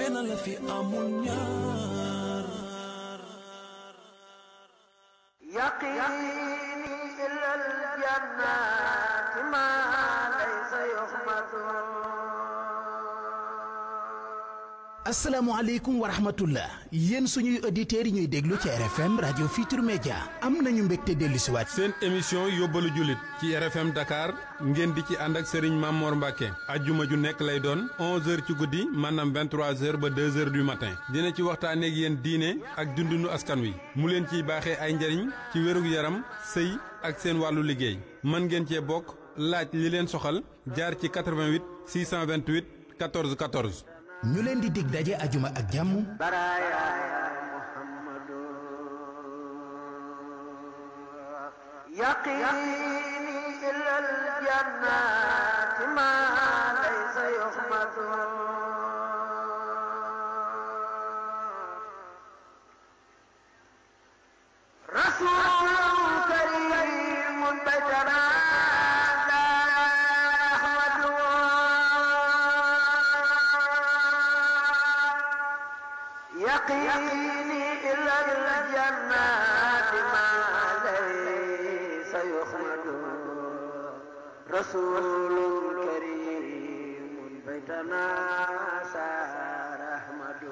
benn la fi amul ñaar yaqini ila al janna asalaamaaleykum wa rahmatullah yéen suñuy auditeurs yi ñuy déglu ci RFM rajo Futur Media am nañu mbégte dellu si waat seen émission yóbbalu jullit ci RFM Dakar ngeen di ci ànd ak Serigne Mamor Mbacke ajjuma ju nekk lay doon 11h ci guddi maanaam 23h ba 2h du matin dina ci waxtaanee ak yéen diine ak dundinu askan wi mu leen ciy baaxee ay njariñ ci wérug yaram sëy ak seen wàllu liggéey man ngeen cee bokk laaj li leen soxal jaar ci 88 628 14 14. ñu leen di dig daje ajuma ak jàmm yaqini ila aljannati ma laysa yuxmadu رسول كريم بيتنا سار أحمد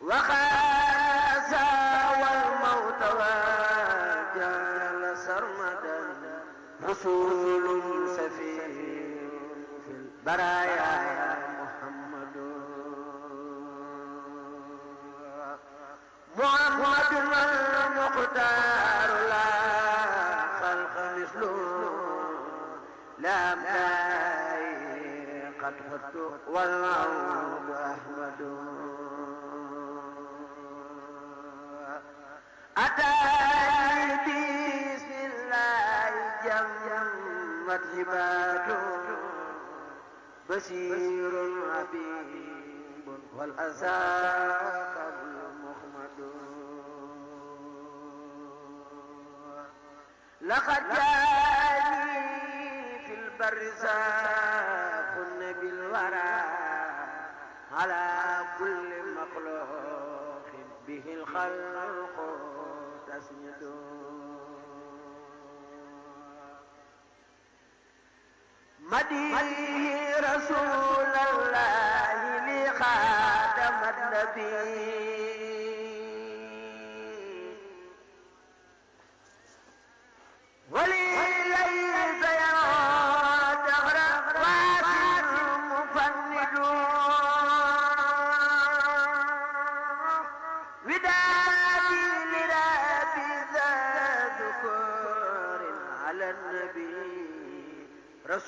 وخاز والموت وجعل سرمدا رسول سفي في البرايا محمد محمد المختار والعود أحمد أتاني بسم الله جمت هبات بشير حبيب والأسى قبل محمد لقد جاني في البرزان على كل مخلوق به الخلق تسند مديه رسول الله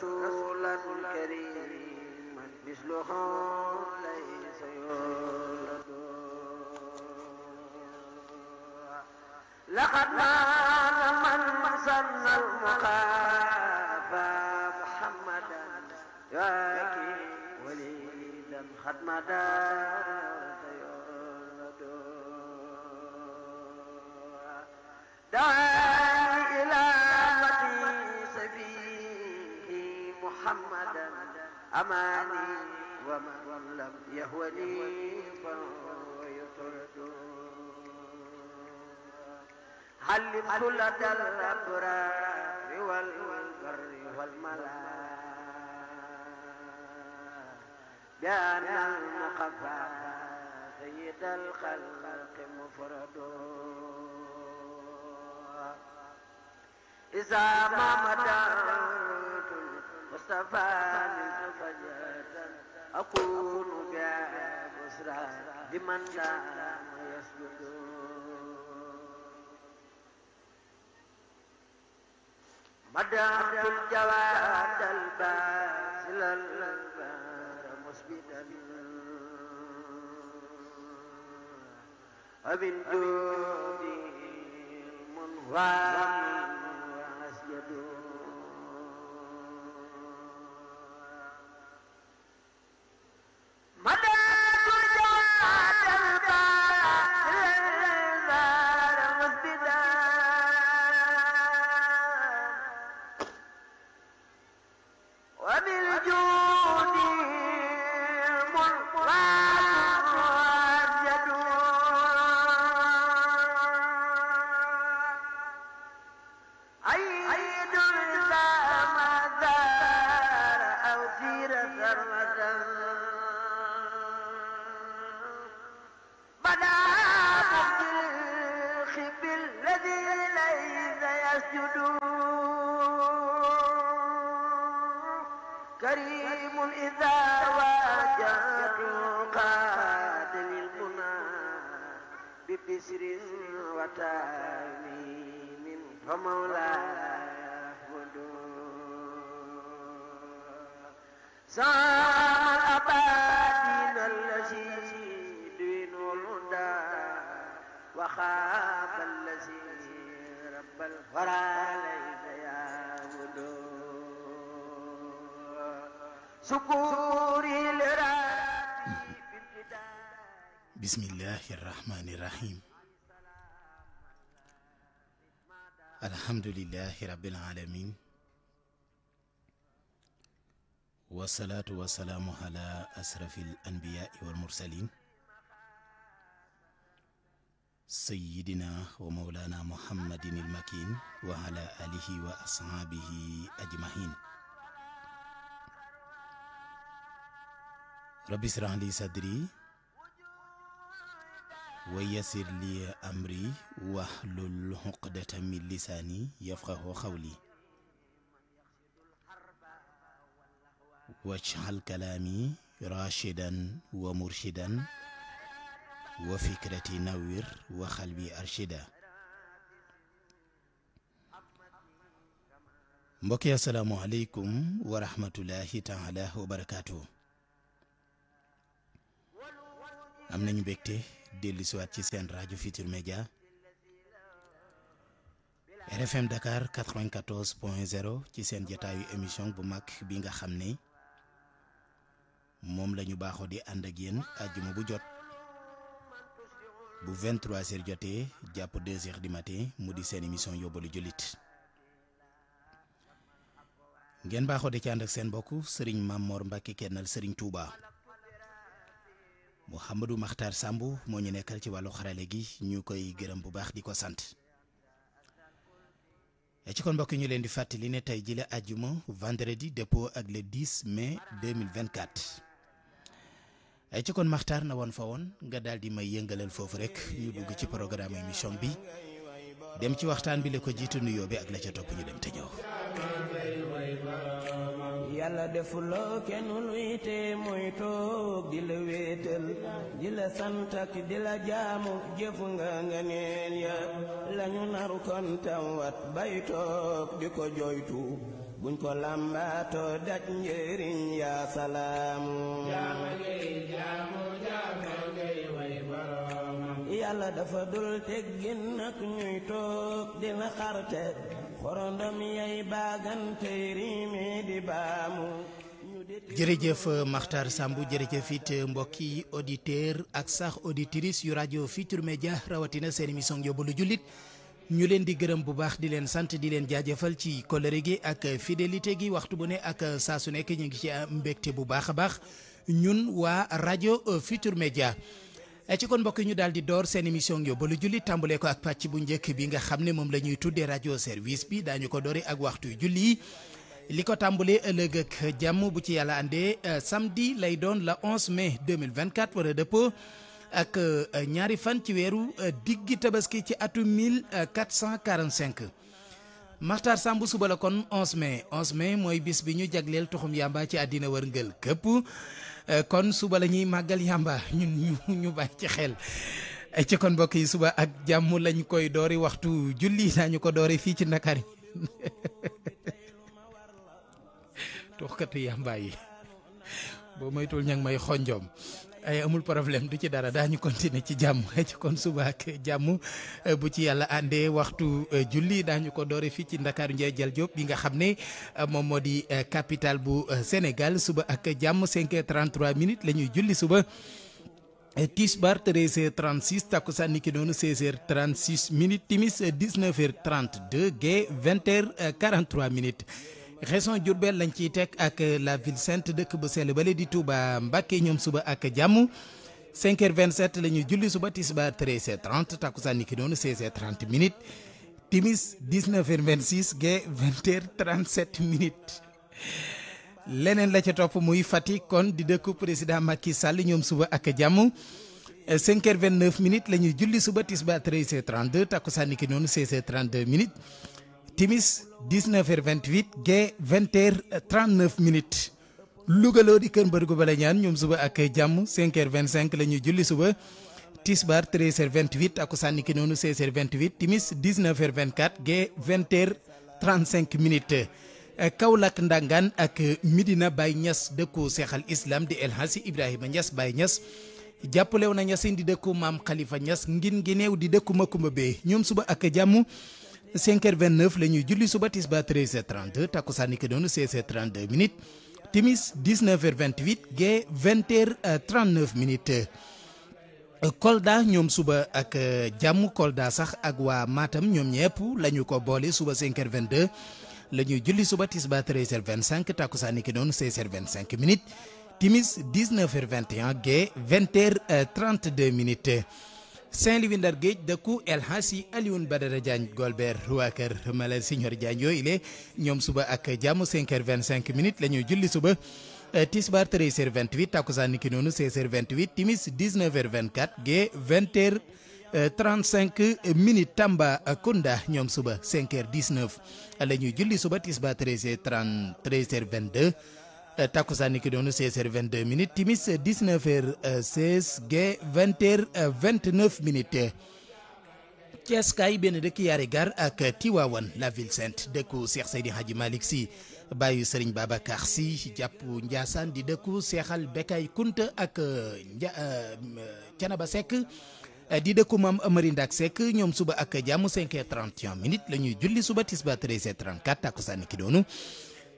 رسولا كريما مثله ليس يولد لقد مات من مسن المخافى محمدا ياكي وليدا خدمدا دعاء أماني ومن لم يهوني فيطرد علمت لدى الأبرار والبر والملا بأن المقفى سيد الخلق مفرد إذا ما مدى مصطفى فجأة أكون جاء بسرى لمن دام يسجد مدحت الجواد الباسل الأنبار مسبدا ومن جودي منهار rahmaani rahim alhamdulilahi rabbil alamin wasalaatu wasalaamu ala asrafil anbiyaai wal mursalin sayidina wa mawlana muhammadin ilmakin wa ala alihi wa ashaabihi ajmahin rabbi israh li sadri wa yasir li amri wahlul uqdata min lisaani yafqahu qawli waj'al kalaami rashidan wa murshidan wa fikrati nawwir wa qalbi arshida mbokki assalaamu aleykum wa rahmatullahi taala wa barakaatu am nañu mbégte dellu siwaat ci seen rajo Futur Média RFM Dakar 94 point 0 ci seen jataayu émission bu mag bi nga xam ne moom la ñu baaxoo di ànd ak yéen àjjuma bu jot bu 23h jotee jàpp 2h du matin mu di seen émission yóbbalu jullit ngeen baaxoo de ci ànd ak seen mbokk Serigne Mamor Mbacke kennal Serigne Touba. Mouhamadou Makhtar Samb moo ñu nekkal ci wàllu xarale gi ñu koy gërëm bu baax di ko sant ci kon mbokk ñu leen di fàttali ne tey ji la àjjuma vendredi dépôt ak le mais mai 2024 ay ci kon Makhtar na woon fa woon nga daal di may yëngalal foofu rek ñu dugg ci programme émission bi dem ci waxtaan bi la ko jiitu nuyoo bi ak la ca topp ñu dem te ñëw yàlla defuloo kenn luy tee mooy toog di la wéetal di la sant di la jaamu jëf nga nga ya lañu naru kontam wat bay toog di ko joytu buñ ko làmbaatoo daj njëriñ yaa salaamu yàlla dafa dul teggin ñuy toog dina xarte xorondom yay baagantey riime jërëjëf Makhtar Samb jërëjëf it mbokki auditeur ak sax auditrice yu rajo Futurs Médias rawatina seen émission Yóbbalu Jullit ñu leen di gërëm bu baax di leen sant di leen jaajëfal ci kóllëre gi ak fidélité gi waxtu bu ne ak saa su nekk ñu ngi ci mbégte bu baax a baax ñun waa rajo Futurs média Eh, ci kon mbokk ñu daal di door seen émission yóbbalu julli tàmbalee ko ak pàcc bu njëkk bi nga xam ne moom lañuy tuddee rajo service bi daañu ko doore ak waxtu julli li ko tàmbalee ëllëg ak jàmm bu ci yàlla àndee eh, samedi lay doon la 11 mai 2024 wala dëppoo ak eh, ñaari fan ci weeru diggi tabaski ci atum 1445. Maxtaar Samb suba la kon 11 mais 11 mai mooy bis bi ñu jagleel tuxum yàmba ci àddina ngël këpp. Eh, kon suba la ñuy màggal yàmba ñun ñu ñu bàyyi ci xel eh, ci kon mbokk yi suba ak jàmm lañu koy doori waxtu julli ñu ko doori fii ci Ndakaar yi tuxkatu yàmba yi boo moytul ña ngi may xonjoom ay amul problème du ci dara daañu continuer ci jàmm ci kon suba ak jàmm eh, bu ci yàlla àndee waxtu eh, julli daañu ko doore fii ci ndakaaru Ndiaye Dial bi nga xam ne eh, moom moo di capitale bu Sénégal suba ak jàmm 5h33 minutes la ñuy julli suba. Tisbar 13h36 takkusaan niki noonu 16h36 minutes timis 19h32 gee 20h43 minutes. région Diourbel lañ ciy teg ak la ville dëkk bu sell bale di Touba Mbacké ñoom suba ak jàmm 5h27 la ñuy julli suba tisbaar 13h30 takkusaan ni ki noonu 16h30 minutes timis 19h26 ge 20h37 minutes leneen la ca topp muy Fatick kon di dëkku président Macky Sall ñoom suba ak jàmm 5h29 la ñuy julli suba tisbaar 13h32 takkusaan ni ki noonu 16 h timis 19 heures 28 gee 20 heures 39 minutes Louga loo di Kër Mbërgu Bala ñaan ñoom suba ak jàmm 5 heures 25 la ñuy julli suba tisbaar 13 heures 28 ak sànni ki noonu 16 vingt 28 timis 19 heures 24 gee 20 heures 35 minutes Kaolack Ndangaan ak Midina bay ñas dëkku seexal islaam di El Hadji Ibrahima Niass Baye Niass jàppalew na Niassine di dëkku maam Khalifa ñas ngin ngi néew di dëkku Makumba Bey ñoom suba ak jàmm. 5h29 la ñuy julli suba tisbaar 13h32 takkusaan niki doon 16h32 minutes timis 19h28 gee 20h39 minutes. Kolda ñoom suba ak euh, jàmm Kolda sax ak waa maatam ñoom ñëpp la ñu ko boole suba 5h22 la ñuy julli suba tisbaar 13h25 takkusaan niki doon 16h25 minutes timis 19h21 gee 20h32 euh, minutes. Saint-Louis Ndar Géej dëkku El Hadji Alioune Badara Diagne Golbert waa kër Malal Signor Diagne yooyu le ñoom suba ak jàmm 5h25 minutes la ñuy julli suba. Tisbar 13h28 takkusaan niki noonu 16h28 timis 19h24 gee 20h. 35 minutes Tambacounda ñoom suba 5h19 la ñuy julli suba tisba 13h30 13h22 Euh, takkusaan ni ki doonu 16 heures 22 minutes timis 19 heures 16 gée 20 heures 29 euh, minutes. Thiès benn dëkk yaari ak Tiwaawan la ville sainte dëkku Seex Seydi Hadji Malick Sy bàyyi Serigne Babacar Sy jàppu Ndiassane di dëkku Seexal Bekay Kunta ak Nja Canaba sekk di dëkku maam Amari Ndak Seck ñoom suba ak jàmm 5h31 minutes la ñuy julli suba tisba 13h34 ki doonu.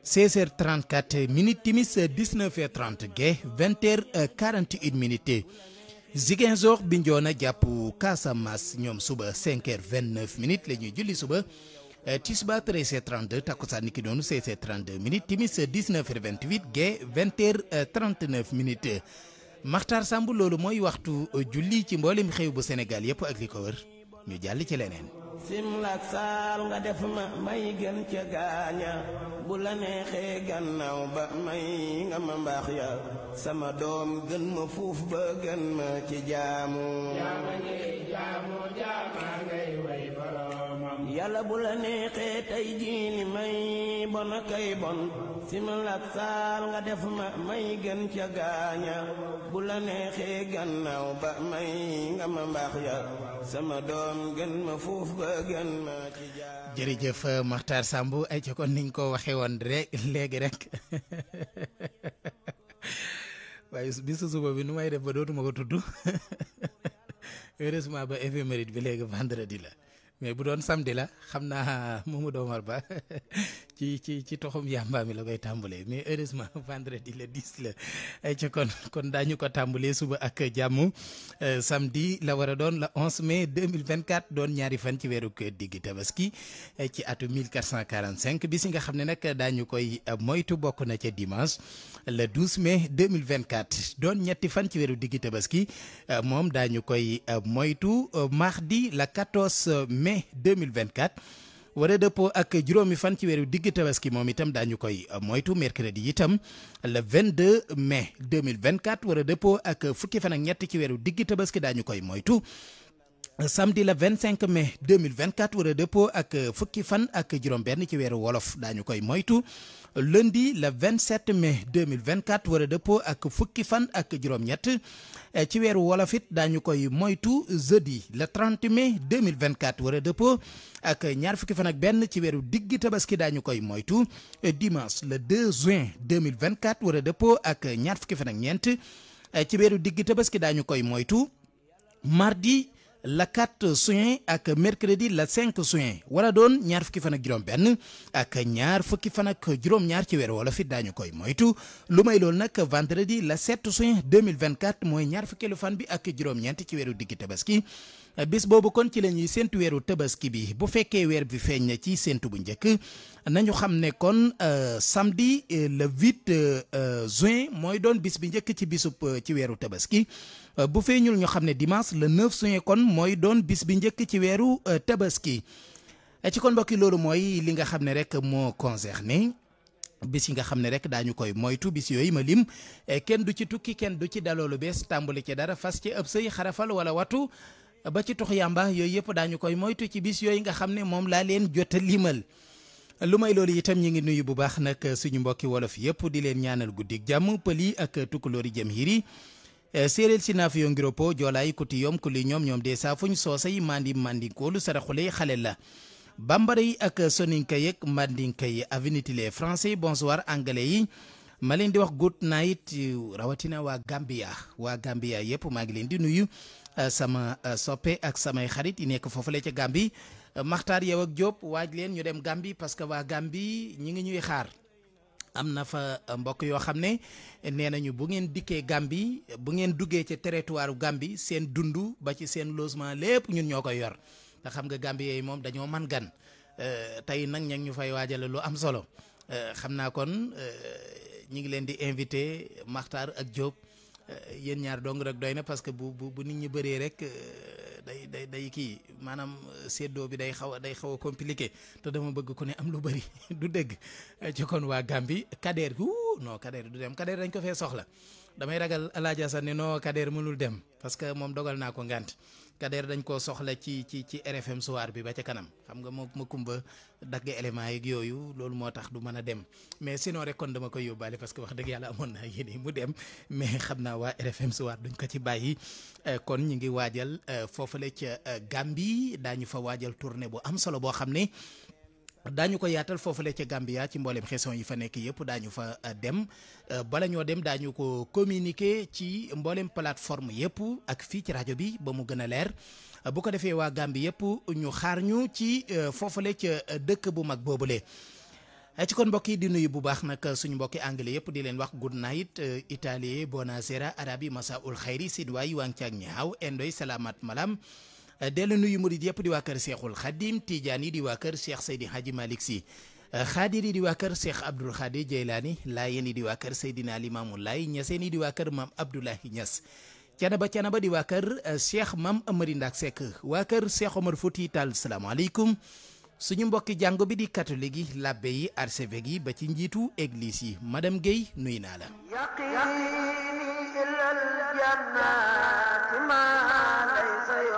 16h34 minutes timis 19h30 ge 20h41 minutes Ziguinchor Bignona jàpp Casamance ñoom suba 5h29 minutes la ñuy julli suba eh, Tisba 13 h ki takkusaan niki noonu 16h32 minutes timis 19h28 ge 20h39 minutes Makhtar Samb loolu mooy waxtu julli ci mboolem xew bu Sénégal yëpp ak li ñu jàll ci leneen. simlak saal nga def ma may gën ca gaaña bu la neexee gannaaw ba may nga ma mbaax ya sama doom gën ma fuuf ba gën ma ci jaamu yàlla bu la neexee tey jii ni may bona kay bon simlak saal nga def ma may gën ca gaaña bu la neexee gannaaw ba may nga ma mbaax ya sama doom gën ma fuuf ba jërëjëf Makhtar Samb ay ca kon niñ ko waxee woon rek léegi rek waaye bisu suba bi nu may def ba dootuma ko tudd heureusement ba éphéméride bi léegi vendredi la mais bu doon samedi la xam naa moomu doomar ba ci ci ci toxum yàmbaa mi la koy tàmbalee mais heureusement vendredi le 10 la ay ca kon kon daañu ko tàmbalee suba ak jàmm euh, samedi la war a doon la 11 mai 2024 doon ñaari fan ci weeru diggi tabaski euh, ci atu mille cent quarante cinq bi si nga xam ne nag daañu koy euh, moytu bokk na ca dimanche le 12 mai 2024 doon ñetti fan ci weeru diggi tabaski moom daañu koy moytu mardi la 14 mai 2024 wara dëppoo ak juróomi fan ci weeru digg tabaski moom itam daañu koy moytu mercredi itam le 22 mai 2024 wara dëppoo ak fukki fan ak ñetti ci weeru digg tabaski daañu koy moytu samedi le 25 mai 2024 war a dëppoo ak euh, fukki fan ak juróom-benn ci weeru wolof daañu koy moytu lundi le 27 mai 2024 war a dëppoo ak fukki fan ak juróom-ñett eh, ci weeru wolof it daañu koy moytu jeudi le 30 mai 2024 war a dëppoo ak ñaar fukki fanak ak benn ci weeru diggi tabaski daañu koy moytu eh, dimanche le 2 juin 2024 war a dëppoo ak ñaar fukki fan ak ñeent eh, ci weeru diggi tabaski daañu koy moytu mardi. la 4 juin ak mercredi la 5 juin war a doon ñaar fukki fan ak juróom-benn ak ñaar fukki fan ak juróom-ñaar ci weeru wolof fit daañu koy moytu lu may loolu nag vendredi la 7 juin 2024 mooy ñaar fukkeelu fan bi ak juróom-ñeent ci weeru diggi tabaski. bis boobu kon ci lañuy ñuy weeru tabaski bi bu fekkee weer bi feeñ na ci séntu bu njëkk nañu xam ne kon euh, samedi euh, le 8 euh, juin mooy doon bis bi njëkk ci bisub ci weeru tabaski. Euh, bu fee feeñul ñu xam ne dimanche la 9 juin kon mooy doon bis bi njëkk ci weeru euh, tabaski euh, ci kon mbokki loolu mooy li nga xam ne rek moo concerné bis yi nga xam ne rek daañu koy moytu bis yooyu ma lim kenn du ci tukki kenn du ci daloolu bees tàmbali ci dara fas ci ëb sëy xarafal wala watu ba ci tux yàmba yooyu yëpp daañu koy moytu ci bis yooyu nga xam ne moom laa leen jot a lu may loolu itam ñu ngi nuyu bu baax nag suñu mbokki wolof yëpp di leen ñaanal guddik jàmm pël yi ak tukulóori jëm hiri Eh, si séeréer sinafiyo ngiropo joolay kutiyom kuliyom ñoom de safuñ soosay mandi mandinkoolu saraxule xale la bambara yi ak soninka yeg mandinka yi avinitile français bonsoir anglais yi ma leen di wax good night rawatina waa Gambia waa Gambia yëpp maa ngi leen di nuyu eh, sama eh, soppe ak samay xarit yi nekk foofule ca Gambi Maxtaar yow ak Diop waaj leen ñu dem Gambi parce que waa Gambi ñi ngi ñuy xaar am na fa euh, mbokk yoo xam ne nee nañu bu ngeen dikkee Gambie bu ngeen duggee ci territoire Gambie seen dund ba ci seen losement lépp ñun ñoo koy yor te xam nga Gambie yooyu moom dañoo man gan euh, tey nag ña ñu fay waajale lu am solo euh, xam naa kon ñu ngi leen di invité maxtar ak Diop yéen ñaar dong rek doy na parce que bu bu bu nit ñi bëree rek. day day day kii maanaam euh, séddoo bi day xaw day xaw a compliqué te dama bëgg ku ne am lu bari du dégg ci kon waa Gàmbi Kader wuu noo Kader du dem Kader dañ ko fee soxla damay ragal Alaaji Asan ne non Kader mënul dem parce que moom dogal naa ko ngant Kader dañ koo soxla ci ci ci RFM soir bi ba ca kanam xam nga moo ma kumba dagg élément yeeg yooyu loolu moo tax du man a dem mais sinon rek kon dama koy yóbbaale parce que wax dëgg yàlla amoon naa yéene mu dem mais xam naa waa RFM soir duñ ko ci bàyyi euh, kon ñu ngi waajal euh, foofale ca euh, Gambie daañu fa waajal tournée bu am solo boo xam ne. daañu ko yaatal foofule ca Gambia ci mboolem xeson yi fa nekk yëpp daañu fa euh, dem euh, bala ñoo dem daañu ko communiquer ci mboolem plateforme yëpp ak fii ci rajo bi ba mu gën a leer euh, bu ko defee waa Gambie yëpp ñu xaar ñu ci foofule ca dëkk bu mag boobule. ci kon mbokk yi di nuyu bu baax nag suñu mbokki anglais yëpp di leen wax good night italien bonasera arabi masa ul xayri sidwaay wang cag ñaaw endoy salaamat malam dellu nuyu murid yëpp di waa kër Seexul Xadim tiijaan yi di waa kër Seex Seydi Hadji Malick Sy eh, xaadir yi di waa kër Cheikh Abdoul Khadir Jeylaani laayeen yi di waa kër Seydina Limaamu Laay ñaseen yi di waa kër maam Abdoulahi Ñas canaba canaba di waa kër Cheikh maam Amari Ndaak Seck waa kër Cheikh Omar Fouti Tall salaamaaleykum suñu mbokki jàngo bi di catholique yi labbe yi archevêque yi ba ci njiitu église yi madame Guèye nuy naa la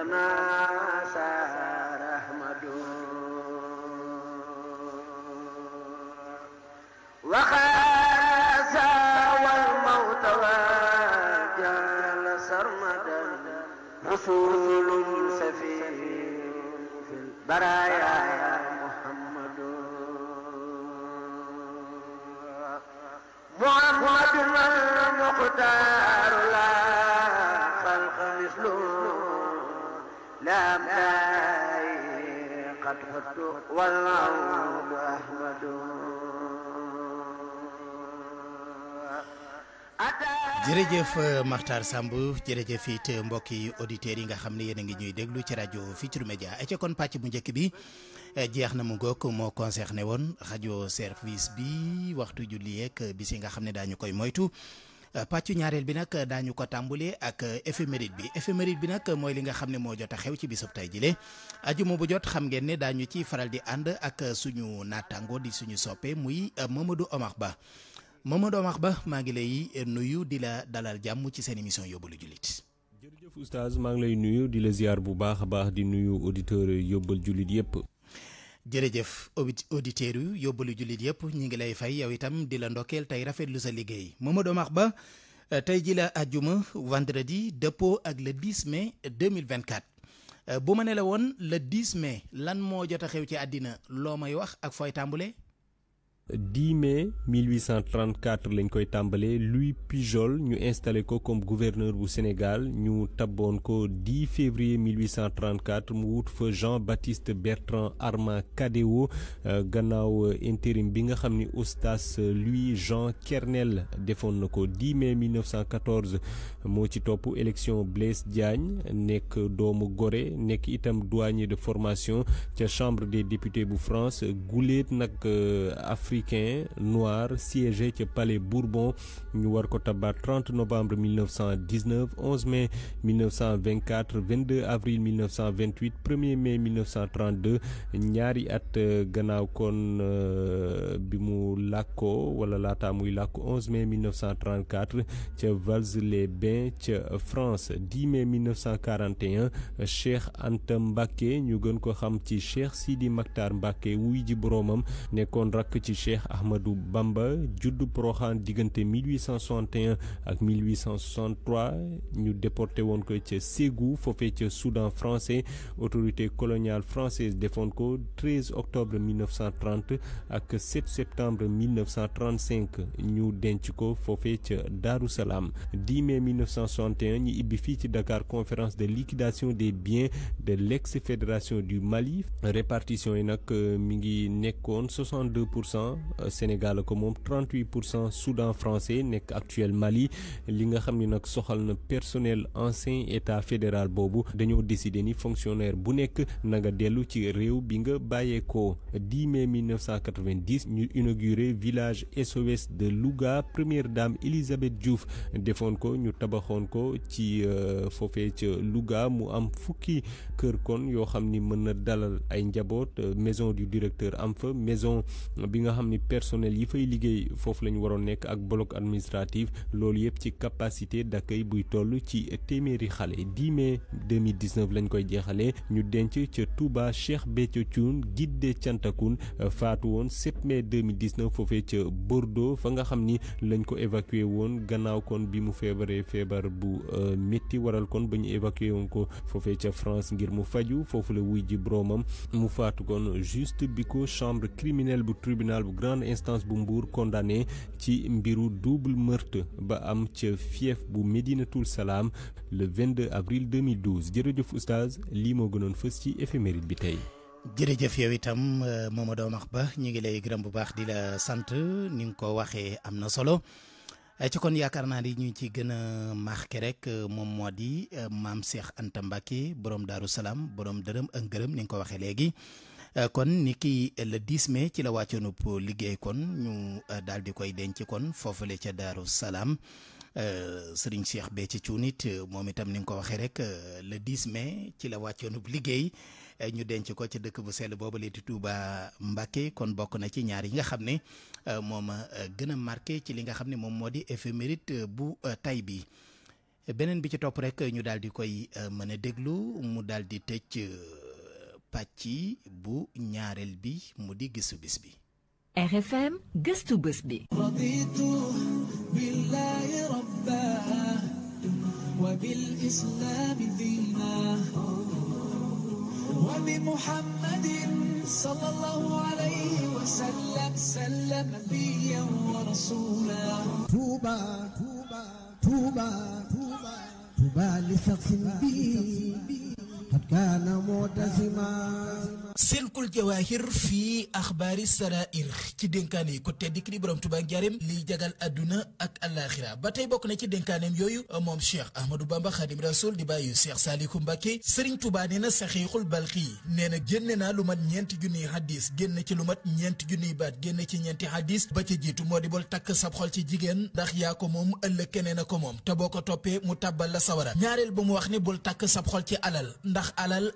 لنا سار أحمد وخاس والموت وجعل سرمدا رسول والعود أحمد jërëjëf euh, Makhtar Samb jërëjëf it euh, mbokki auditeurs yi nga xam ne yéen a ngi ñuy déglu ci rajo Futurs Médias et ca kon pàcc bu njëkk bi euh, jeex na mu ngoog moo concerné woon rajo service bi waxtu julli yeeg bis yi nga xam ne daañu koy moytu. Euh, pàccu ñaareel bi nag euh, daañu ko tàmbali ak euh, éphéméride bi éphéméride bi nag mooy li nga xam ne moo jot a xew ci bisub tey jile ajuma bu jot xam ngeen ne daañu ci faral di ànd ak suñu naataango di suñu soppee muy Mamadou omax Ba Mamadou Omar Ba maa ngi lay nuyu di la dalal jàmm ci seen émission yóbbalu jullit. jërëjëf oustaz maa ngi lay nuyu di la ziar bu baax a baax di nuyu auditeurs yóbbal jullit yépp jërëjëf auditeurs yu yóbbalu jullit yëpp ñu ngi lay fay yow itam di la ndokkeel tey rafetlu sa liggéey Mamadou Max Ba euh, tey ji la àjjuma vendredi dëppoo ak le 10 mai 2024 euh, bu ma ne la woon le 10 mai lan moo jot a xew ci àddina loo may wax ak fooy tàmbule 10 mai 1834 lañ koy tàmbalee Louis Pujol ñu installé ko comme gouverneur bu Sénégal ñu taboon ko 10 février 1834 mu wut fa Jean-Baptiste Bertrand Armand Cadéot euh, gannaaw euh, intérim bi nga xam ni oustas euh, Louis Jean Kernel defoon na ko 10 mai 1914 moo ci topp élection Blaise Diagne nekk doomu Gorée nekk itam douanier de formation ca chambre des députés bu France guléet nag Afrique africain noir siégé ca palais Bourbon ñu war ko tabaat 30 novembre 1919 11 mai 1924 22 avril 1928 1er mai 1932 ñaari at euh, gannaaw kon euh, bi mu làkkoo wala laata muy làkko 11 mai 1934 ca Vals-les-Bains ca France 10 mai 1941 Cheikh Anta Mbacké ñu gën ko xam ci Cheikh Sidi Makhtar Mbacké wuy ji boroomam nekkoon rakk ci Cheikh Ahmadou Bamba juddu Porokhane diggante 1861 ak 1863 ñu déporté woon ko ca Ségou foofee ca Soudan français autorité coloniale française defoon ko 13 octobre 1930 ak 7 septembre 1935 ñu denc ko foofee ca Darou Salaam 10 mai 1961 ñu ibbi fii ci Dakar conférence de liquidation des biens de l'ex-fédération du Mali répartition yi nag euh, mi nekkoon Euh, Sénégal ko moom 38 pour cent Soudan français nekk actuel Mali li nga xam ni nag soxal na personnel ancien état fédéral boobu dañoo décider ni fonctionnaire bu nekk nanga dellu ci réew bi nga bàyyeekoo 10 mai 1990 ñu inauguré village SOS de Louga première dame Elisabeth Diouf defoon ko ñu tabaxoon ko ci euh, foofee ca Louga mu am fukki kër kon yoo xam ni mën na dalal ay njaboot euh, maison du directeur am fa maison bi nga xam ni personnel yi fay liggéey foofu la ñu waroon nekk ak bloc administratif loolu yëpp ci capacité d'accueil buy toll ci téeméeri xale 10 mai 2019 lañ koy jeexalee ñu denc ca Touba Cheikh Béthio Thioune guide des Thiantakoun faatu woon 7 mai 2019 foofee ca Bordeaux fa nga xam ni lañ ko évacué woon gannaaw kon bi mu feebaree feebar bu euh, métti waral kon ba ñu évacué woon ko foofee ca France ngir mu faju foofu la wuy ji boromam mu faatu kon juste bi ko chambre criminelle bu tribunal bu grande instance bu Mbour condamné ci mbiru double meurtre ba am ca fief bu Médinatoul Salaam le 22 avril 2012 jërëjëf oustaz lii moo gënoon fës ci éphéméride bi tey. jërëjëf yow itam euh, Mamadou Max Ba ñu ngi lay gërëm bu baax di la sant ni ngi ko waxee am na solo. Euh, ci kon yaakaar naa ni ñu ci gën a marqué rek euh, moom moo di maam Cheikh Anta Mbacke borom Daaru Salaam borom dërëm ak ngërëm ni nga ko waxee léegi. Euh, kon ni ki euh, le 10 mai ci la wàccoonub liggéey kon ñu euh, daal di koy denc kon foofale ca Daaru Salaam sëriñ Cheikh Béthio Thioune it moom itam ni nga ko waxee rek le 10 mais ci la wàccoonub liggéey ñu denc ko ca dëkk bu sell boobu la di Touba Mbacké kon bokk na ci ñaar yi nga xam ne moom a gën a marqué ci li nga xam ne moom moo di éphéméride bu tay bi beneen bi ci topp rek ñu daal di koy mën a déglu mu daal di tëj. pàcc bu ñaareel bi mu di gëstu bés bi RFM gëstu bés bi raditu billahi rabba wa bil islami diina wa bi muhammadin sallallahu alayhi wa sallam sallam nabiyyan wa rasula tuuba tuuba tuuba tuuba tuuba li saxsin bi قد كان معتزما silkul jawaahir fii axbaari sarair ci dénkaane yi ko tedd ki di borom Tuubaa njaareem liy jagal àdduna ak àllaaxira ba tey bokk na ci dénkaaneem yooyu moom Cheikh Ahmadou Bamba Xaadim Rasuul di bàyyi Cheikh Saalihu Mbàkke Sëriñ Tuubaa nee na saxiixul balxi nee na génne naa lu mat ñeenti junniy hadis génn ci lu mat ñeenti junniy baat génn ci ñeenti hadis ba ca jiitu moo di bol takk sab xol ci jigéen ndax yaa ko moom ëllëg keneen a ko moom te boo ko toppee mu tàbbal la sawara ñaareel ba mu wax ni bul takk sab xol ci alal ndax alal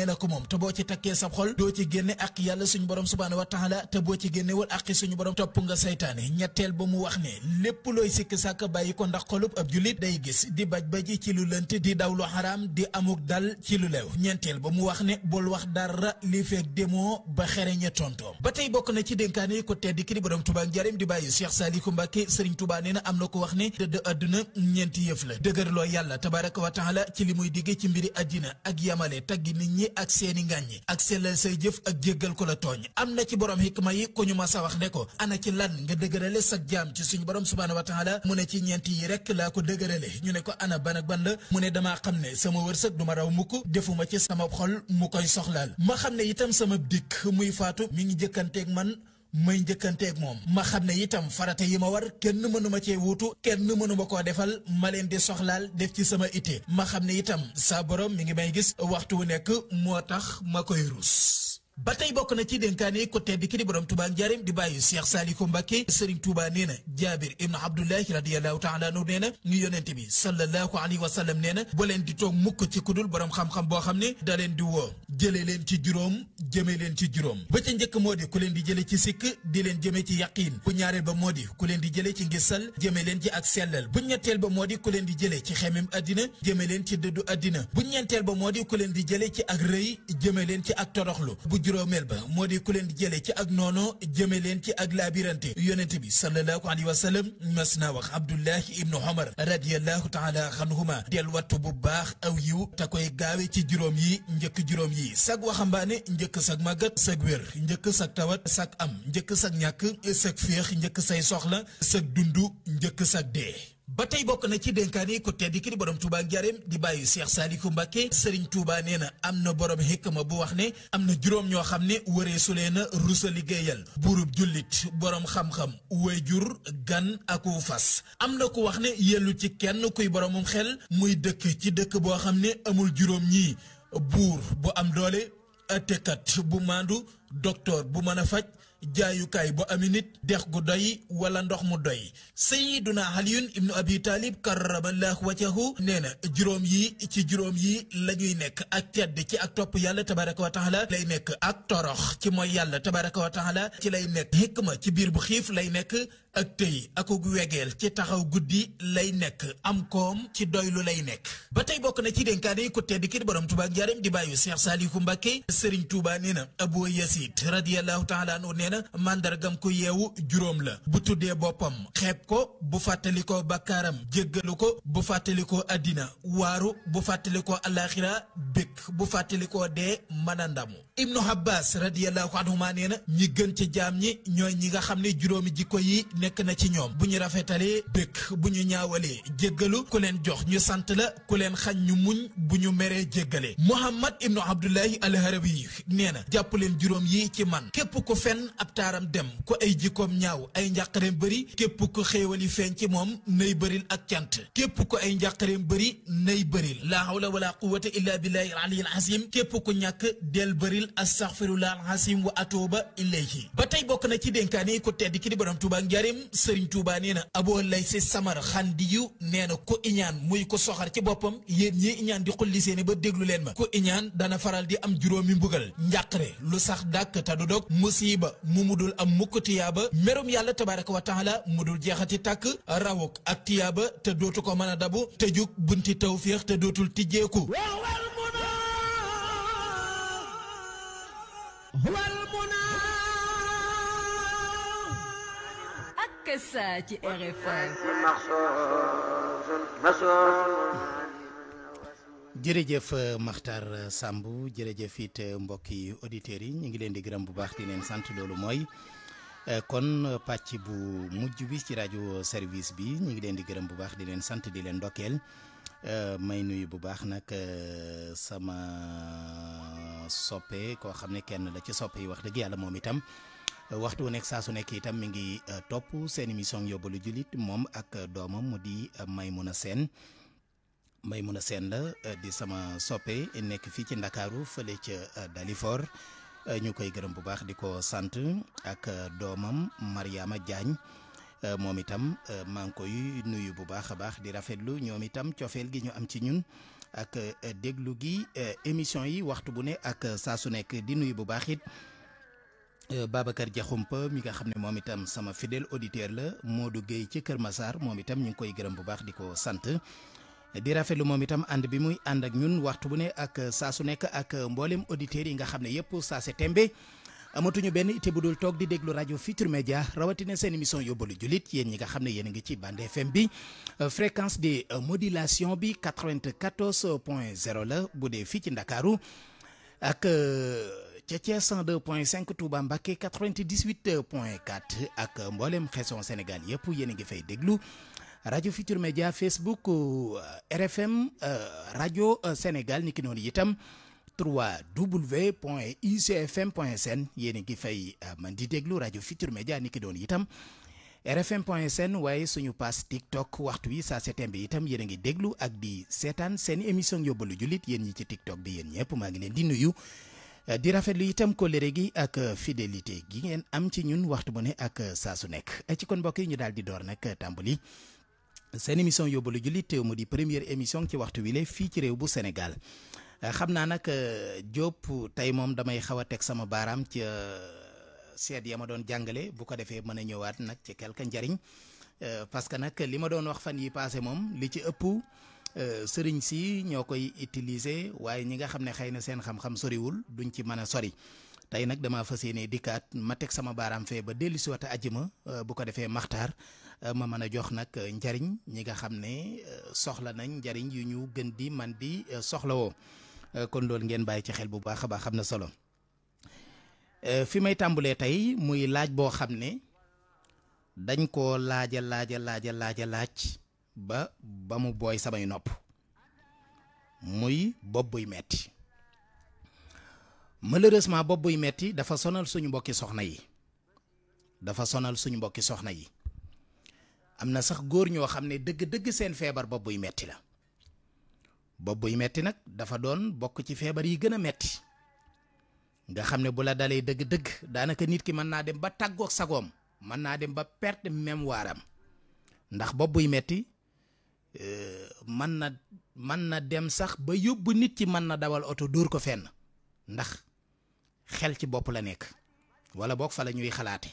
nee na ko moom te boo ci takkee sa xol doo ci génne ak yàlla suñu borom subhaanahu wa taala te boo ci génne wal ak suñu borom topp nga saytaane ñetteel ba mu wax ne lépp looy sikk sàkk bàyyi ko ndax xolub ab jullit day gis di baj baji ci lu lënt di daw lu xaraam di amuk dal ci lu leew ñeenteel ba mu wax ne bul wax dara li feeg demoo ba xereñe tontoom ba tey bokk na ci dénkaane ko tedd ki di borom Tuubaa njariñ di bàyyi Cheikh Saliou Mbacké Sëriñ Tuubaa nee na am na ko wax ne dëdd àdduna ñeenti yëf la dëgër loo yàlla tabaraka wa taala ci li muy digge ci mbiri àddina ak seeni ngàññi ak sellal say jëf ak jéggal ko la tooñ am na ci borom xikma yi ku ñu ma sa wax ne ko ana ci lan nga dëgërale sa jaam ci suñu borom subhaanahu wa taala mu ne ci ñeent yi rek laa ko dëgërale ñu ne ko ana ban ak ban la mu ne damaa xam ne sama wërsëg du ma raw mukk defuma ci sama xol mu koy soxlaal ma xam ne itam sama dikk muy faatu mi ngi jëkkanteeg man may njëkkanteeg moom ma xam ne itam farata yi ma war kenn mënuma cee wuutu kenn mënuma koo defal ma leen di soxlaal def ci sama itte ma xam ne itam saa borom mi ngi may gis waxtu wu nekk moo tax ma koy ruus ba tey bokk na ci dénkaane ko tedd ki di borom Touba njaarim di bàyyi Cheikh Saliou Mbacké Serigne Touba nee na Jaabir ibnu Abdullahi radiyallahu taala anhu nee na ñu yonente bi sallallahu alayhi wa sallam nee na bu leen di toog mukk ci kudul borom xam-xam boo xam ne da leen di woo jëlee leen ci juróom jëmee leen ci juróom ba ca njëkk moo di ku leen di jële ci sikk di leen jëmee ci yaqiin bu ñaareel ba moo di ku leen di jëlee ci ngisal jëmee leen ci ak sellal bu ñetteel ba moo di leen di jëlee ci xemem addina jëmee leen ci dëddu addina bu ñeenteel ba moo di leen di jëlee ci ak rëy jëmee leen ci ak toroxlu juróomeel ba moo di ku leen di jëlee ci ak noono jëme leen ci ak laabirante yonent bi sallallahu alayhi wa sallam mas naa wax abdullahi ibnu omar radiallahu taala anhuma del wattu bu baax aw yiw ta koy gaawe ci juróom yi njëkk juróom yi sag waxambaane njëkk sag màggat sag wér njëkk sag tawat sag am njëkk sag ñàkk sag féex njëkk say soxla sag dundu njëkk sag dee ba tey bokk na ci dénkaane ko tedd ki di borom Touba Njareem di bàyyi Cheikh Saliou Mbacke Serigne Touba nee na am na borom xikma bu wax ne am na juróom ñoo xam ne waree su leen a rusa liggéeyal buurub jullit borom xam-xam wayjur gan aku fas am na ku wax ne yellu ci kenn kuy boromum xel muy dëkk ci dëkk boo xam ne amul juróom ñii buur bu am doole tëkkat bu maandu docteur bu mën a faj. jaayukaay bu ami nit dex gu doy wala ndox mu doy sayiduna aliyun ibnu abi taalib karamallahu wajahu nee na juróom yi ci juróom yi la ñuy nekk ak tedd ci ak topp yàlla tabaraka wa taala lay nekk ak torox ci mooy yàlla tabaraka wa taala ci lay nekk hikma ci biir bu xiif lay nekk ak tey akug wegeel ci taxaw guddi lay nekk am koom ci doylu lay nekk ba tey bokk na ci dénkaane yi ku tedd ki di borom Tuubaa njaareem di bàyyu Seex ku Mbàkke Sëriñ Tuubaa nee na Abu Yasid radiyallahu taala anhu nee na màndargam ku yeewu juróom la bu tuddee boppam xeeb ko bu ko bakkaaram jéggalu ko bu ko àddina waaru bu fàttalikoo alaxira békk bu fàttalikoo dee mën ndamu ibnu abbas radiallahu anhuma nee na ñi gën ci jaam ñi ñooy ñi nga xam ne juróomi jikko yi nekk na ci ñoom bu ñu rafetalee bëkk bu ñu ñaawalee jéggalu ku leen jox ñu sant la ku leen xañ ñu muñ bu ñu meree jéggale muhammad ibnu abdullahi alharawi nee na jàpp leen juróom yi ci man képp ku fenn ab taaram dem ko ay jikkoom ñaaw ay njàqareem bëri képp ku xéewali feeñ ci moom nay bëril ak cant képp ku ay njàqareem bëri nay bëril la hawla wala quwwata astaghfirullah alhasim wa atuba ilayhi ba tey bokk na ci dénkaane ku tedd ki di borom Touba njarim Serigne Touba nee na aboo lay si samar di yu nee na ku iñaan muy ko soxar ci boppam yéen ñii iñaan di xulli ba déglu leen ma ku iñaan dana faral di am juróomi mbugal njàqare lu sax dàkk te du dog musiba mu dul am mukk tiyaaba merum yàlla tabaraka wa taala mudul jeexati tàkk rawuk ak tiyaaba te dootu ko mën a dabu te jug bunti tawféex te dootul tijjeeku ak saa ci RFM jërëjëf Makhtar Samb jërëjëf mbokki auditeurs yi ñu ngi leen di gërëm bu baax di leen sant loolu mooy eh, kon pàcc bu mujj bi ci rajo service bi ñu ngi leen di gërëm bu baax di leen sant di leen ndokkeel eh, may nuyu bu baax nag eh, sama. soppe koo xam ne kenn la ci soppe yi wax dëgg yàlla moom itam waxtu wu nekk saa su nekk itam mu ngi euh, topp seen mission yóbbalu jullit moom ak doomam mu di euh, Maymuna Sène Maymuna Sène la euh, di sama soppe nekk fii ci Ndakaaru fële ca ñu koy gërëm bu baax di ko sant ak doomam Mariama Diagne moom itam maa koy nuyu bu baax a baax di rafetlu ñoom itam cofeel gi ñu am ci ñun ak eh, déglu gi eh, émission yi waxtu bu ne ak saa su nekk di nuyu bu baax it eh, Babacar Diakhoumpa mi nga xam ne moom itam sama fidèle auditeur la Modou Guèye ci Kër masaar moom itam ñu ngi koy gërëm bu baax di ko sant di rafetlu moom itam ànd bi muy ànd ak ñun waxtu bu ne ak saa su nekk ak mboolem auditeurs yi nga xam ne yëpp saa se tembe amatuñu benn ité bu dul toog di déglu rajo Futur Média rawatina seen émission yóbbalu jullit yéen ñi nga xam ne yéen ngi ci bande FM bi euh, fréquence de euh, modulation bi 94 point 0 la bu dee fii ci Ndakaaru ak euh, ca Thiès 102 point 5 Touba Mbacké 98 point 4 ak mboolem xeson Sénégal yëpp yéen a ngi fay déglu. rajo Futur Media Facebook RFM rajo Sénégal niki noonu itam www.icfm.sn yéen a ngi fay euh, man di déglu rajo Futur média niki ki doon itam rfm point sn waaye suñu pass tiktok waxtu wi saa setembe itam yéen a ngi déglu ak di seetaan seen émission yóbbalu jullit yéen ñi ci tiktok bi yéen ñëpp maa ngi leen di nuyu euh, di rafetlu itam kóllëre gi ak euh, fidélité gi ngeen am ci ñun waxtu bu ne ak saa su nekk ci kon mbokk yi ñu daal di door nag tàmbali seen émission yóbbalu jullit mu di première émission ci waxtu wi la fii ci réew bu Sénégal Euh, xam naa nag euh, Diop tey moom damay xaw a teg sama baaraam ca euh, seet ya ma doon jàngale bu ko defee mën a ñëwaat nag ci quelque njariñ parce que nag li ma doon wax fan yi passé moom li ci ëpp sëriñ si ñoo koy utiliser waaye ñi nga xam ne xëy na seen xam-xam soriwul duñ ci mën a sori tey nag damaa fas yéene dikkaat ma teg sama baaraam fee ba dellu si waat ma bu ko defee maxtaar ma mën a jox nag njariñ ñi nga xam ne soxla nañ njariñ yu ñu gën di man di soxlawoo Euh, kon loolu ngeen bàyyi ci xel bu baax a baax xam na solo euh, fi may tàmbalee tey muy laaj boo xam ne dañ koo laaja laaja laaja laaja laaj ba ba mu booy samay nopp muy bopp buy metti malheureusement bopp buy metti dafa sonal suñu mbokki soxna yi dafa sonal suñu mbokki soxna yi am na sax góor ñoo xam ne dëgg-dëgg seen feebar bopp buy metti la bopp buy metti nag dafa doon bokk ci feebar yi gën a metti nga xam ne bu la dalee dëgg-dëgg daanaka nit ki mën naa dem ba tàggoog sagoom mën naa dem ba perte mémoire am ndax bopp buy metti euh, mën na mën na dem sax ba yóbbu nit ci mën na dawal oto dóor ko fenn ndax xel ci bopp la nekk wala boog fa la ñuy xalaate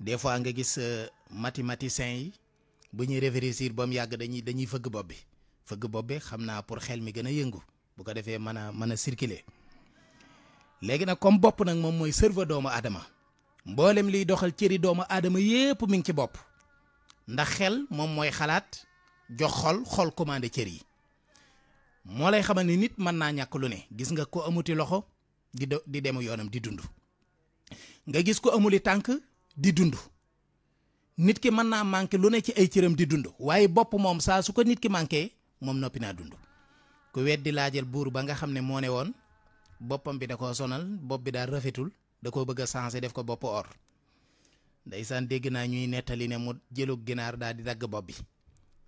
des fois nga gis euh, mathématiciens yi bu ñuy réfléchir ba mu yàgg dañuy dañuy fëgg bopp bi fëgg bopp bi xam naa pour xel mi gën a yëngu bu ko defee mën a mën a circuler léegi nag comme bopp nag moom mooy cerveau doomu aadama mboolem liy doxal cëri doomu aadama yépp mi ngi ci bopp ndax xel moom mooy xalaat jox xol xol commandé cër yi moo lay xamal ni nit mën naa ñàkk lu ne gis nga ko amuti loxo di di demu yoonam di dund nga gis ko amuli tànk di dund nit ki mën naa manqué lu ne ci ay cëram di dund waaye bopp moom saa su ko nit ki manqué moom noppi naa dund ku weddi laajal buur ba nga xam ne moo ne woon boppam bi da koo sonal bopp bi daal rafetul da koo bëgg a def ko bopp or ndeysaan dégg naa ñuy nettali ne mu jëlug ginaar daal di dagg bopp bi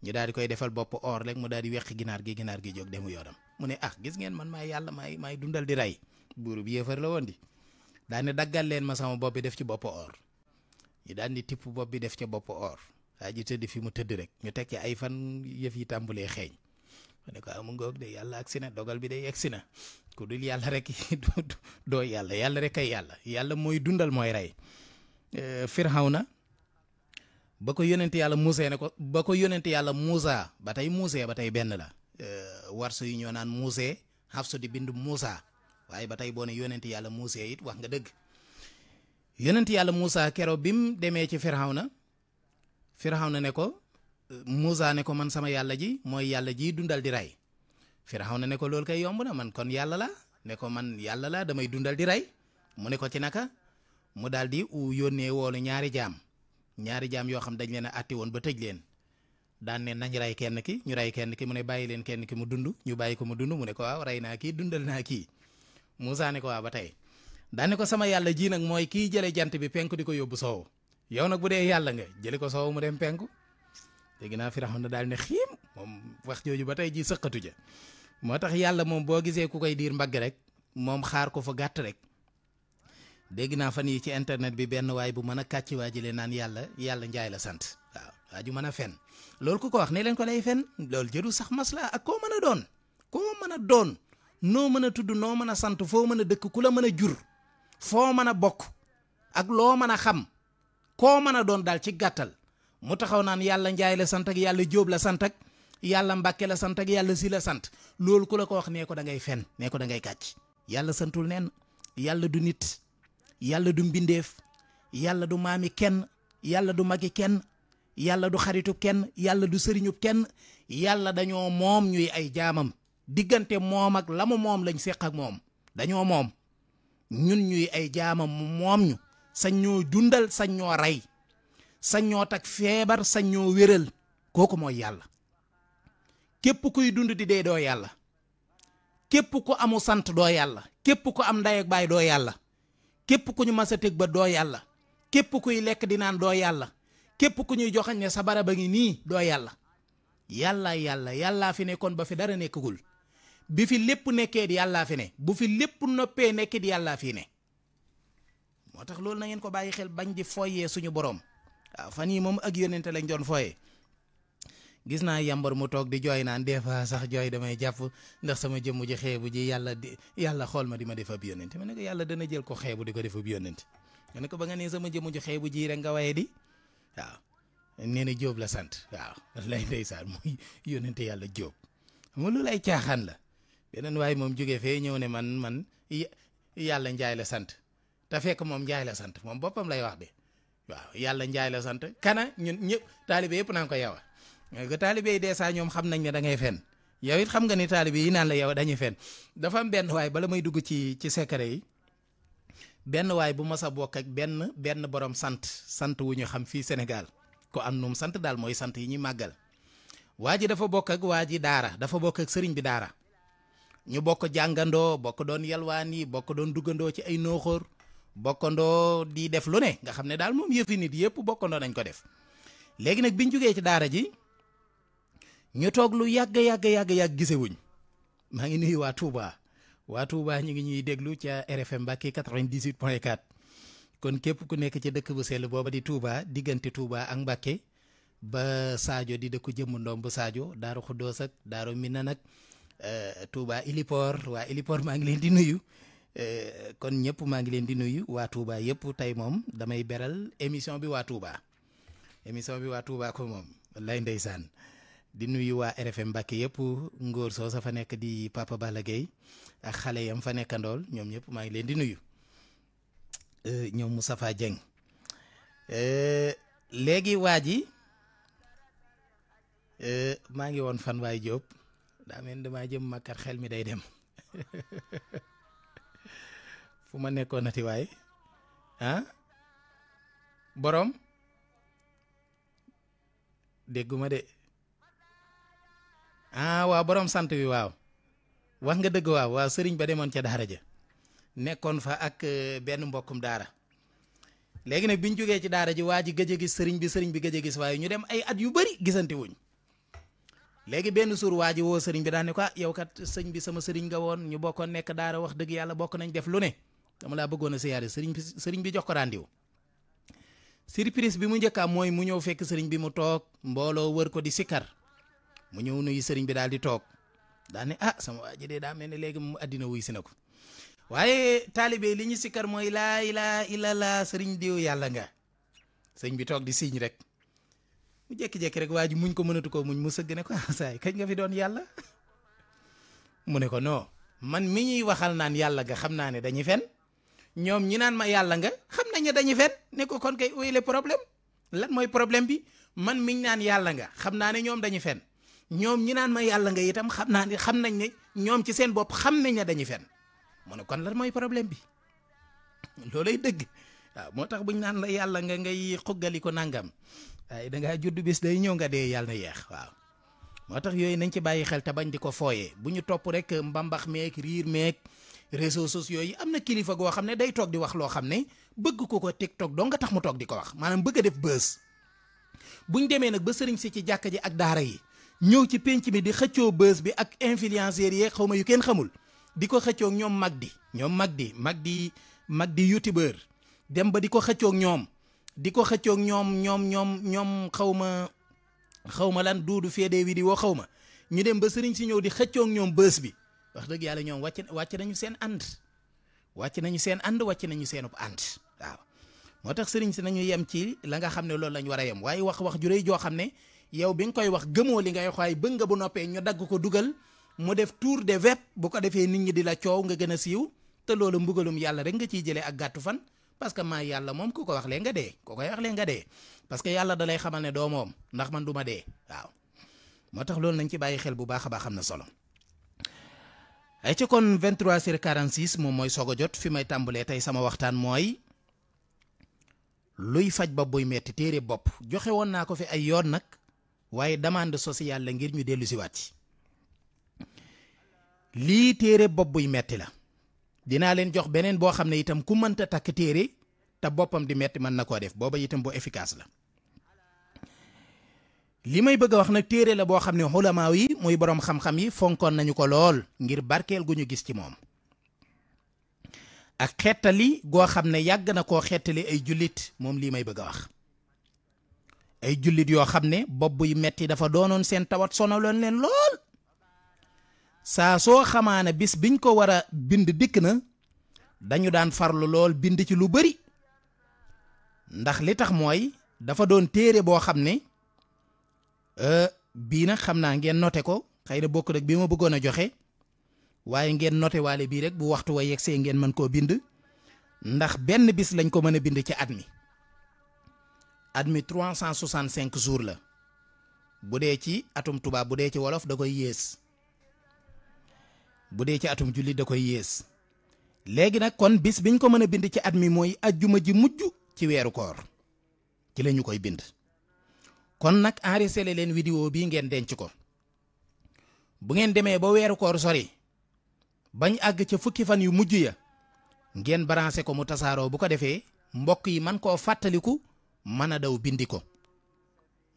ñu daal di koy defal bopp or rek mu daal di weq ginaar gi ginaar gi jóg de demu yoonam mu ne ah gis ngeen man maay yàlla maay maay dundal di rey buur bi yéefar la woon di daane daggal leen ma sama bopp bi def ci bopp or ñu daal di tipp bopp bi def ci bopp or waa ji tëdd fi mu tëdd rek ñu tekki ay fan yëf yi tàmbulee xeeñ ma ne ko amu ah, de yàlla agsi na dogal bi de yegsi na ku dul yàlla rek doo yàlla yàlla rek ay yàlla yàlla mooy dundal mooy rey Firawna ba ko yonent yàlla Musaa ne ko ba ko yonent yàlla Musaa ba tey Musaa ba tey benn la warsu yi ñoo naan Musaa Hafsa di bind Musaa waaye ba tey boo ne yonent yàlla Musaa it wax nga dëgg yonent yàlla Musaa keroo bi mu demee ci Firawna Firawna ne ko Moussa ne ko man sama yàlla ji mooy yàlla ji dundal di rey Firawna ne ko loolu kay yomb na man kon yàlla la ne ko man yàlla la damay dundal di rey mu ne ko ci naka mu daal di yónnee woolu ñaari jaam ñaari jaam yoo xam dañ leen a àtte woon ba tëj leen daan ne nañ ray kenn ki ñu rey kenn ki mu ne bàyyi leen kenn ki mu dund ñu bàyyi ko mu dund mu ne ko waaw naa kii dundal naa kii Moussa ne ko waaw ba tey daan ne ko sama yàlla ji nag mooy kii jële jant bi penk di ko yóbbu soow yow nag bu dee yàlla nga jëli ko soow mu dem penku dégg naa Firawna daal ne xiim moom wax jooju ba tey ji sëqatu ja moo tax yàlla moom boo gisee ku koy diir mbagg rek moom xaar ko fa gàtt rek dégg naa fa nii ci internet bi benn waay bu mën a kàcc waa jëlee naan yàlla yàlla njaay la sant waaw waa ju mën a fen loolu ku ko wax ne leen ko day fen lool jëru sax maslaa ak koo mën a doon koo mën a doon noo mën a tudd noo mën a sant foo mën a dëkk ku la mën a jur foo mën a bokk mën a xam koo mën a doon daal ci gàttal mu taxaw naan yàlla njaay la sant ak yàlla jóob la sant yàlla mbàkke la sant ak yàlla si la sant loolu ku la ko wax nee ko da ngay fen nee ko da ngay yàlla santul neen yàlla du nit yàlla du mbindeef yàlla du maami kenn yàlla du magi kenn yàlla du xaritu kenn yàlla du sëriñu kenn yàlla dañoo moom ñuy ay jaamam diggante moom ak la moom lañ seq ak moom dañoo moom ñun ñuy ay jaamam mu moom ñu sañ jundal dundal sañ ñoo rey feebar sañ ñoo wéral kooku mooy yàlla képp kuy dund di dee doo yàlla képp ku amu sant doo yàlla képp ku am ndey baay doo yàlla képp ku ñu mas a teg ba doo yàlla képp kuy lekk di naan doo yàlla képp ku ñuy joxañ ne sa baraba ngi nii doo yàlla yàlla yàlla yàllaa fi nekkoon ba fi dara nekkagul bi fi lépp nekkee di yàllaa fi ne bu fi lépp noppee nekkit yàllaa fi ne moo tax loolu na ngeen ko bàyyi xel bañ di foyee suñu boroom waaw fan yii moom ak yónnente lañ doon foyee gis naa yàmbar mu toog di jooy naan des fois sax jooy damay jàpp ndax sama jëmm ji xeebu ji yàlla di yàlla xool ma di ma def ab yónnente ma yàlla dana jël ko xeebu di ko def ab yónnente ma ko ba nga nee sama jëmm ji xeebu ji rek nga waye di waaw nee Jóob la sant waaw lay ndeysaan muy yónnente yàlla Jóob mu lu lay caaxaan la beneen waaye moom jóge fee ñëw ne man man yàlla njaay la sant te fekk moom njaay la sant moom boppam lay wax de waaw yàlla njaay la sant kana ñun ñëpp taalibe yëpp naa ko yow ah. a taalibe dee saa ñoom xam nañ ne dangay ngay fen yow it xam nga ni taalibe yi naan la yow dañuy fen dafa am benn waay bala may dugg ci ci secret yi benn waay bu mas a bokk ak benn benn borom sant sant wu ñu xam fii Sénégal ko am num sant daal mooy sant yi ñuy màggal waa ji dafa bokk ak waa ji daara dafa bokk ak sëriñ bi daara ñu bokk jàngandoo bokk doon yalwaan yi bokk doon duggandoo ci ay nooxóor bokkandoo di def lu ne nga xam ne daal moom yëfi nit yëpp bokkandoo nañ ko def léegi nag biñ jógee ci daara ji ñu toog lu yàgg yàgg yàgg yàgg gisewuñ maa ngi nuyu waa Touba waa Touba ñu ngi ñuy déglu ca RFM Mbacké 98 point 4 kon képp ku nekk ci dëkk bu sell booba di Touba diggante Touba ak Mbacké ba Sadio di dëkku jëmm ndoom bu Sadio Daaru Xuddoos ak Daaru Mina nag eh, Touba Ilipor waa Ilipor maa ngi leen di nuyu Eh, kon ñëpp maa ngi leen di nuyu waatubaa Touba yëpp tey moom damay beral émission bi waatubaa Touba émission bi waa ko moom wallaay ndeysaan di nuyu waa RFM Mbacke yëpp ngoor soo sa fa nekk di Papa Balla Gueye ak xale yam fa nekkandool ñoom ñëpp maa ngi leen di nuyu eh, ñoom Moustapha Dieng eh, léegi waa ji maa ngi woon fan waay Diop daa mel damaa jëm makkar xel mi day dem fu ma nekkoon waaye ah boroom dégguma de ah waa boroom sant wi waaw wax nga dëgg waaw waa sëriñ ba demoon ca daara ja nekkoon fa ak eh, benn mbokkum daara léegi nag biñ jógee ci daara ji waa ji gëj gis sëriñ bi sëriñ bi gëj a gis waaye ñu dem ay at yu bari gisante wuñ léegi benn suur waa ji woo sëriñ bi daan ne ko ah, yow kat sëñ bi sama sëriñ nga woon ñu bokkoon nekk daara wax dëgg yàlla bokk nañ def lu ne dama laa bëggoon a siyaare sëriñ bi sëriñ bi jox ko rendez bi mu njëkk am mooy mu ñëw fekk sëriñ bi mu toog mbooloo wër ko di sikkar mu ñëw nuyu sëriñ bi daal di toog daal ne ah sama waa de daa mel ne léegi mu àddina wuy si na ko waaye taalibe li ñu sikkar mooy laa ilaa illa laa sëriñ diw yàlla nga sëriñ bi toog di siñ rek mu jékki-jékki rek waa ji muñ ko mënatu ko muñ mu sëgg ne ko ah, saay kañ nga fi doon yàlla mu ne ko non man mi ñuy waxal naan yàlla nga xam naa ne dañuy fen ñoom ñi naan ma yàlla nga xam nañ ne dañuy fet ne ko kon kay ouyee problème lan mooy problème bi man miñ naan yàlla nga xam naa ne ñoom dañuy fen ñoom ñi naan ma yàlla nga itam xam naa ne xam nañ ne ñoom ci seen bopp xam nañ ne dañuy fen moo ne kon lan mooy problème bi loolu loolay dëgg waaw moo tax buñ naan la yàlla nga ngay xuggali ko nangam waaye dangaa judd bis day ñëw nga dee yàlla na yeex waaw moo tax yooyu nañ ci bàyyi xel te bañ di ko fooyee bu ñu topp rek mbambax meek riir meek réseaux sociaux yi am na kilifa goo xam ne day toog di wax loo xam ne bëgg ko ko TikTok doo nga tax mu toog di ko wax maanaam bëgg a def bës buñ demee nag ba sëriñ si ci jàkka ji ak daara yi ñëw ci penc mi di xëccoo bës bi ak influenceurs yeeg xaw ma yu kenn xamul di ko xëccoog ñoom mag di ñoom mag di mag di mag di youtubeur dem ba di ko xëccoog ñoom di ko xëccoog ñoom ñoom ñoom ñoom xaw ma xaw ma lan duudu fee dee vidéo xaw ma ñu dem ba sëriñ si ñëw di xëccoog ñoom bës bi wax dëgg yàlla ñoom wàcc wàcc nañu seen ànd wàcc nañu seen ànd wàcc nañu seen ànd waaw moo tax sëriñ si nañu yem ci la nga xam ne loolu lañ war a yem waaye wax wax ju rëy joo xam ne yow bi nga koy wax gëmoo li ngay xaay bëgg nga bu noppee ñu dagg ko dugal mu def tour de web bu ko defee nit ñi di la coow nga gën a siiw te loolu mbugalum yàlla rek nga ciy jëlee ak gàttu fan parce que maa yàlla moom ku ko wax nga dee ku koy wax lee nga dee parce que yàlla da lay xamal ne doo moom ndax man du ma dee waaw moo tax loolu nañ ci bàyyi xel bu baax a baax am na solo ay ci kon 23 h moom mooy soog a fi may tàmbalee tey sama waxtaan mooy luy faj ba buy metti téere bopp joxe woon naa ko fi ay yoon nag waaye demande sociale la ngir ñu dellu si ci lii téere bopp buy metti la dinaa leen jox beneen boo xam ne itam ku mënta takk téere te boppam di metti mën na ko def booba itam boo efficace la lii may bëgg a wax nag téere la boo xam ne xulamaa yi muy boroom xam-xam yi fonkoon nañu ko lool ngir barkeel gu ñu gis ci moom ak xettali goo xam ne yàgg na koo xettali ay jullit moom lii may bëgg a wax ay jullit yoo xam ne bopp yu metti dafa doonoon seen tawat sonaloon leen lool saa soo xamaana bis biñ ko war a bind dikk na dañu daan farlu lool bind ci lu bari ndax li tax mooy dafa doon téere boo xam ne Euh, bii nag xam naa ngeen noté ko xëy na bokk rek bi ma bëggoon a joxe waaye ngeen noté bii rek bu waxtu wa yegsee ngeen mën koo bind ndax benn bis lañ ko mën a bind ci at mi at mi 365 jours la bu dee ci atum tubaab bu dee ci wolof da koy yées bu dee ci atum jullit da koy yées léegi nag kon bis biñ ko mën a bind ci at mi mooy ajjuma ji mujj ci weeru koor ci la ñu koy bind kon nag enregistré leen vidéo bii ngeen denc ko bu ngeen demee ba weeru koor sori bañ àgg ca fukki fan yu mujj ya ngeen branché ko mu tasaaroo bu ko defee mbokk yi man koo fàttaliku mën a daw bindi ko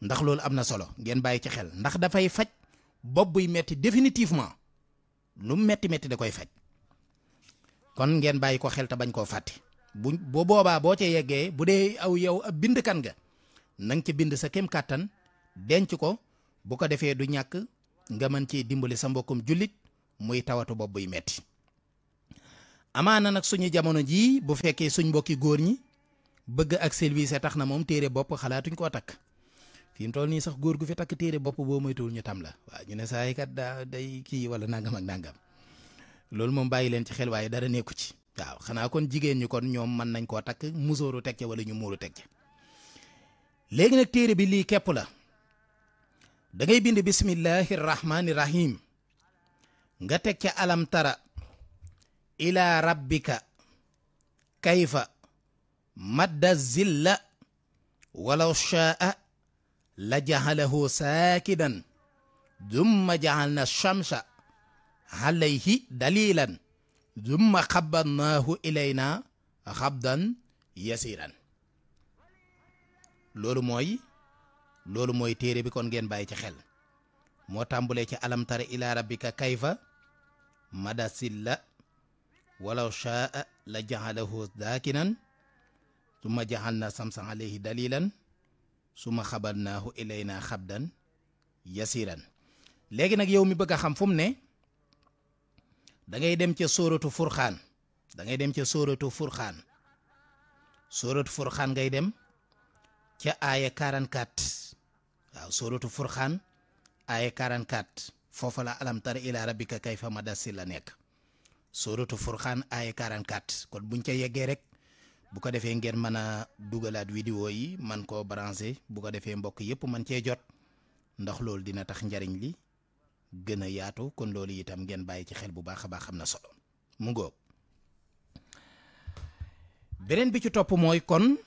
ndax loolu am na solo ngeen bàyyi ca xel ndax dafay faj bopp buy metti définitivement lu metti metti da koy faj kon ngeen bàyyi ko xel te bañ koo fàtti bu bu boobaa boo ca yeggee bu dee aw yow ab bind kan ga na nga ci bind sa kem kàttan denc ko bu ko defee du ñàkk nga mën ci dimbali sa mbokkum jullit muy tawatu bopp buy metti amaana nag suñu jamono jii bu fekkee suñ mbokki góor ñi bëgg ak service tax na moom téere bopp xalaatuñ koo takk fi mu toll nii sax góor gu fi takk téere bopp boo moytuwul ñu tam la waaw ñu ne saa yi kat daa day kii wala nangam ak nangam loolu moom bàyyi leen ci xel waaye dara nekku ci. waaw xanaa kon jigéen ñi kon ñoom mën nañ koo takk musóoru teg ca wala ñu muuru teg ca léegi nag téere bi lii képp la da ngay bind bismillahi rahmaani rahim nga teg ca alam tara ila rabbika kayfa madda zilla walaw shaa la jahalahu saakidan dumma jahalna shamsa alayhi dalilan dumma xabbadnaahu ilayna xabdan yasiran loolu mooy loolu mooy téere bi kon ngeen bàyyi ci xel moo tàmbulee ci alam tara ila rabbika kayfa la walaw shaa la jahalahu daakinan summa jahalna samsa alayhi dalilan summa xabalnaahu ilayna xabdan yasiran léegi nag yow mi bëgg a xam fu mu ne dangay dem ca sóoratu furxaan dangay dem ca sóoratu furxaan sóoratu furxaan ngay dem ca aaya 44 waaw sóoratu furxaan aaya 44 foofa la alam tara ila rabbika kayfa madasi la nekk sóoratu furxaan aaya 44 kon buñ ca yeggee rek bu ko defee ngeen mën a dugalaat vidéo yi man koo branché bu ko defee mbokk yépp man cee jot ndax loolu dina tax njariñ li gën a yaatu kon loolu itam ngeen bàyyi ci xel bu baax a baax xam na solo mu beneen bi topp mooy kon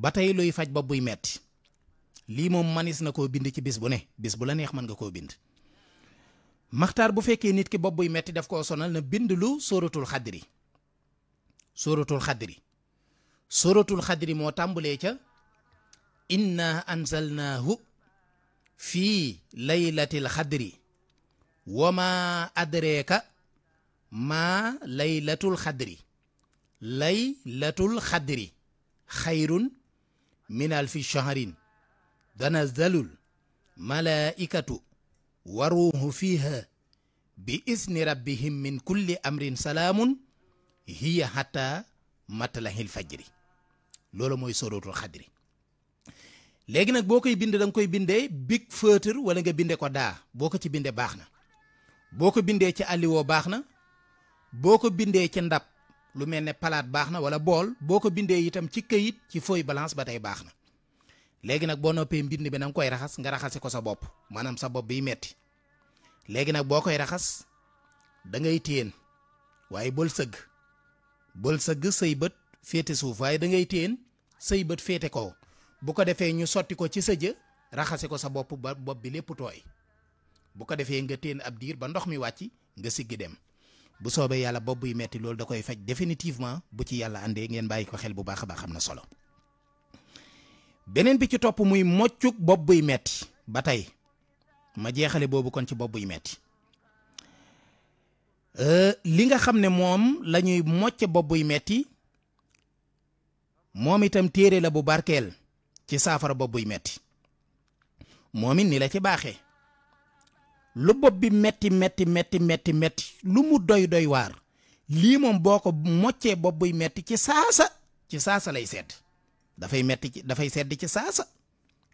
ba tey luy faj ba buy metti lii moom manis na koo bind ci bis bu ne bis bu la neex mën nga koo bind maxtaar bu fekkee nit ki bopp buy metti daf koo sonal na bind lu sóoratul xadri sóoratul xadri sóoratul xadri moo tàmbulee ca inna anzalnaahu fii laylatil xadri wa ma adreeka maa laylatul xadri laylatul xadri xayrun minal alfi shahrin tanazzalul malaikatu wa ruuhu fiiha bi isni rabbihim min kulli amrin salaamun hiya hatta matlahil fajri loolu mooy sorotul xadri léegi nag boo koy bind da koy bindee big feutre wala nga binde ko daa boo ko ci binde baax na boo ko bindee ci àlliwoo baax na boo ko bindee ci ndab lu mel ne palaat baax na wala bool boo ko bindee itam ci këyit ci feuille balance ba tey baax na léegi nag boo noppee mbind bi nanga koy raxas nga raxase ko sa bopp maanaam sa bopp biy metti léegi nag boo koy raxas dangay ngay téen waaye bul sëgg bul sëgg say bët féete suuf waaye da ngay téen say bët féete ko bu ko defee ñu sotti ko ci sa jë raxase ko sa bopp ba bopp bi lépp tooy bu ko defee nga téen ab diir ba ndox mi wàcc nga siggi dem bu soobee yàlla bopp buy metti loolu da koy faj definitivement bu ci yàlla àndee ngeen bàyyi ko xel bu baax a baax na solo beneen bi ci topp muy moccuk bopp buy metti ba tey ma jeexale boobu kon ci bopp buy metti euh, li nga xam ne moom la ñuy mocce bopp buy metti moom itam téere la bu barkeel ci saafara bopp buy metti moom it ni la ci baaxee lu bopp bi metti metti metti metti metti lu mu doy doy waar lii moom boo ko moccee bopp buy metti ci saasa ci saasa lay sedd dafay metti ci dafay sedd ci saasa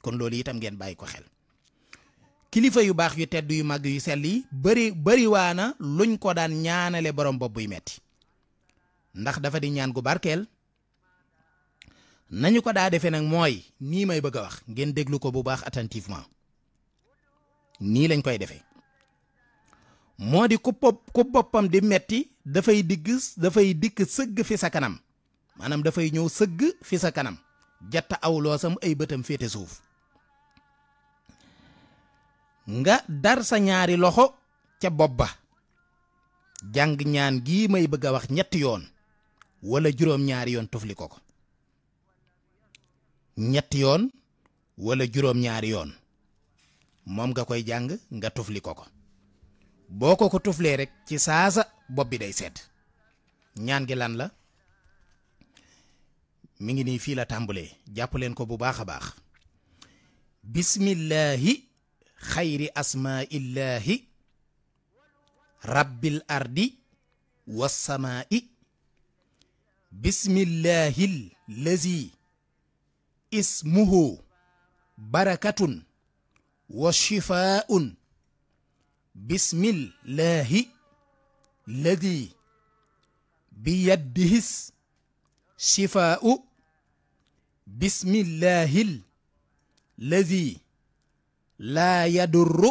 kon loolu itam ngeen bàyyi ko xel kilifa yu baax yu tedd yu mag yu sell yi bëri bëriwaana luñ ko daan ñaanale borom bopp buy metti ndax dafa di ñaan gu barkeel nañu ko daa defee nag mooy nii may bëgg a wax ngeen déglu ko bu baax attentivement nii lañ koy defee moo di ku boppam di metti dafay digg dafay dikk sëgg fi sa kanam maanaam dafay ñëw sëgg fi sa kanam jatta aw loosam ay bëtam féete suuf nga dar sa ñaari loxo ca bopp ba jàng ñaan gi may bëgg a wax ñetti yoon walla juróom ñaari yoon ko ñetti yoon wala juróom yoon moom nga koy jàng nga tufli ko ko boo ko ko tuflee rek ci saasa bopp bi day sedd ñaan gi lan la mi ngi nii fii la tàmbalee jàpp leen ko bu baax a baax bismillahi xayri asmaillahi rabbil ardi wassamaa'i bismillahil lazi ismuhu barakatun wa bismillahi ladi biyaddihis shifaau bismillahil ladi laa yadurru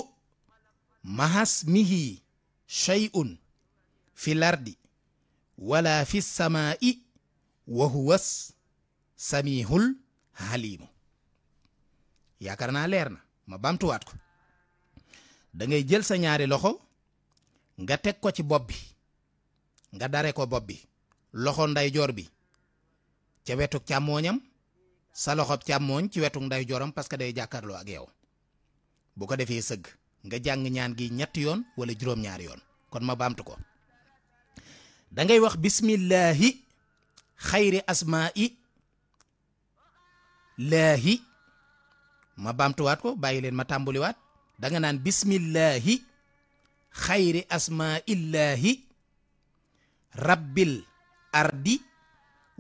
mahasmihi shay'un fi lardi wala fi samaai wa huwas samihul halimu yaakaar naa leer na ma baamtuwaat ko da ngay jël sa ñaari loxo nga teg ko ci bopp bi nga dare ko bopp bi loxo ndeyjoor bi ca wetu càmmooñam sa loxo càmmooñ ci wetu ndeyjooram parce que day jàkkaarloo ak yow bu ko defee sëgg nga jàng ñaan gi ñetti yoon wala juróom-ñaari yoon kon ma baamtu ko da ngay wax bismillahi xayri asmaa'i laahi ma baamtuwaat ko bàyyi leen ma tàmbuliwaat da nga naan bismillahi xayri asmaillahi rabbil ardi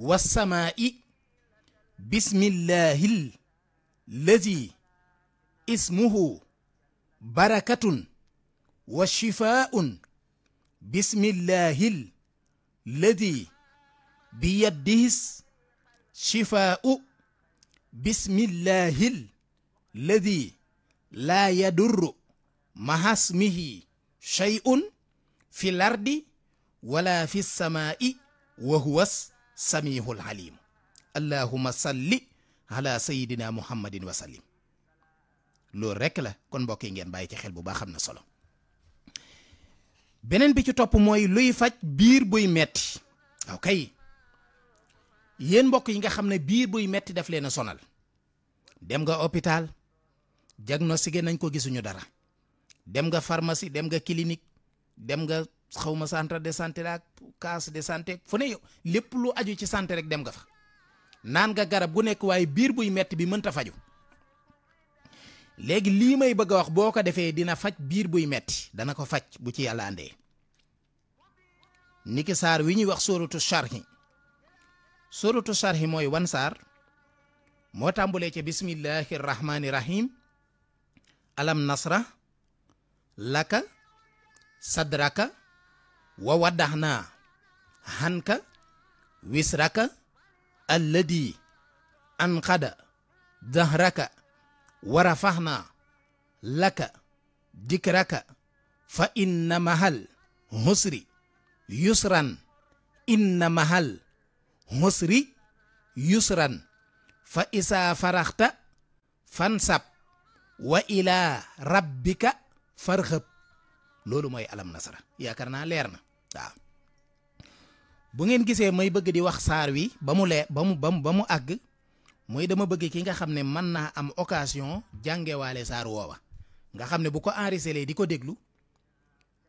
wassamaa'i bismillahil lazi ismuhu barakatun wa shifaa'un bismillahil lazi biyaddihis shifaa'u bismillahil lazi laa yadurru mahasmihi shay'un fi l wala fi lsamaai wa huwa samihu lalimu allahuma salli ala sayidina muhammadin wa sallim loolu rekk la kon mbokk yi ngeen bàyyi ci xel bu baax xam na solo beneen bi ci topp mooy luy faj biir buy metti waaw kay yéen mbokk yi nga xam ne biir buy metti daf leen a sonal dem nga diagnostiqué nañ ko gisuñu dara dem nga pharmacie dem nga clinique dem nga xaw ma centre de santé la ak de santé fu ne yow lépp lu aju ci santé rek dem nga fa naan nga garab gu nekk waaye biir buy metti bi mënta faju léegi lii may bëgg a wax boo ko defee dina faj biir buy metti dana ko faj bu ci yàlla àndee niki saar wi ñuy wax sóoratu charhi sóoratu charhi mooy wan saar moo tàmbulee ca bismillahi rahmaani rahim alam nasra laka sadraka wa waddaxnaa hanka wisraka alladi anqada dahraka wa rafaxnaa laka dikraka fa inna mahal husri yusran inna mahal husri yusran fa isaa faraxta wa ilaa rabbika farxëb loolu mooy alam nasara yaakaar naa leer na waaw bu ngeen gisee may bëgg di wax saar wi ba mu lee ba mu ba mu ba mu àgg mooy dama bëgg ki nga xam ne mën naa am occasion jàngewaale saar woowa nga xam ne bu ko enregistré di ko déglu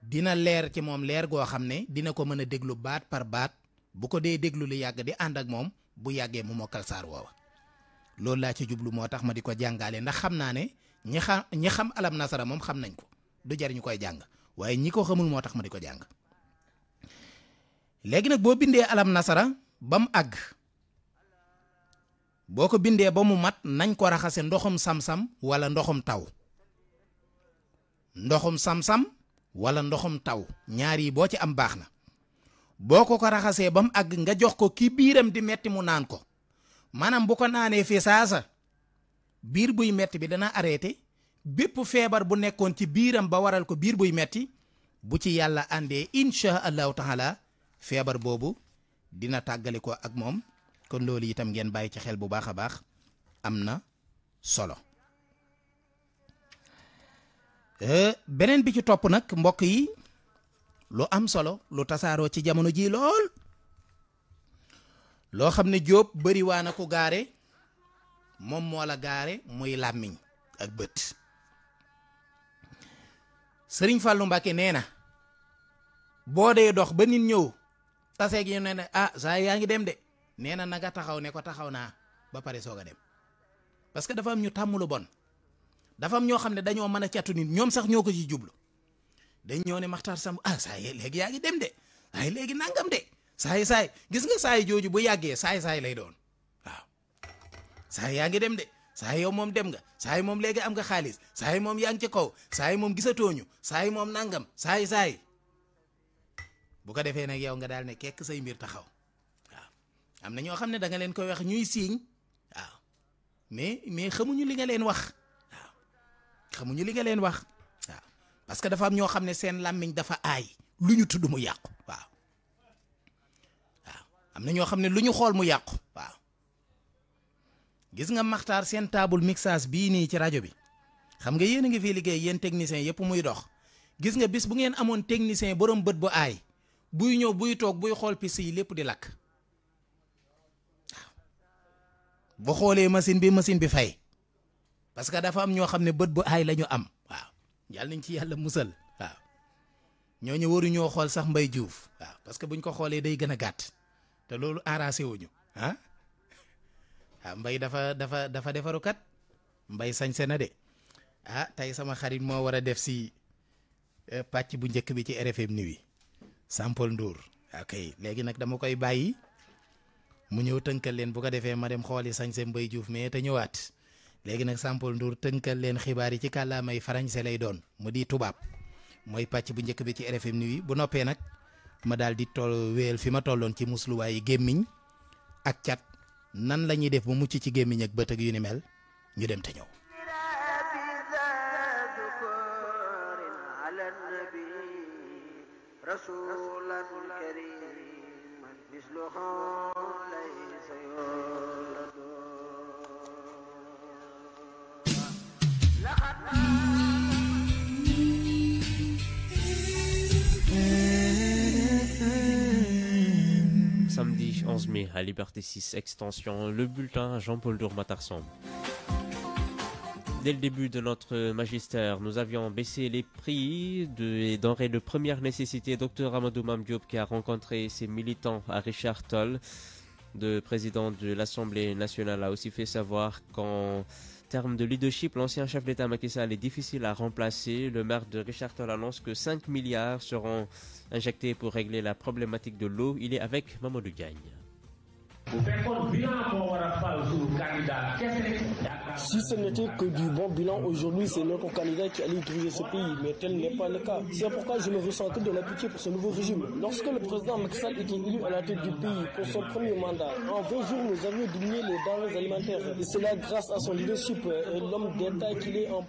dina leer ci moom leer goo xam ne dina ko mën a déglu baat par baat bu ko dee déglu lu yàgg di ànd ak moom bu yàggee mu mokkal saar woowa loolu laa ci jublu moo tax ma di ko jàngaale ndax xam naa ne ñi xam ñi xam alam nasara moom xam nañ ko du jariñu ñu koy jàng waaye ñi ko xamul moo tax ma di ko jàng léegi nag boo bindee alam nasara ba mu àgg boo ko bindee ba mu mat nañ ko raxase ndoxum sam-sam wala ndoxum taw ndoxum sam-sam wala ndoxum taw ñaar boo ci am baax na boo ko ko raxasee ba mu àgg nga jox ko ki di metti mu naan ko maanaam bu ko naanee fii biir buy metti bi dana arrêté bépp feebar bu nekkoon ci biiram ba waral ko biir buy metti bu ci yàlla àndee incha allahu taala feebar boobu dina tàggale ko ak moom kon loolu itam ngeen bàyyi ci xel bu baax a baax am na solo euh, beneen bi ci topp nag mbokk yi lu am solo lu tasaaroo ci jamono ji lool loo xam ne jóob bariwaana waa ko gaare moom moo la gaare muy làmmiñ ak bët sëriñ Fallou Mbacké nee na boo dee dox ba nit ñëw taseeg ñu ne ne ah saa yaa ngi dem de nee na nanga taxaw ne ko taxaw naa ba pare soog a dem parce que dafa ñu tàmm lu bon dafa ñoo xam ne dañoo mën a catu nit ñoom sax ñoo ko ci jublu dañ ñoo ne Makhtar Samb ah saa yi léegi yaa ngi dem de ay léegi nangam de saay saay gis nga saay jooju bu yàggee saay saay lay doon saa yaa ngi dem de saa yow moom dem nga saa yi moom léegi am nga xaalis saa moom yaa ngi ci kaw saa moom gisatooñu saa moom nangam saa yi saa bu ko defee nag yow nga daal ne kekk say mbir taxaw am na ñoo xam ne da nga leen koy wax ñuy siiñ waaw mais xamuñu li nga leen wax xamuñu li nga leen wax parce que dafa am ñoo xam ne seen làmmiñ dafa aay lu ñu tudd mu yàqu waaw waaw na ñoo xam ne lu ñu xool mu yàqu gis nga maxtaar seen table mixage bii nii ci rajo bi xam nga yéen a ngi fi liggéey yéen technicien yëpp muy dox gis nga bis bu ngeen amoon technicien borom bët bu aay buy ñëw buy toog buy xool piste yi lépp di lakk waaw bu xoolee machine bi machine bi fay parce que dafa am ñoo xam ne bët bu aay lañu am waaw yàlla nañ ci yàlla musal waaw ñooñu waruñoo xool sax mbay juuf waaw parce que buñ ko xoolee day gën a gàtt te loolu arrasé wuñu ah. ah mbay dafa dafa dafa defarukat mbay sañse na de ah tey sama xarit moo war a def si eh, pàcc bu njëkk bi ci RFM Nuit Sampol nduur ok léegi nag dama koy bàyyi mu ñëw tënkal leen bu ko defee ma dem xooli sañse mbay juuf mais te ñëwaat léegi nag Sampol nduur tënkal leen xibaar yi ci kàllaamay farañse lay doon mu di tubaab mooy pàcc bu njëkk bi ci RFM Nuit bu noppee nag ma daal di toll wéyal fi ma tolloon ci musluwaayu gémmiñ ak cat nan lañuy def ba mucc ci gémmiñ ak bët ak yu ni mel ñu dem te ñëw. rythmé à Liberté 6 le bulletin Jean-Paul Dourmatarson. Dès le début de notre magistère, nous avions baissé les prix des denrées de première nécessité. Dr Amadou Mamdiop qui a rencontré ses militants à Richard Toll, le président de l'Assemblée nationale, a aussi fait savoir qu'en termes de leadership, l'ancien chef d'État Macky est difficile à remplacer. Le maire de Richard Toll annonce que milliards seront injectés pour régler la problématique de l'eau. Il est avec bu fekkoon bilan moo war a fal suñu candidat kese Si ce n'était que du bon bilan aujourd'hui, c'est notre candidat qui allait griller ce pays, mais tel n'est pas le cas. C'est pourquoi je me ressentais de la pitié pour ce nouveau régime. Lorsque le président Macky était élu à la du pays pour son premier mandat, en 20 jours, nous avions diminué les denrées alimentaires. Et cela grâce à son leadership et l'homme d'État qu'il est, en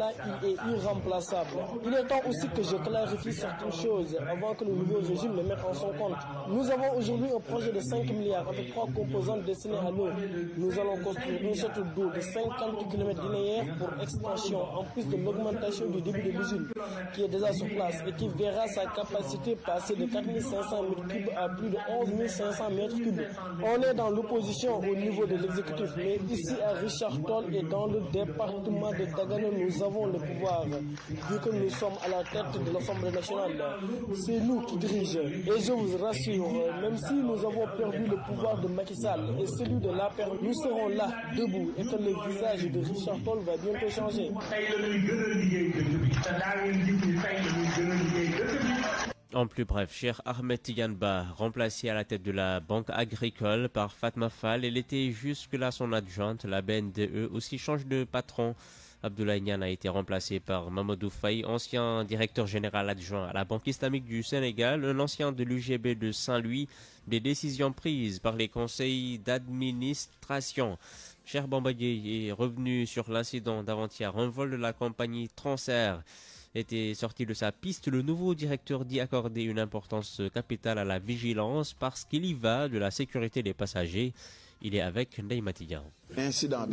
il est irremplaçable. Il aussi que je clarifie certaines choses Hamour, nous allons construire une château d'eau de 50 km linéaires pour extension, en plus de l'augmentation du débit de l'usine qui est déjà sur place et qui verra sa capacité passer de 4500 cubes à plus de mètres cubes. On est dans l'opposition au niveau de l'exécutif, mais ici à Richard Toll et dans le département de Dagana, nous avons le pouvoir, vu que nous sommes à la tête de l'Assemblée nationale. C'est nous qui dirigeons. Et je vous rassure, même si plus de l'APR, nous serons là, debout, de En plus bref, cher Ahmed Tiganba, remplacé à la tête de la Banque agricole par Fatma Fall, elle était jusque-là son adjointe, la BNDE, aussi change de patron. Abdoulaye Nian a été remplacé par Mamadou Faye, ancien directeur général adjoint à la Banque islamique du Sénégal, un ancien de l'UGB de Saint-Louis, des décisions prises par les conseils d'administration. Cher Bambadier est revenu sur l'incident d'avant-hier. Un vol de la compagnie Transair était sorti de sa piste. Le nouveau directeur dit accorder une importance capitale à la vigilance parce qu'il y va de la sécurité des passagers. Il est avec Neymatiyan. L'incident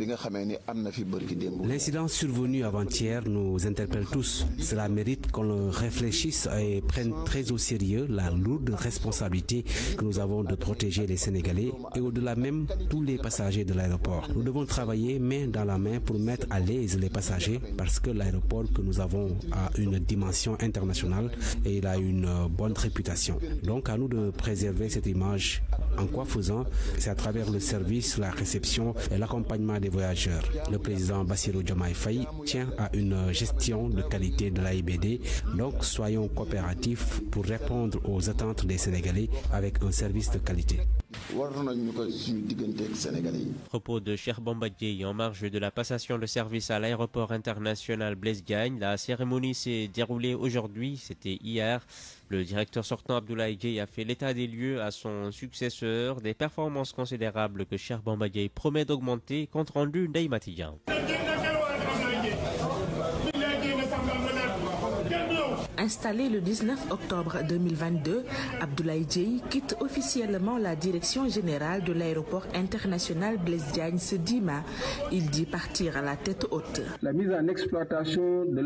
L'incident survenu avant-hier nous interpelle tous. Cela mérite qu'on réfléchisse et prenne très au sérieux la lourde responsabilité que nous avons de protéger les Sénégalais et au-delà même tous les passagers de l'aéroport. Nous devons travailler main dans la main pour mettre à l'aise les passagers parce que l'aéroport que nous avons a une dimension internationale et il a une euh, bonne réputation. Donc à nous de préserver cette image. En quoi faisant, la l'accompagnement des voyageurs. Le président Bassirou Diomaye Faye tient à une gestion de qualité de l'AIBD, donc soyons coopératifs pour répondre aux attentes des Sénégalais avec un service de qualité. Propos de Cheikh Bombadjé en marge de la passation de service à l'aéroport international Blaise La cérémonie s'est déroulée aujourd'hui, c'était hier. Le directeur sortant Abdoulaye Dieye a fait l'état des lieux à son successeur des performances considérables que Cher Bambadiaye promet d'augmenter, compte rendu Neymatidjan. Installé le 19 octobre 2022, Abdoulaye Dieye quitte officiellement la direction générale de international Blaise Diagne ce 10 mai. Il dit partir à la tête haute. La mise en exploitation de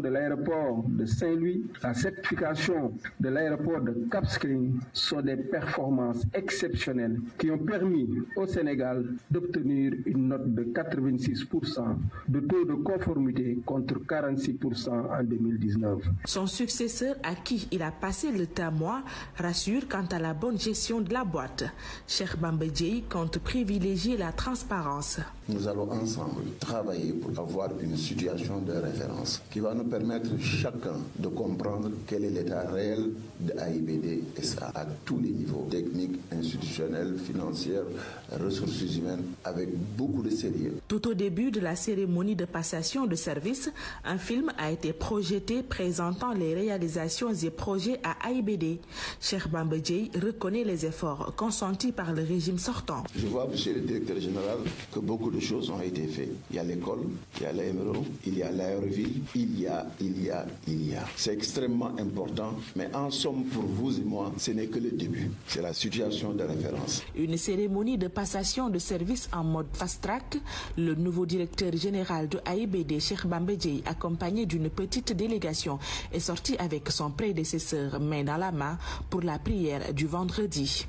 de l'aéroport de Saint-Louis, la certification de l'aéroport de Cap Skirring sont des performances exceptionnelles qui ont au Sénégal d'obtenir une note de 86% de taux de conformité contre 46% en 2019. Son successeur à qui il a passé le témoin rassure quant à la bonne gestion de la boîte. Cheikh Bambadji compte privilégier la transparence. Nous allons ensemble travailler pour avoir une situation de référence qui va nous permettre chacun de comprendre quel est l'état réel de AIBD SA à tous les niveaux, techniques, institutionnels, financiers, ressources humaines, avec beaucoup de sérieux. Tout au début de la cérémonie de passation de service, un film a été présentant les réalisations et projets à AIBD. Cher Bambadjei reconnaît les efforts consentis par le régime sortant. Je vois, monsieur le directeur général, que beaucoup de choses ont été faites. Il y a l'école, il y a l'AMRO, il y a il y a, C'est extrêmement important, mais en somme, pour vous et moi, ce n'est que le début. C'est la situation de référence. Une cérémonie de passation de service en mode fast Le nouveau directeur général de AIBD, Cher Bambadjei, accompagné d'une petite délégation, est sorti avec son prédécesseur mais dans la main pour la prière du vendredi.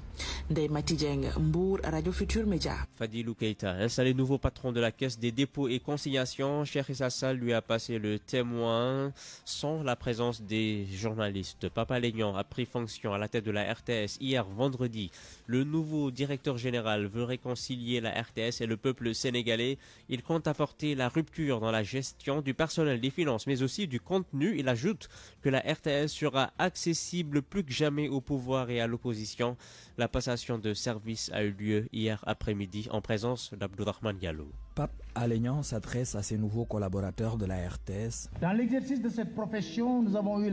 Ndeye Mathi Dieng, Mbour, Radio Futur Média. Fadilou Keïta, installé nouveau patron de la Caisse des dépôts et consignations, Cheikh Issa Sall lui a passé le témoin sans la présence des journalistes. Papa Lénian a pris fonction à la tête de la RTS hier vendredi. Le nouveau directeur général veut réconcilier la RTS et le peuple sénégalais. Il compte apporter la rupture dans la gestion du personnel des finances, mais aussi du contenu. Il ajoute que la RTS sera accessible plus que jamais au pouvoir et à l'opposition. La passation de service a eu lieu hier après-midi en présence d'Abdourahman Diallo. Pape Alignan s'adresse à ses nouveaux collaborateurs de la RTS. Dans l'exercice de cette profession, nous avons eu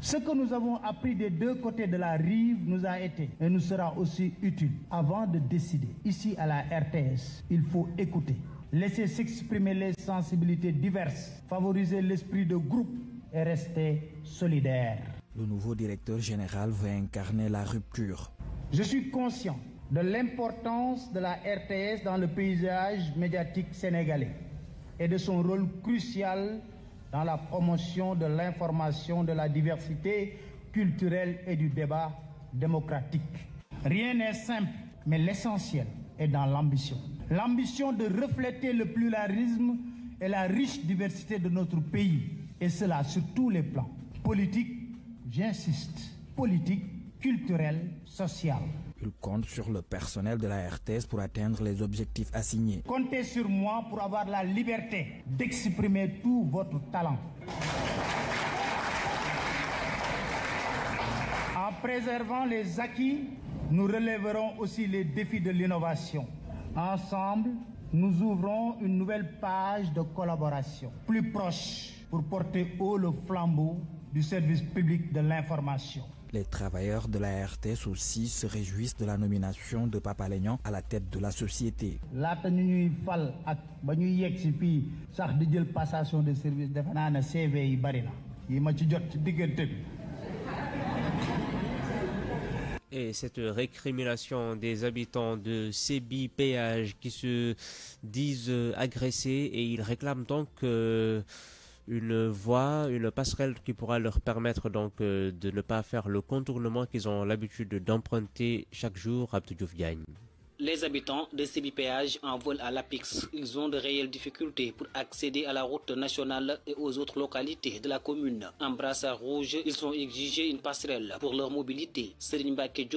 Ce que nous avons appris des deux côtés de la rive nous a été et nous sera aussi utile. Avant de décider, ici à la RTS, il faut écouter, laisser s'exprimer les sensibilités diverses, favoriser l'esprit de groupe et rester solidaire. Le nouveau directeur général va incarner la rupture. Je suis conscient de l'importance de la RTS dans le paysage médiatique sénégalais et de son rôle crucial dans la promotion de l'information de la diversité culturelle et du débat démocratique. Rien n'est simple, mais l'essentiel est dans l'ambition. L'ambition de refléter le pluralisme et la riche diversité de notre pays, et cela sur tous les plans. Politique, j'insiste, politique, culturelle, sociale. il compte sur le personnel de la RTS pour atteindre les objectifs assignés. Comptez sur moi pour avoir la liberté d'exprimer tout votre talent. En préservant les acquis, nous relèverons aussi les défis de l'innovation. Ensemble, nous ouvrons une nouvelle page de collaboration, plus proche, pour porter haut le flambeau du service public de l'information. Les travailleurs de la RTS aussi se réjouissent de la nomination de Papa Lénian à la tête de la société. laata ñu ñuy fal ak ba ñuy yegg si fii sax di jël passation de service defe naa ne CV yi bari na yi ma ci jot ci diggante bi. et cette récrimination des habitants de Sébi Péage qui se disent agressés et ils réclament donc euh, une voie, une passerelle qui pourra leur permettre donc euh, de ne pas faire le contournement qu'ils ont l'habitude d'emprunter chaque jour à Diouf Gagne. Les habitants de Sibipéage en veulent à l'APIX. Ils ont de réelles difficultés pour accéder à la route nationale et aux autres localités de la commune. En brassard rouge, ils ont exigé une passerelle pour leur mobilité. Serigne Mbacké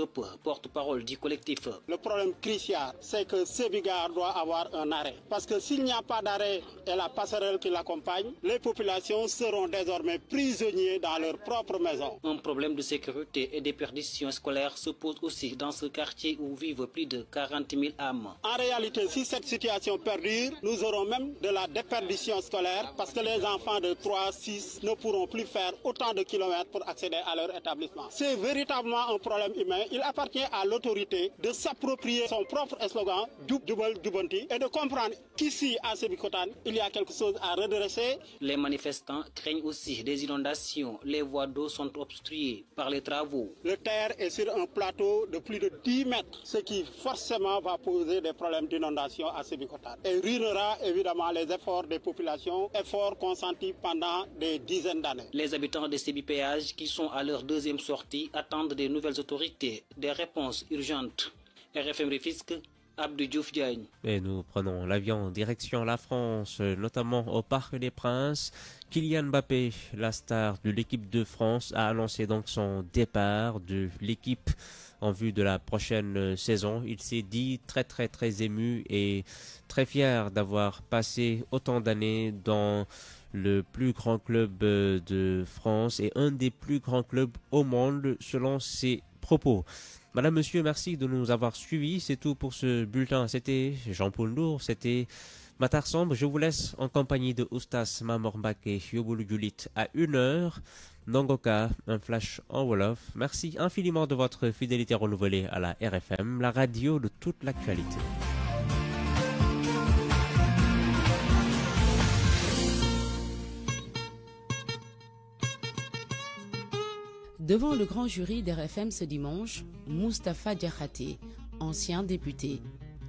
porte-parole du collectif. Le problème crucial, c'est que Sébigare doit avoir un arrêt. Parce que s'il n'y a pas d'arrêt et la passerelle qui l'accompagne, les populations seront désormais prisonniers dans leur propre maison. cinquante mille âmes. En réalité, si cette situation perdure, nous aurons même de la déperdition scolaire parce que les enfants de 3, 6 ne pourront plus faire autant de kilomètres pour accéder à leur établissement. C'est véritablement un problème humain. Il appartient à l'autorité de s'approprier son propre slogan Dioub Jubal Jubanti et de comprendre qu'ici, à Sébikotane, il y a quelque chose à redresser. Les manifestants craignent aussi des inondations. Les voies forcément va poser des problèmes d'inondation à Sébikotat et ruinera évidemment les efforts des populations, efforts consentis pendant des dizaines d'années. Les habitants de Sébipéage qui sont à leur deuxième sortie attendent des nouvelles autorités, des réponses urgentes. RFM Rifisque, et nous prenons l'avion direction la France, notamment au Parc des Princes. Kylian Mbappé, la star de l'équipe de France, a annoncé donc son départ de l'équipe. en vue de la prochaine euh, saison. Il s'est dit très très très ému et très fier d'avoir passé autant d'années dans le plus grand club euh, de France et un des plus grands clubs au monde selon ses propos. Madame, Monsieur, merci de nous avoir suivis. C'est tout pour ce bulletin. C'était Jean-Paul Nour, c'était Matar Sombre. Je vous laisse en compagnie de Oustas Mamormbake et Yobulu Gulit à 1 heure. Nangoka, un flash en Wolof. Merci infiniment de votre fidélité renouvelée à la radio de toute l'actualité. Devant le grand jury d'RFM ce dimanche, Moustapha Diakhaté, ancien député.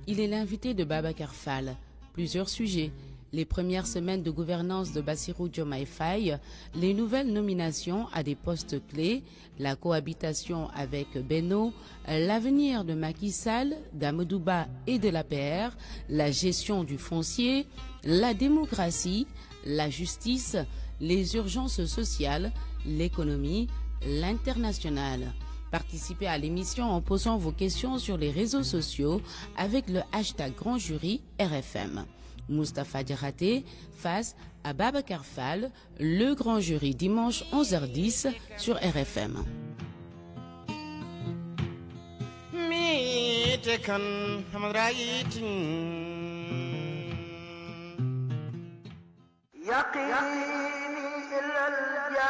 Il est l'invité de Babacar Fall. Plusieurs sujets les premières semaines de gouvernance de Bassirou Diomaye Faye, les nouvelles nominations à des postes clés, la cohabitation avec Beno, l'avenir de Macky Sall, d'Amadouba et de la pr la gestion du foncier, la démocratie, la justice, les urgences sociales, l'économie, l'international. Participez à l'émission en posant vos questions sur les réseaux sociaux avec le hashtag Grand Jury RFM. Moustapha Diakhaté face à Babacar Fall, le grand jury dimanche 11 h sur RFM. يقيني إلى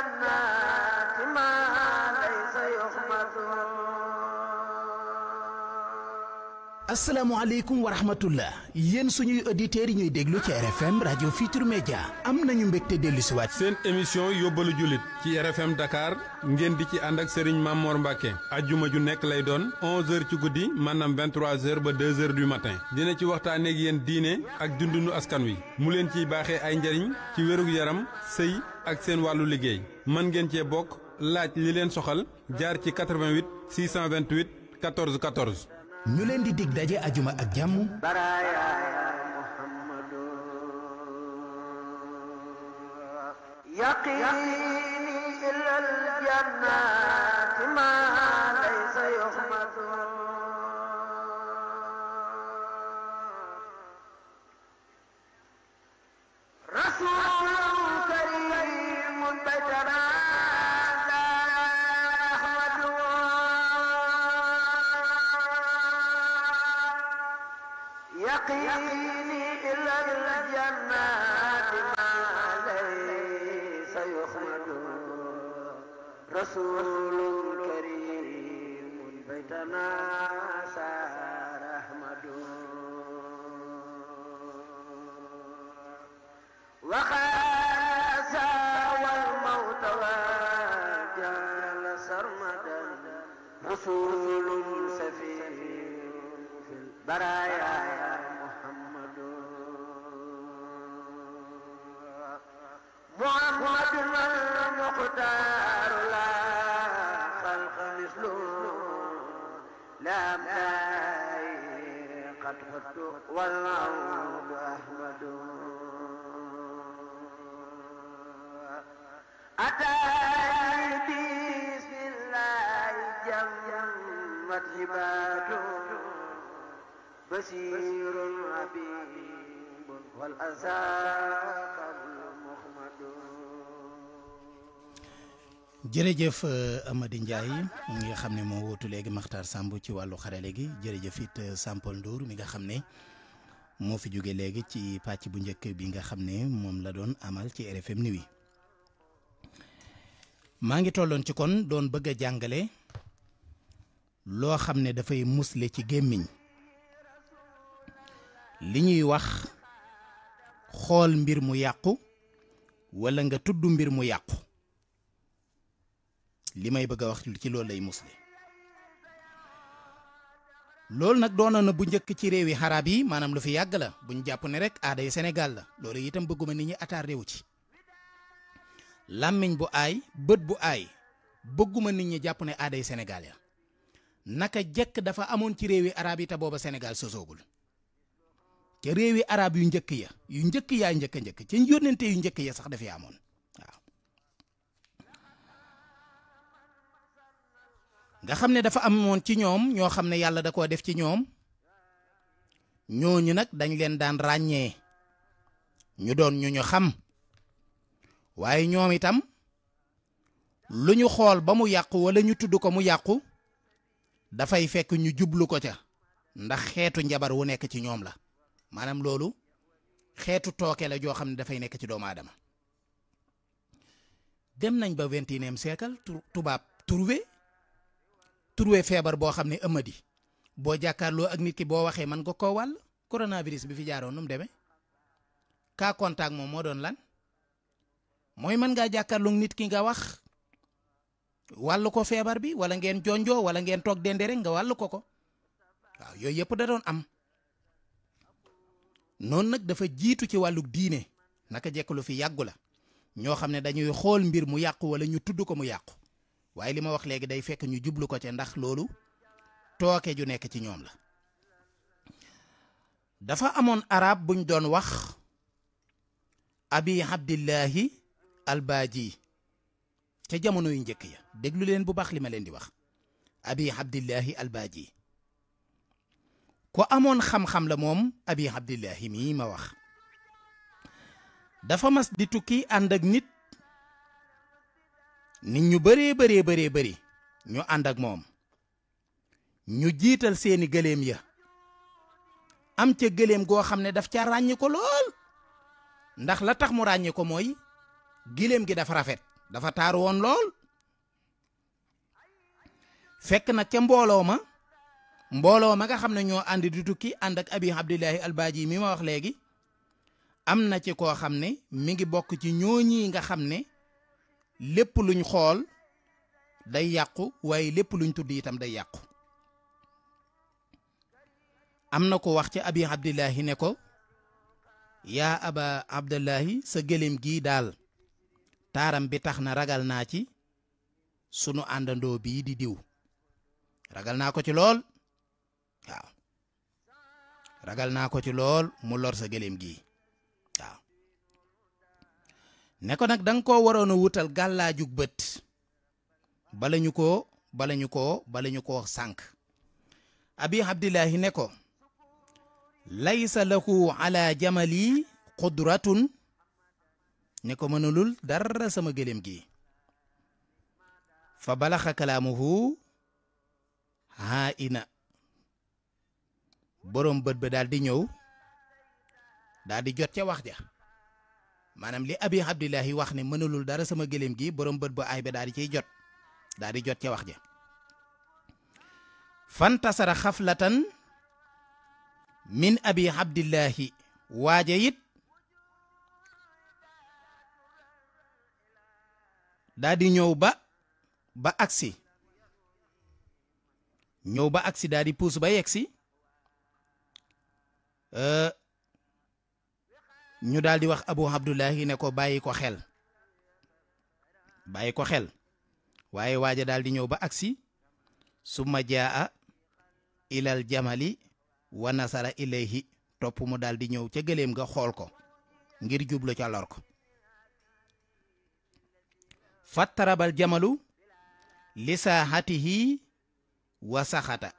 asalaamaaleykum wa rahmatullah yéen suñuy auditeurs yi ñuy déglu ci RFM rajo Futur Media am nañu mbégte dellu si waat seen émission yóbbalu jullit ci RFM Dakar ngeen di ci ànd ak Serigne mamoor Mbacke ajjuma ju nekk lay doon 11h ci guddi maanaam 23h ba 2h du matin dina ci waxtaanee ak yéen diine ak dundunu askan wi mu leen ciy baaxee ay njariñ ci wérug yaram sëy ak seen wàllu liggéey man ngeen cee bokk laaj li leen soxal jaar ci 88 628 14 14. ñu leen di dig daje ajuma ak jàmm yaqini ilal jannati ma يقيني إلى الجنات ما ليس يخمد رسول كريم بيتنا سار أحمد وخاس والموت وجعل سرمدا رسول سفير في البراء المختار لا خلق مثله لا قد خدت والعود أحمد أتاني بسم الله جمت هبات بشير عبيد والأزاق jërëjëf euh, Amady Ndiaye mi nga xam ne moo wóotu léegi Makhtar Samb ci wàllu xarale gi jërëjëf it euh, Sampol Ndour mi nga xam ne moo fi jóge léegi ci pàcc bu njëkk bi nga xam ne moom la doon amal ci RFM Niwi maa ngi tolloon ci kon doon bëgg a jàngale loo xam ne dafay musle ci gémmiñ li ñuy wax xool mbir mu yàqu walla nga tudd mbir mu yàqu li may bëgg a wax ci loolu lay musle loolu nag doonoon na bu njëkk ci réewi xaraab yi maanaam lu fi yàgg la bu ñu jàpp ne rek aada yi Sénégal la loolu itam bëgguma nit ñi attardé wu ci làmmiñ bu aay bët bu aay bëgguma nit ñi jàpp ne aada yi Sénégal ya naka jekk dafa amoon ci réewi arab yi te booba Sénégal sosoogul ca réewi arab yu njëkk ya yu njëkk yaa njëkk njëkk ca yónnente yu njëkk ya sax dafay amoon nga xam ne dafa amoon ci ñoom ñoo xam ne yàlla da koo def ci ñoom ñooñu nag dañ leen daan ràññee ñu doon ñu ñu xam waaye ñoom itam lu ñu xool ba mu yàqu wala ñu tudd ko mu yàqu dafay fekk ñu jublu ko ca ndax xeetu njabar wu nekk ci ñoom la maanaam loolu xeetu tooke la joo xam ne dafay nekk ci doomu aadama dem nañ ba vingt et tubaab trouvé trouvé feebar boo xam ne ëmmadi boo jàkkaarloo ak nit ki boo waxee mën nga koo wàll coronavirus bi fi jaaroon nu mu demee cas moom moo doon lan mooy mën ngaa jàkkaarloo nit ki nga wax wàll ko feebar bi wala ngeen jonjoo wala ngeen toog dende rek nga wàllu ko ko waaw yooyu yëpp da doon am noonu nag dafa jiitu ci wàllu diine naka jekk fi yàggu la ñoo xam ne dañuy xool mbir mu yàqu wala ñu tudd ko mu yàqu waaye li ma wax léegi day fekk ñu jublu ko ca ndax loolu tooke ju nekk ci ñoom la dafa amoon arab buñ doon wax abi abdillahi albaaji ca jamono yu njëkk ya déglu leen bu baax li ma leen di wax abi abdillahi albaaji ko amoon xam-xam la moom abi abdillahi mii ma wax dafa mas di tukki ànd nit nit ñu bëree bëree bëree bëri ñu ànd ak moom ñu jiital seeni gëléem ya am ca gëléem goo xam ne daf ca ràññi ko lool ndax la tax mu ràññi mooy gëléem gi dafa rafet dafa taaru woon lool fekk nag ca mbooloo ma mbooloo ma nga xam ne ñoo ànd di tukki ànd ak abi abdillahi albaaji mi ma wax léegi am na ci koo xam ne mi ngi bokk ci ñooñi nga xam ne lépp luñ xool day yàqu waaye lépp luñ tudd itam day yàqu am na ko wax ci abi abdillahi ne ko yaa aba abdillahi sa gëléem gii daal taaram bi tax na ragal naa ci sunu àndandoo bii di diw ragal naa ko ci lool waaw ragal naa ko ci lool mu lor sa gëléem gii ne ko nag da koo waroon a wutal gàllaajug bët balañu ko balañu ko ñu koo sànq abi abdillahi ne ko laysa lahu ala jamali qudratun ne ko mënalul dara sama gëléem gi fa balaxa kalaamuhu haa ina boroom bët ba daldi ñëw daal di jot ca wax ja maanaam li abi abdillahi wax ni mënalul dara sama gëléem gi borom bët ba aay ba daal ciy jot daal jot ce wax ja fantasara xaflatan min abi abdillahi waaja it daal di ñëw ba ba agsi ñëw ba agsi daal di puus ba yegsi ñu daal wax abu abdullahi ne ko bàyyi ko xel bàyyi ko xel waaye waaja daal di ñëw ba agsi summa jaa ilal jamali wa nasara ilayhi topp mu di ñëw ca gëléem ga xool ko ngir jublu ca lor ko fattarabal jamalu lisaahatihi wa saxata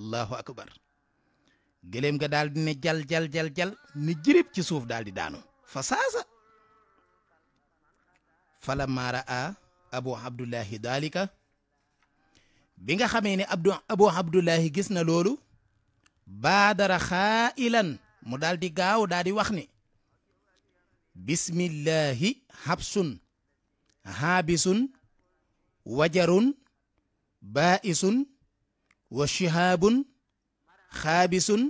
allahu akbar gëléem nga daal ne jal jal jal jal ni jirib ci suuf daal di daanu fa saasa fala maara a abu abdullahi dalika bi nga xamee ne abdu abu abdullahi gis na loolu baadara xaailan mu daldi di gaaw daal wax ni bismillahi habsun haabisun wajarun baa'isun wa shihaabun xaabisun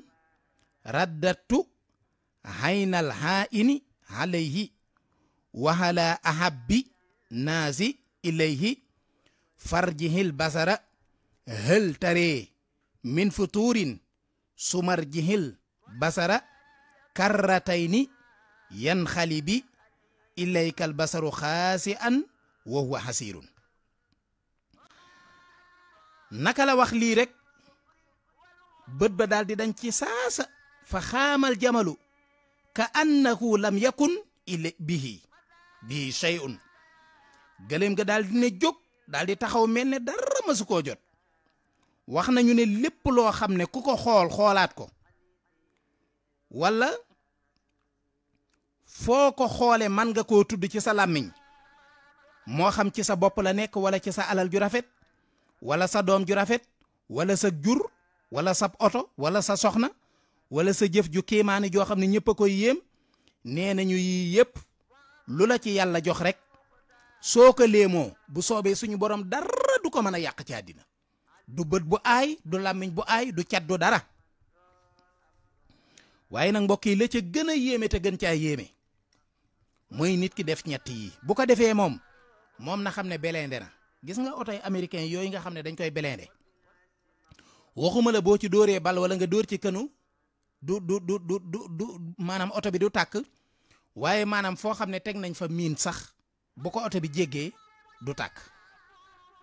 raddatu haynal haini alayhi wahala ahabbi naasi ilayhi farjihil basara hël taree min futurin sumarjihil basara karratayni yanxalibi ilaykal basaru xaasi an wa huwa xasiirun bët ba daal di dañ ci saasa fa xaamal jamalu ka annahu lam yakun ila bihi bihi shay'un gëléem ga daal di ne jóg daal di taxaw mel ne dara masu koo jot wax nañu ne lépp loo xam ne ku ko xool xoolaat ko wala foo ko xoole man nga koo tudd ci sa làmmiñ moo xam ci sa bopp la nekk wala ci sa alal ju rafet wala sa doom ju rafet wala sa jur wala sa oto wala sa soxna wala sa jëf ju kéemaane joo xam ne ñëpp a koy yéem nee nañu yii yëpp lu la ci yàlla jox rek soo ko léemoo bu soobee suñu borom dara du ko mën a yàq ci àddina du bët bu aay du làmmiñ bu aay du cat dara waaye nag mbokk yi la ca gën a yéeme te gën caa yéeme mooy nit ki def ñett yi bu ko defee moom moom na xam ne belende na gis nga oto yi américain yooyu nga xam ne dañ koy belende waxuma la boo ci dóoree bal wala nga dóor ci kanu du du du du du maanaam oto bi du tàkk waaye maanaam foo xam ne teg nañ fa miin sax bu ko oto bi jéggee du tàkk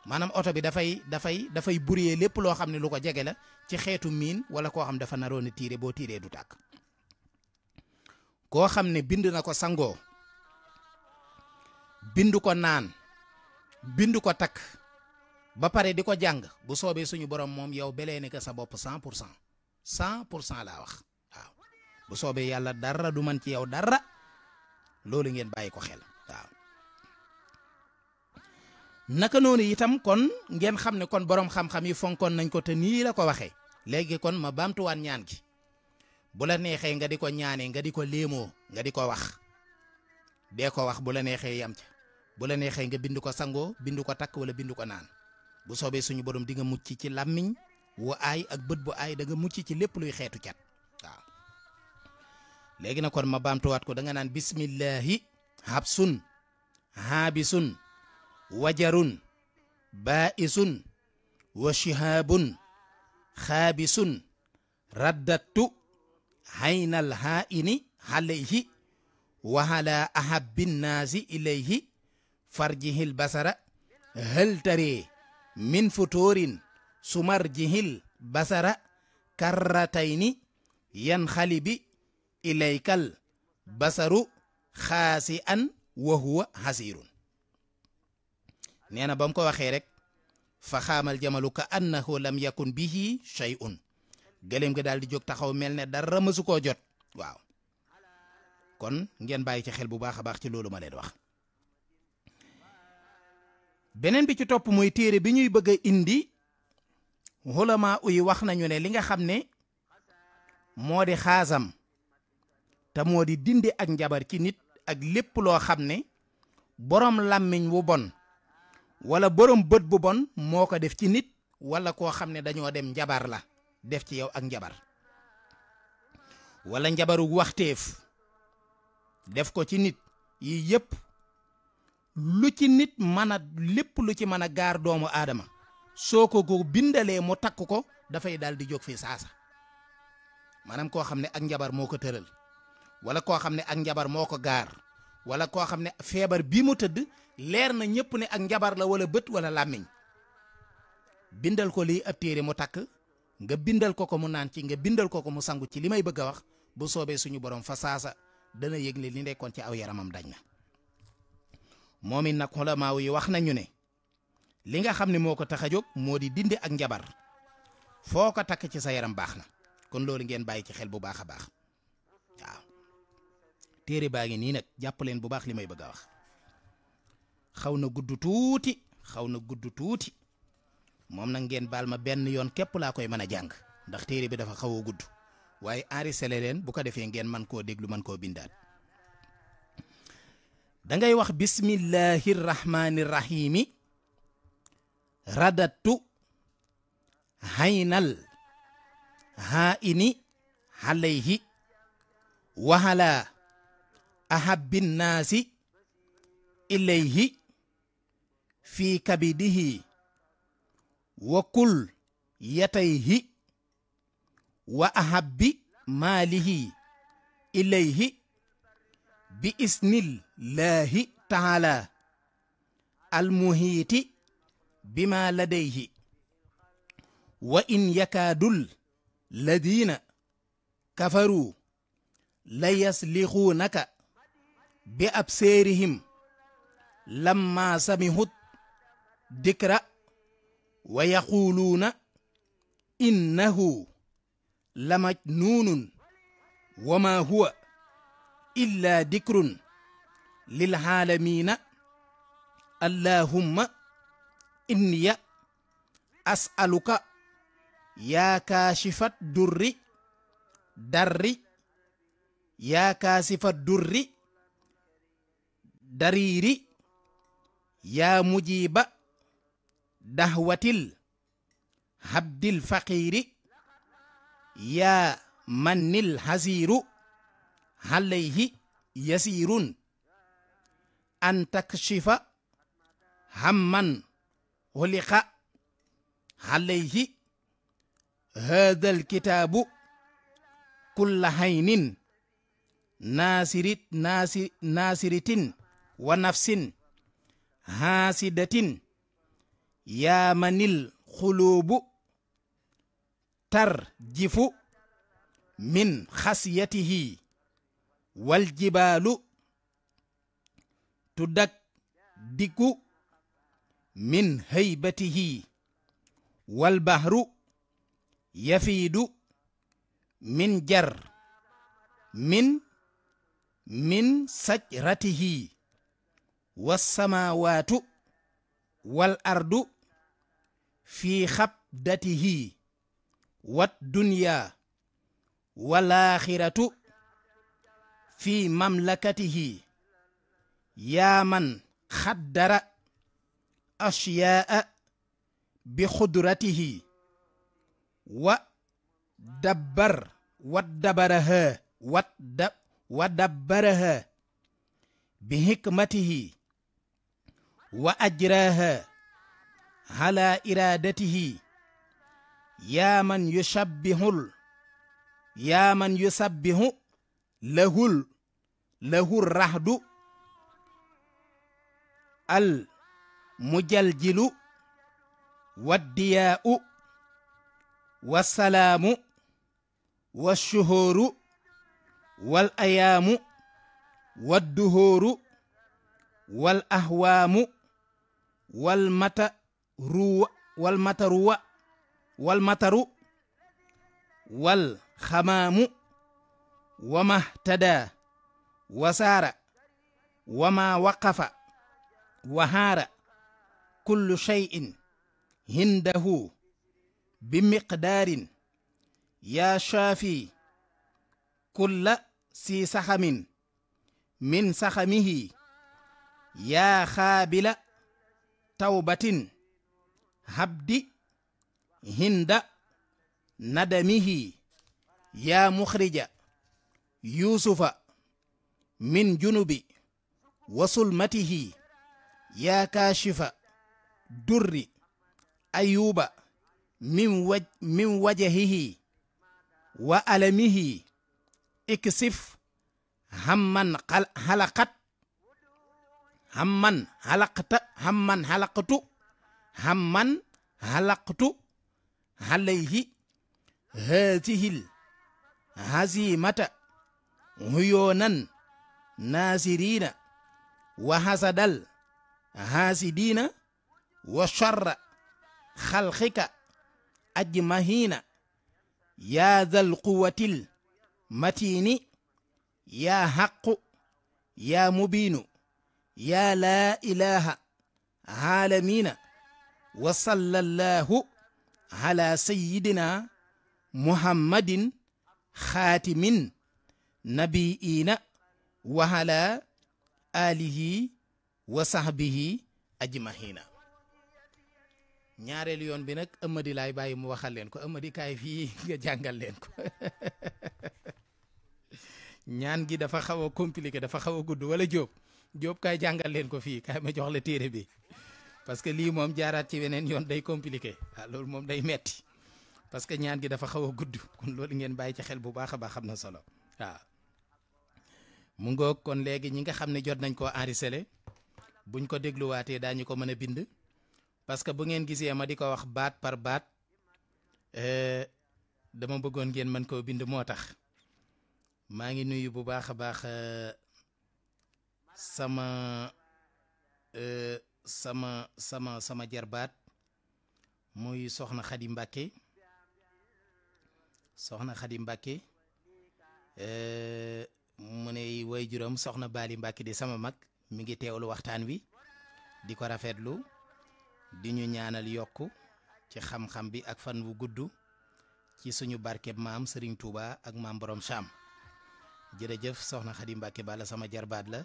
maanaam oto bi dafay dafay dafay buriyee lépp loo xam ne lu ko jege la ci xeetu miin wala koo xam dafa naroon a tiire boo tiiree du tàkk koo xam ne bind na ko sangoo bind ko naan bind ko takk ba pare di ko jàng bu soobee suñu borom moom yow belee ne sa bopp cent pour cent cent pour cent laa wax waaw bu soobee yàlla dara du man ci yow dara loolu ngeen bay ko xel waaw naka noonu itam kon ngeen xam ne kon borom xam-xam yi fonkoon nañ ko te nii la ko waxee léegi kon ma waan ñaan gi bu la neexee nga di ko ñaanee nga di ko léemoo nga di ko wax dee ko wax bu la neexee yam ca bu la neexee nga bind ko sangoo bind ko takk wala bind ko naan bu soobee suñu borom di nga mucc ci làmmiñ wu aay ak bët bu aay da nga mucc ci lépp luy xeetu cat waaw léegi na kon ma baamtuwaat ko danga naan bismillahi habsun haabisun wajarun baa'isun wa shihaabun xaabisun raddattu haynal haa'ini alayhi wa ala ilayhi farjihil basara hëltaree min futurin sumarjihil basara karratayni yanxalibi ilaykal basaru xaasi an wa huwa hasirun nee na ba ko waxee rek fa xaamal jamalu ka annahu lam yakun bihi shay'un gëléem ga daal di jóg taxaw mel ne dara mësu koo jot waaw kon ngeen bàyyi ci xel bu baax a baax ci loolu ma leen wax beneen bi ci topp mooy téere bi ñuy bëgg a indi xulamaa uy wax nañu ne li nga xam ne moo di xaasam te moo di dindi ak njabar ci nit ak lépp loo xam ne boroom làmmiñ wu bon wala boroom bët bu bon moo ko def ci nit wala koo xam ne dañoo dem njabar la def ci yow ak njabar wala njabaru waxteef def ko ci nit yi yëpp lu ci nit mën a lépp lu ci mën a gaar doomu aadama soo ko ko bindalee mu takk ko dafay dal di jóg fii saasa maanaam koo xam ne ak njabar moo ko tëral wala koo xam ne ak njabar moo ko gaar wala koo xam ne feebar bii mu tëdd leer na ñëpp ne ak njabar la wala bët wala làmmiñ bindal ko lii ab téere mu takk nga bindal ko ko mu naan ci nga bindal ko ko mu sangu ci li may bëgg a wax bu soobee suñu borom fa saasa dana yëgle li nekkoon ci aw yaramam dañ moom it nag xolamaaw yi wax nañu ne li nga xam ne moo ko tax a jóg moo di dinde ak njabar foo ko takk ci sa yaram baax na kon loolu ngeen bàyyi ci xel bu baax a baax waaw téere baa ngi nii nag jàpp leen bu baax li may bëgg a wax xaw na gudd tuuti xaw na gudd tuuti moom nag ngeen baal ma benn yoon képp laa koy mën a jàng ndax téere bi dafa xaw a gudd waaye enregistré leen bu ko defee ngeen man koo déglu man koo bindaat dangay wax bismillahi rahmani rahimi radattu haynal haini alayhi wahala ahabinnaasi ilayhi fi kabidihi wa yatayhi wa ahabbi maalihi ilayhi bi isnillaahi taala almuhiiti bima ladayhi wa in yakaadul ladina kafaru la yaslixuunaka bi abseerihim lamma samihut dikra wa yaquuluuna innahu la majnuunun wa ma huwa illaa dikrun lil aalamiina allahumma inniya as'aluka yaa kaashifat durri darri yaa kaasifat durri dariiri yaa mujiba dahwatil habdil faqiiri yaa mannil hasiiru alayhi yasiirun an takshifa hamman xuliqa alayhi hada alkitaabu kulla haynin naasirit naasi naasiritin wa nafsin haasidatin yaamanil xuluubu tar jifu min xasiyatihi wal waljibaalu tuddak diku min haybatihi walbahru yafiidu min jar min min sajratihi wassamaawaatu wal ardu fi xabdatihi wat dunyaa wal aaxiratu fi mamlakatihi yaa man xaddara ashyaa bi xudratihi wa dabbar wa dabaraha wa dabbaraha bi hikmatihi wa ajraha ala iradatihi yaa man yusabbihu yaa man yusabbihu lahul lahu rahdu al mujaljilu waddiyaa'u wassalaamu washuhooru wal ayaamu wadduhooru wal ahwaamu wal mataruwa wal mataruwa wal mataru wal xamaamu wa mahtadaa wasaara wama waqafa wahaara kullu cheyin hindahu bi miqdaarin yaa shaafi kulla si saxamin min saxamihi yaa xaabila tawbatin habdi hinda nadamihi yaa muxrija yuusufa min junubi wa sulmatihi yaa kaashifa durri ayuba min waj min wajahihi wa alamihi iksif hamman halaqat hamman halaqta hamman halaqtu hamman halaqtu halayhi haatihil hazimata huyoonan naasiriina wa hasadal haasidiina wa sharra xalqika ajmahiina yaa zal quwatil matiini yaa haqqu yaa mubiinu yaa laa ilaaha aalamiina wa sallallahu ala sayyidina muhammadin xaatimin nabiyiina wa ala alihi wa sahbihi ajmahina ñaareelu yoon bi nag ëmmadi laay bàyyi mu waxal leen ko ëmmadi kaay fii nga jàngal leen ko ñaan gi dafa xaw a compliqué dafa xaw a gudd wala Jóob Jóob kaay jàngal leen ko fii kaay ma jox la téere bi parce que lii moom jaaraat ci weneen yoon day compliqué ah loolu moom day metti parce que ñaan gi dafa xaw a gudd kon loolu ngeen bàyyi ci xel bu baax a baax xam na solo waaw ah. mu ngoog kon léegi ñi nga xam ne jot nañ koo enregistré buñ ko dégluwaatee daañu ko mën a bind parce que bu ngeen gisee ma di ko wax baat par baat euh, dama bëggoon ngeen mën koo bind moo tax maa ngi nuyu bu baax a baax euh, sama euh, sama sama sama jarbaat muy soxna Xadi Mbàkke soxna Xadi Mbàkke mu ne woy juróom soxna baali Mbàkke di sama mag mi ngi teewlu waxtaan wi di ko rafetlu di ñu ñaanal yokk ci xam-xam bi ak fan wu gudd ci suñu barkeb maam sëriñ Touba ak maam Borom Cham jërëjëf soxna Xadi Mbàkke bala sama jarbaat la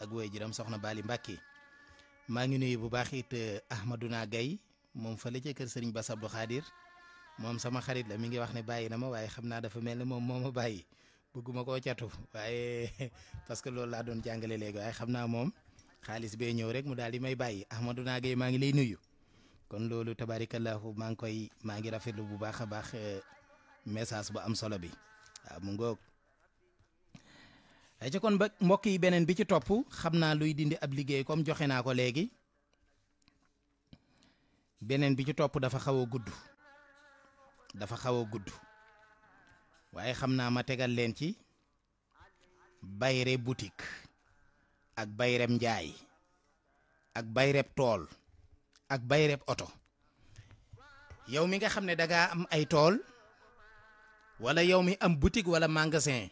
ak way juróom soxna baali Mbàkke maa ngi nuyu bu baax it eh, naa gay moom fële ca kër sëriñ Bass Abdou Khadir moom sama xarit la mi ngi wax ne bàyyi na ma waaye xam naa dafa mel ne moom moo ma bàyyi. bëgguma koo catu waaye parce que loolu laa doon jàngale léegi waaye xam naa moom xaalis bee ñëw rek mu daal di may bàyyi Ahmadou Nagay maa ngi lay nuyu kon loolu tabaarikallahu maa ngi koy maa ngi rafetlu bu baax a baax eh, message bu am solo bi waaw mu ngoog ay ca kon ba mbokk yi beneen bi ci topp xam naa luy dindi ab liggéey comme joxe naa ko léegi beneen bi ci topp dafa xaw a gudd dafa xaw a gudd waaye xam naa ma tegal leen ci bayre butik ak bayreb njaay ak bayreb tool ak bayreb oto yow mi nga xam ne dangaa am ay tool wala yow mi am boutique wala magasin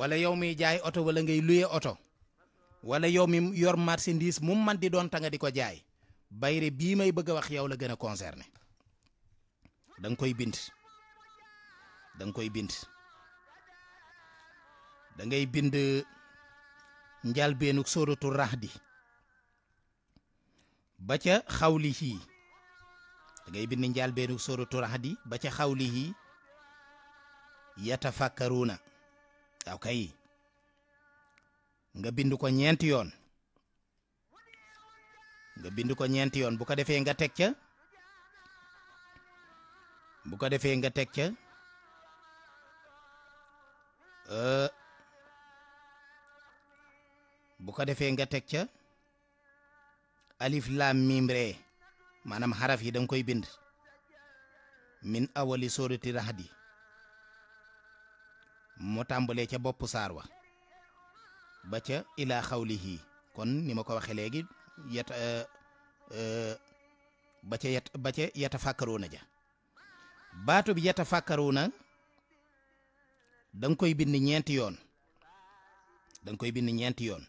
wala yow mi jaay oto wala ngay luye oto walla yow mi yor marchandise mu man di doon ta di ko jaay bayre bii may bëgg a wax yow la gën a concerné da koy bind da koy bind dangay bind njalbeenuk sóoratu raxdi ba ca xawlihi da bind bind njalbeenuk sóoratu raxdi ba ca xawlihi yatafakkaruuna waaw kay nga bind ko ñeenti yoon nga bind ko ñeenti yoon bu ko defee nga teg ca bu ko defee nga teg ca Euh, bu ko defee nga teg ca alif laam ree maanaam xaraf yi da koy bind min awali sóorati raxadi mu tàmbalee ca boppu saar wa ba ca ilaa xawlihi kon ni ma ko waxee léegi yet euh, euh, ba ca yet ba ca ja bi yeta fàkkaruuna danga koy bind ñeenti yoon da koy bind ñeenti yoon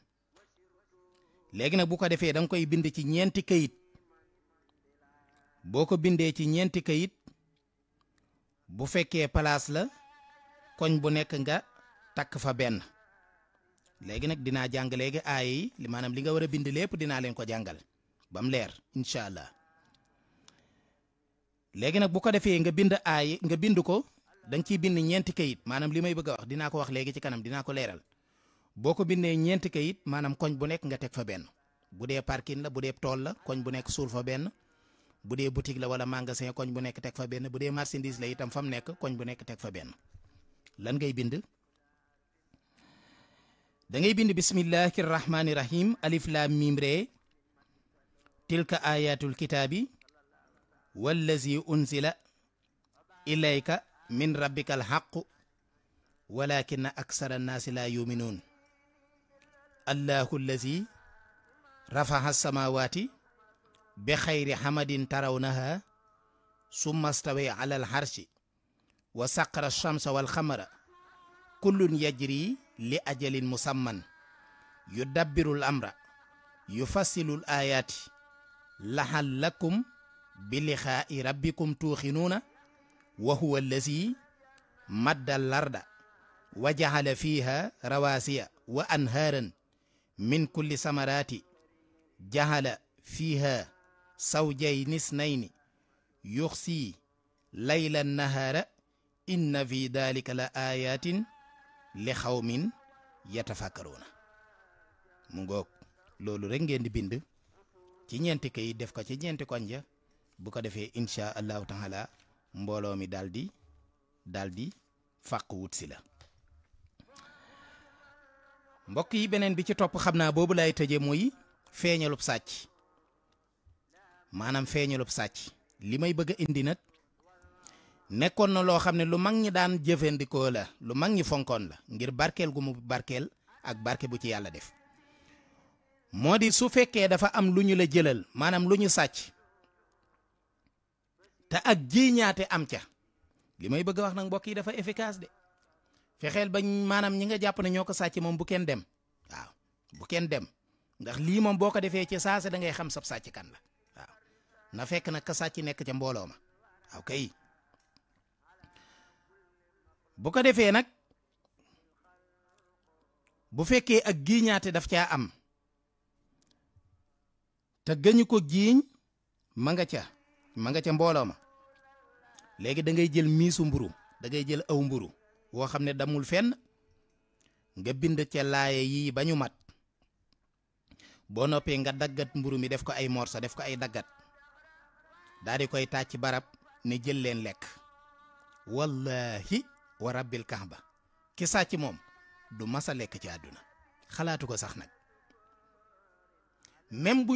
léegi nag bu ko defee danga koy bind ci ñeenti kayit boo ko bindee ci ñeenti kayit bu fekkee palaas la koñ bu nekk nga takk fa benn léegi nag dinaa jàng léegi aay yi li maanaam li nga war a bind lépp dinaa leen ko jàngal ba leer incha allah léegi nag bu ko defee nga bind aay nga bind ko da nga bind ñeenti kayit maanaam li may bëgg a wax ko wax léegi ci kanam dinaa ko leeral boo ko bindee ñeenti kayit maanaam koñ bu nekk nga teg fa benn bu dee parking la bu dee tool la koñ bu nekk suul benn bu dee boutique la wala magasin koñ bu nekk teg fa benn bu dee marchandise la itam fa mu nekk koñ bu nekk teg fa benn lan ngay bind da ngay bind bismillahi rahmaani rahim alif laam miim ree tilka ayatul kitaabi wallazi unzila ilayka min rabbika alxaqu walakin aksara annaasi laa yuminuun allahu allazi rafaha alsamawati bi xayri xamadin tarawnaha summa stawe ala alxarshi wa saqara alchamsa walxamara kullun yajri li ajalin musamman yudabbiru al amra yufassilu al ayaati laxallakum bi lixaa'i rabbikum tuuxinuuna wa huwa allazi madda larda wa jaxala fiiha rawaasiya wa anhaaran min kulli samaraati jaxala fiiha sawjayni snayni yuxsi nahaara inna fi dalika la ayatin li xawmin yatafakkaruuna mu ngoog loolu rek ngeen di bind ci ñeenti kayit def ko ci ñeenti koñ bu ko defee incha allahu taala mbooloo mi daal di daal di si la mbokk yi beneen bi ci topp xam naa boobu lay tëje mooy feeñalub sàcc maanaam feeñalub sàcc li may bëgg a indi nag nekkoon na loo xam ne lu mag ñi daan jëfandikoo la lu mag ñi fonkoon la ngir barkeel gu mu barkeel ak barke bu ci yàlla def moo di su fekkee dafa am lu ñu la jëlal maanaam lu ñu sàcc te ak jéeñaate am ca li may bëgg a wax nag mbokk yi dafa efficace de fexeel ba maanaam ñi nga jàpp ne ñoo ko sàcc moom bu kenn dem waaw bu kenn dem ndax lii moom boo ko defee ci saase da ngay xam sab sàcc kan la waaw na fekk nag ka sàcc nekk ca mbooloo ma waaw kay bu ko defee nag bu fekkee ak giiñaate daf caa am te gëñu ko giiñ ma nga ca ma nga ca mbooloo ma léegi da ngay jël miisu mburu dangay jël aw mburu woo xam ne damul fenn nga bind ca laaye yii bañu mat boo noppee nga daggat mburu mi def ko ay morsa def ko ay daggat daal di koy tàcc barab ne jël leen lekk wallahi wa rabbil ba ki sàcc moom du masa lekk ci àdduna xalaatu ko sax nag même bu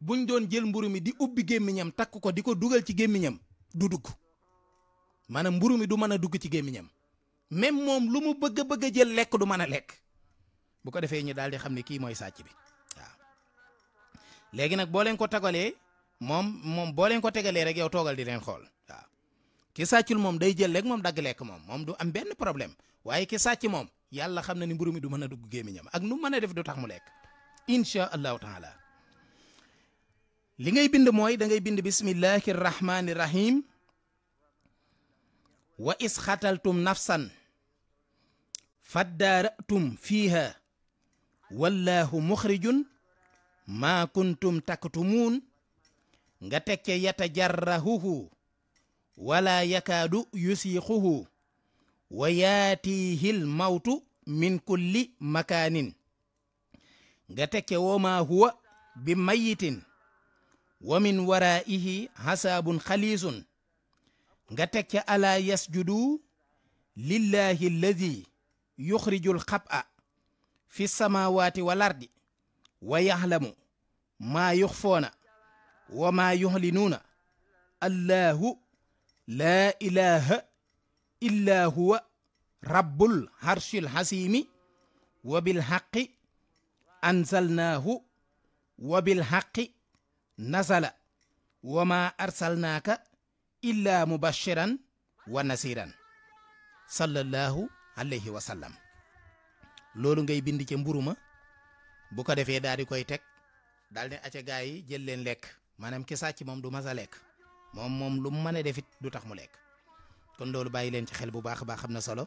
buñ doon jël mburu mi di ubbi gémmiñam takk ko di ko dugal ci gémmiñam du dugg maanaam mburu mi du mën a dugg ci gémmiñam même moom lu mu bëgg a bëgg a jël lekk du mën a lekk bu ko defee ñu daal di xam ni kii mooy sàcc bi waaw léegi nag boo leen ko tagalee moom moom boo leen ko tegalee rek yow toogal di leen xool waaw ki sàccul moom day jël rek moom dagg lekk moom moom du am benn problème waaye ki sàcc moom yàlla xam na ni mburu mi du mën a dugg gémmiñam ak nu mën a def du tax mu lekk incha allahu taala li ngay bind mooy da ngay bind bismillahi rahmaani rahim wa is xataltum nafsan faddaaratum fiiha wallaahu muxrijun maa kuntum taktumuun nga tekke yatajarrahuhu wala yakaadu yusiixuhu wa yaatiihil mawtu min kulli makaanin nga tekke womaa huwa bi mayitin wa min waraa'ihi hasaabun xaliisun nga teg ca alaa yasjudu lillahi alladi yuxrijul xab'a fi samawaati wal ardi wa yaxlamu maa yuxfoona wa maa yuxlinuuna allahu laa ilaha illa huwa rabbul harshil xasiimi wa bil xaqi anzalnaahu wa bil xaqi nazala wa maa arsalnaaka illaa mubashiran wa nasiran sallallahu alayhi wa loolu ngay bind ca mburu ma bu ko defee daal di koy teg daal di acca gaa yi jël leen lekk maanaam ki sàcc moom du mas a lekk moom moom lu mu mën a defit du tax mu lekk kon loolu bàyyi leen ci xel bu baax a baax xam na solo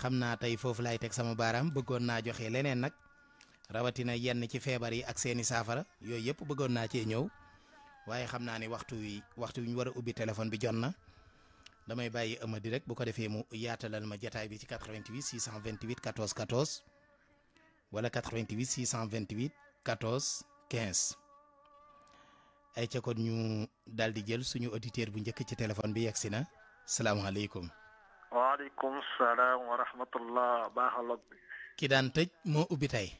xam naa tey foofu laay teg sama baaraam bëggoon naa joxe leneen nag rawatina yenn ci feebar yi ak seeni saafara yooyu yëpp bëggoon naa cee ñëw waaye xam naa ne waxtu wi waxtu wi ñu war a ubbi téléphone bi jot na damay bàyyi Amady rek bu ko defee mu yaatalal ma jataay bi ci 88 628 14 14 wala 88 628 14 15 ay ca kon ñu daal di jël suñu auditeur bu njëkk ci téléphone bi yegsi na salaamaaleykum. waaleykum salaam wa rahmatullah baaxalog ki daan tëj moo ubbi tey.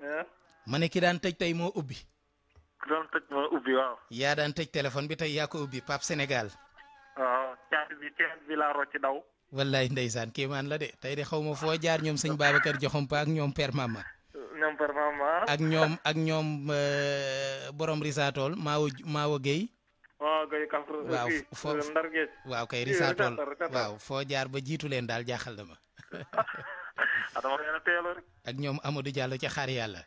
Eh? ma ne ki daan tëj tey moo ubbi. doon yaa daan tëj téléphone bi tey yaa ko ubbi Pape Sénégal. waaw caabi bi caabi la de tey de xaw ma foo jaar ñoom sëñ Babacar Diakhoum Pa ak ñoom Père Mama. ñoom ak ñoom ak ñoom euh, borom Risatol Maawo Maawo waaw foo euh, kay Risatol waaw foo jaar ba jiitu leen daal jaaxal na ma. Ah, ak ñoom Amadou Diallo ci xaar yàlla.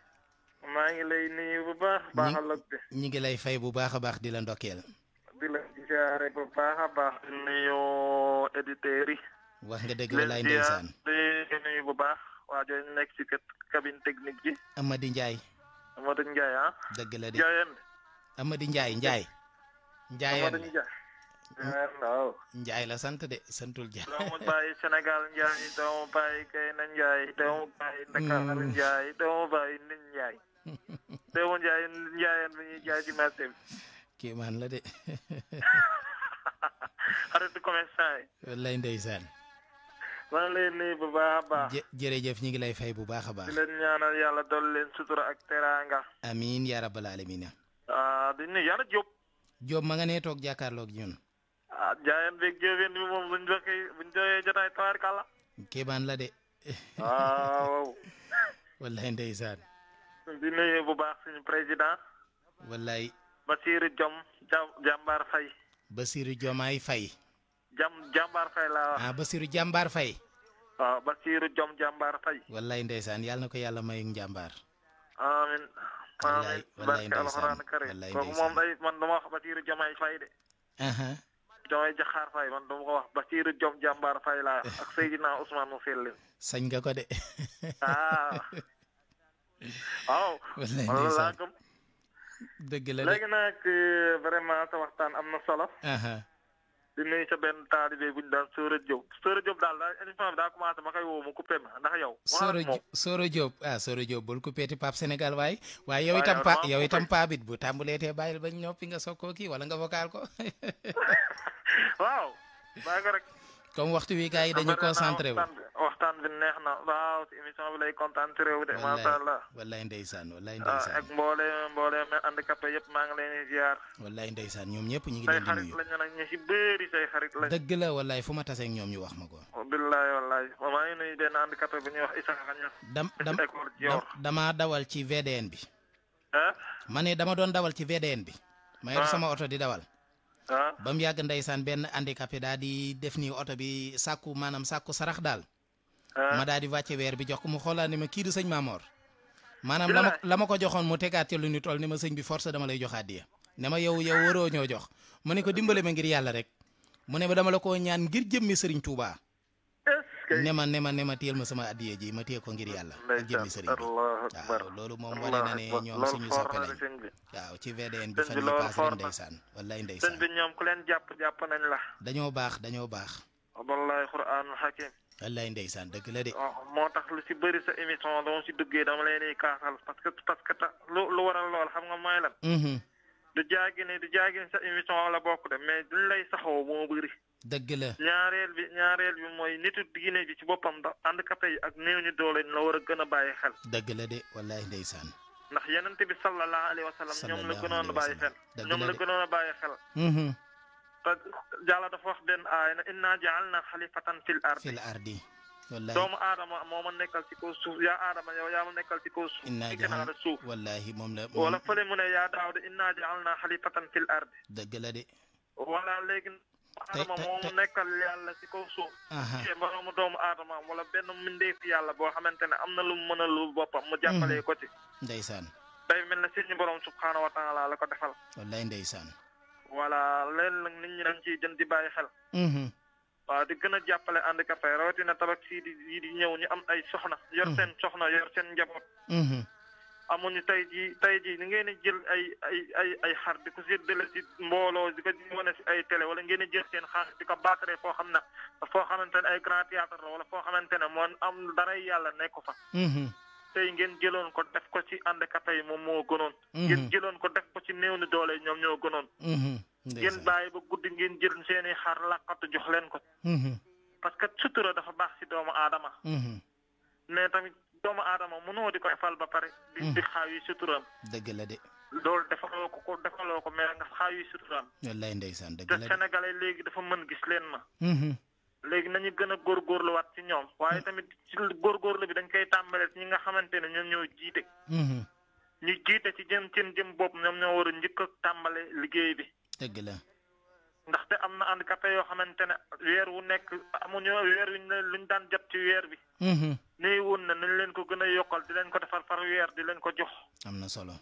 maa ngi lay nuyu bu baax. baaxal ñu ngi lay fay bu baax a baax di la ndokkeel. di la jaare bu baax a baax di nuyu éditeurs yi. wax nga dëgg la ndeysaan di nuyu bu baax waajo nekk ci cabine technique bi. Amady Ndiaye. Amady Ndiaye ah. dëgg la de Ndiaye. Amady Ndiaye Ndiaye. Ndiaye Amady eh, la sant de santul Ndiaye. doomu bàyyi Sénégal Ndiaye doomu bàyyi Kayna Ndiaye doomu bàyyi Dakar mm. Ndiaye Demba Ndiaye Ndiaye la ñuy jaay ci marché la de. xaritu yi. wallay ndeysaan. maa ngi bu baax a baax. jë jërëjëf ñu ngi lay fay bu baax a baax. di yàlla dool leen sutura ak teraanga. amiin yaa rabbal aalamiina. ah di nuyu yàlla Diop. ma nga nee toog jàkkaarloog ñun. ah jaayeen beeg jëfeen bi moom buñ joxee jotaay tawaar kàlla. kii la de. Ah, waaw. wallay di nuyu bu baax suñu président. wallaay. Basirou Diom jàmbaar Faye. Basirou Diomaye fay jam jàmbaar Faye laa wax. ah Basirou jàmbaar Faye. waaw Basirou Diom ko yàlla may njàmbaar. amiin. wallaay wallaay ndeysaan de. Diomaye Diakhar Faye man dama ko wax Basirou Diom jàmbaar Faye ak Seydina Ousmane mu fellin. sañ nga ko de. ah. waaw. wallaahi laa gëm. dëgg la léegi nag eh, vraiment sa waxtaan am na solo. di nuyu sa benn taalibe bu ñu daal Soro Diop Soro Diop daal daal émission daa commencé ma koy woo mu coupé ma ndax yow. Soro Soro Diop ah Soro Diop bul coupé ti Pape waay. waaye yow itam pa yow itam pa bit bu tàmbalee tee ba bañ ñoppi nga soog koo kii wala nga vocal ko. waaw bàyyi ko rek. comme waxtu wi gars yi dañu concentré wu. waxtaan bi neex na waaw émission bi lay concentré wu de. macha allah wallaay ndeysaan wallaay ah, ndeysaan. ak mbooleem mbooleem handicapé yëpp maa ngi leen di ziar. wallaay ndeysaan ñoom ñëpp ñu ngi leen di nuyu. say xarit lañu ñu si dëgg la wallaay fu ma tasee ñoom ñu wax ma ko. Oh, billaay wallaay maa ngi nuyu benn handicapé bu ñuy wax Isaka Niass. dam dam damaa dawal ci VDN bi. ma ne dama doon dawal ci VDN bi. ma yor ah. sama oto di dawal. Ah. ba mu yàgg ndeysaan benn handicapé daa di def nii oto bi sàkku maanaam sàkku sarax daal. Ah. ma daa di wàcce weer bi jox ko mu xoolaa ni ma kii du sëñ Maamoor. maanaam la la ma ko joxoon mu tegaat ci lu ñu toll ni ma sëñ bi force dama lay joxaat diya ne ma yow yow waroo ñoo jox mu ne ko dimbale ma ngir yàlla rek mu ne ma dama la koo ñaan ngir jëmmi sëriñ tuubaa kay ne ma ne ma ne ma téyel ma sama addiye ji ma téye ko ngir yàlla ak jëmmi sëriñ bi waaw loolu moom wane na ne ñoom suñu soppe lañ waaw ci VDN bi fan yi paas leen ndeysaan wallaay ndeysaan sëñ bi ñoom ku leen jàpp jàpp nañ la dañoo baax dañoo baax wallaay qur'aanul hakim wallaay ndeysaan dëgg la de oh, moo tax lu si bëri sa émission dama si duggee dama leen kaasal parce que parce que ta lu waral lool xam nga mooy lan mhm. du jaagi du jaagi sa émission wala dëgg la ñaareel bi ñaareel bi mooy nitu Guinée bi ci boppam ndax handicapé yi ak néew ñu doole la war a gën a bàyyi xel. dëgg la de wallaahi ndeysaan. ndax yonent bi sallallahu alayhi wa sallam ñoom la gënoon a bàyyi xel. ñoom a bàyyi dafa wax benn aay na inna ja'alna xalifatan fil ardi. fil ardi. wallaahi doomu aadama moo ma nekkal ci kaw suuf yaa aadama yow yaa ma nekkal ci kaw suuf. inna jaal suuf wallaahi moom la. wala fële mu ne yaa Daawuda inna ja'alna xalifatan fil ardi. dëgg la de. wala léegi. aadama moomu nekkal yàlla ci kaw suuf te boroomu doomu aadama wala benn mbindeef yàlla boo xamante ne am na lu mu mën a lu boppam mu jàppalee mhm. ko ci ndeysaan mel na suñu borom subhaanahu wa taala la ko defal wallaay ndeysaan voilà leen nag ni ñi dañ ciy jën di bàyyi xel mhm. waaw di gën a jàppale handicapé rawatina tabax sii di yi di ñëw ñu am ay soxna yor mhm. seen soxna yor seen njaboot amuñu tey jii tey jii ni ngeen di jël ay ay ay ay xar di ko séddale ci mbooloo di ko ay télé wala ngeen di jël seen xar di ko baataree foo xam na ne foo xamante ne ay grand théâtre la wala foo xamante ne moom am dara yàlla nekk fa. Mm-hmm. tey ngeen jëloon ko def ko ci handicapé yi moom moo gënoon. Mm-hmm. ngeen jëloon ko def ko ci néew ni doole ñoom ñoo gonoon mm-hmm. ngeen bàyyi ba guddi ngeen jël seeni xar làqatu jox leen ko. parce que sutura dafa baax ci doomu aadama. tamit doomu aadama mënoo di ko fal ba pare. di mm. di xaaw yi suturam. dëgg la de. loolu defaloo ko ko defaloo ko mais nga xaaw yi suturam. wallaay ndeysaan dëgg la de te sénégalais léegi dafa mën gis leen ma. Mm-hmm. léegi nañu gën a góorgóorluwaat ci ñoom waaye mm. tamit góor góorgóorlu bi dañ koy tàmbalee ci ñi nga xamante ne ñoom ñoo jiite. Mm-hmm. ñu jiite ci jëm seen jëm bopp ñoom ñoo war a njëkk a tàmbale liggéey bi. dëgg la. ndaxte am na handicapé yoo xamante ne weer wu nekk amuñu weer wi ñu daan jot ci weer bi. Mhm. nii woon na nañ leen ko gën a yokkal di leen ko defar par weer di leen ko jox. am na solo.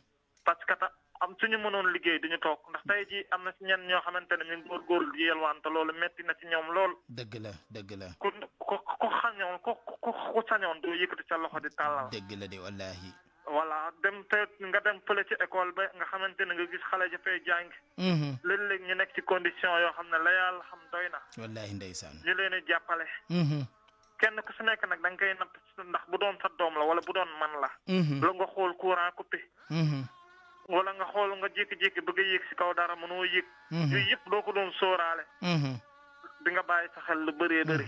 parce que ta am suñu mënoon liggéey duñu toog ndax tey jii am na si ñoo xamante ne ñu góorgóorlu di yelwaan te loolu metti na ci ñoom lool. dëgg la dëgg la. ku ku ku xañoon ku ku ku sañoon doo yëkkati sa loxo di tàllal. dëgg la de wallaahi. voilà dem te nga dem fële ci école ba nga xamante ne nga gis xale ja fay jàng. Mhm. léeg-léeg ñu nekk ci condition yoo xam ne la yàlla xam doy na. wallaahi ndeysaan. ñu leen di jàppale. Mhm. kenn ku si nekk nag da nga koy napp ndax bu doon sa doom la wala bu doon man la. Mhm. la nga xool courant coupé. wala nga xool nga jékki-jékki bëgg a yéeg si kaw dara mënoo yéeg. yooyu yëpp doo ko doon sóoraale. di nga bàyyi sa xel lu bëree bëri.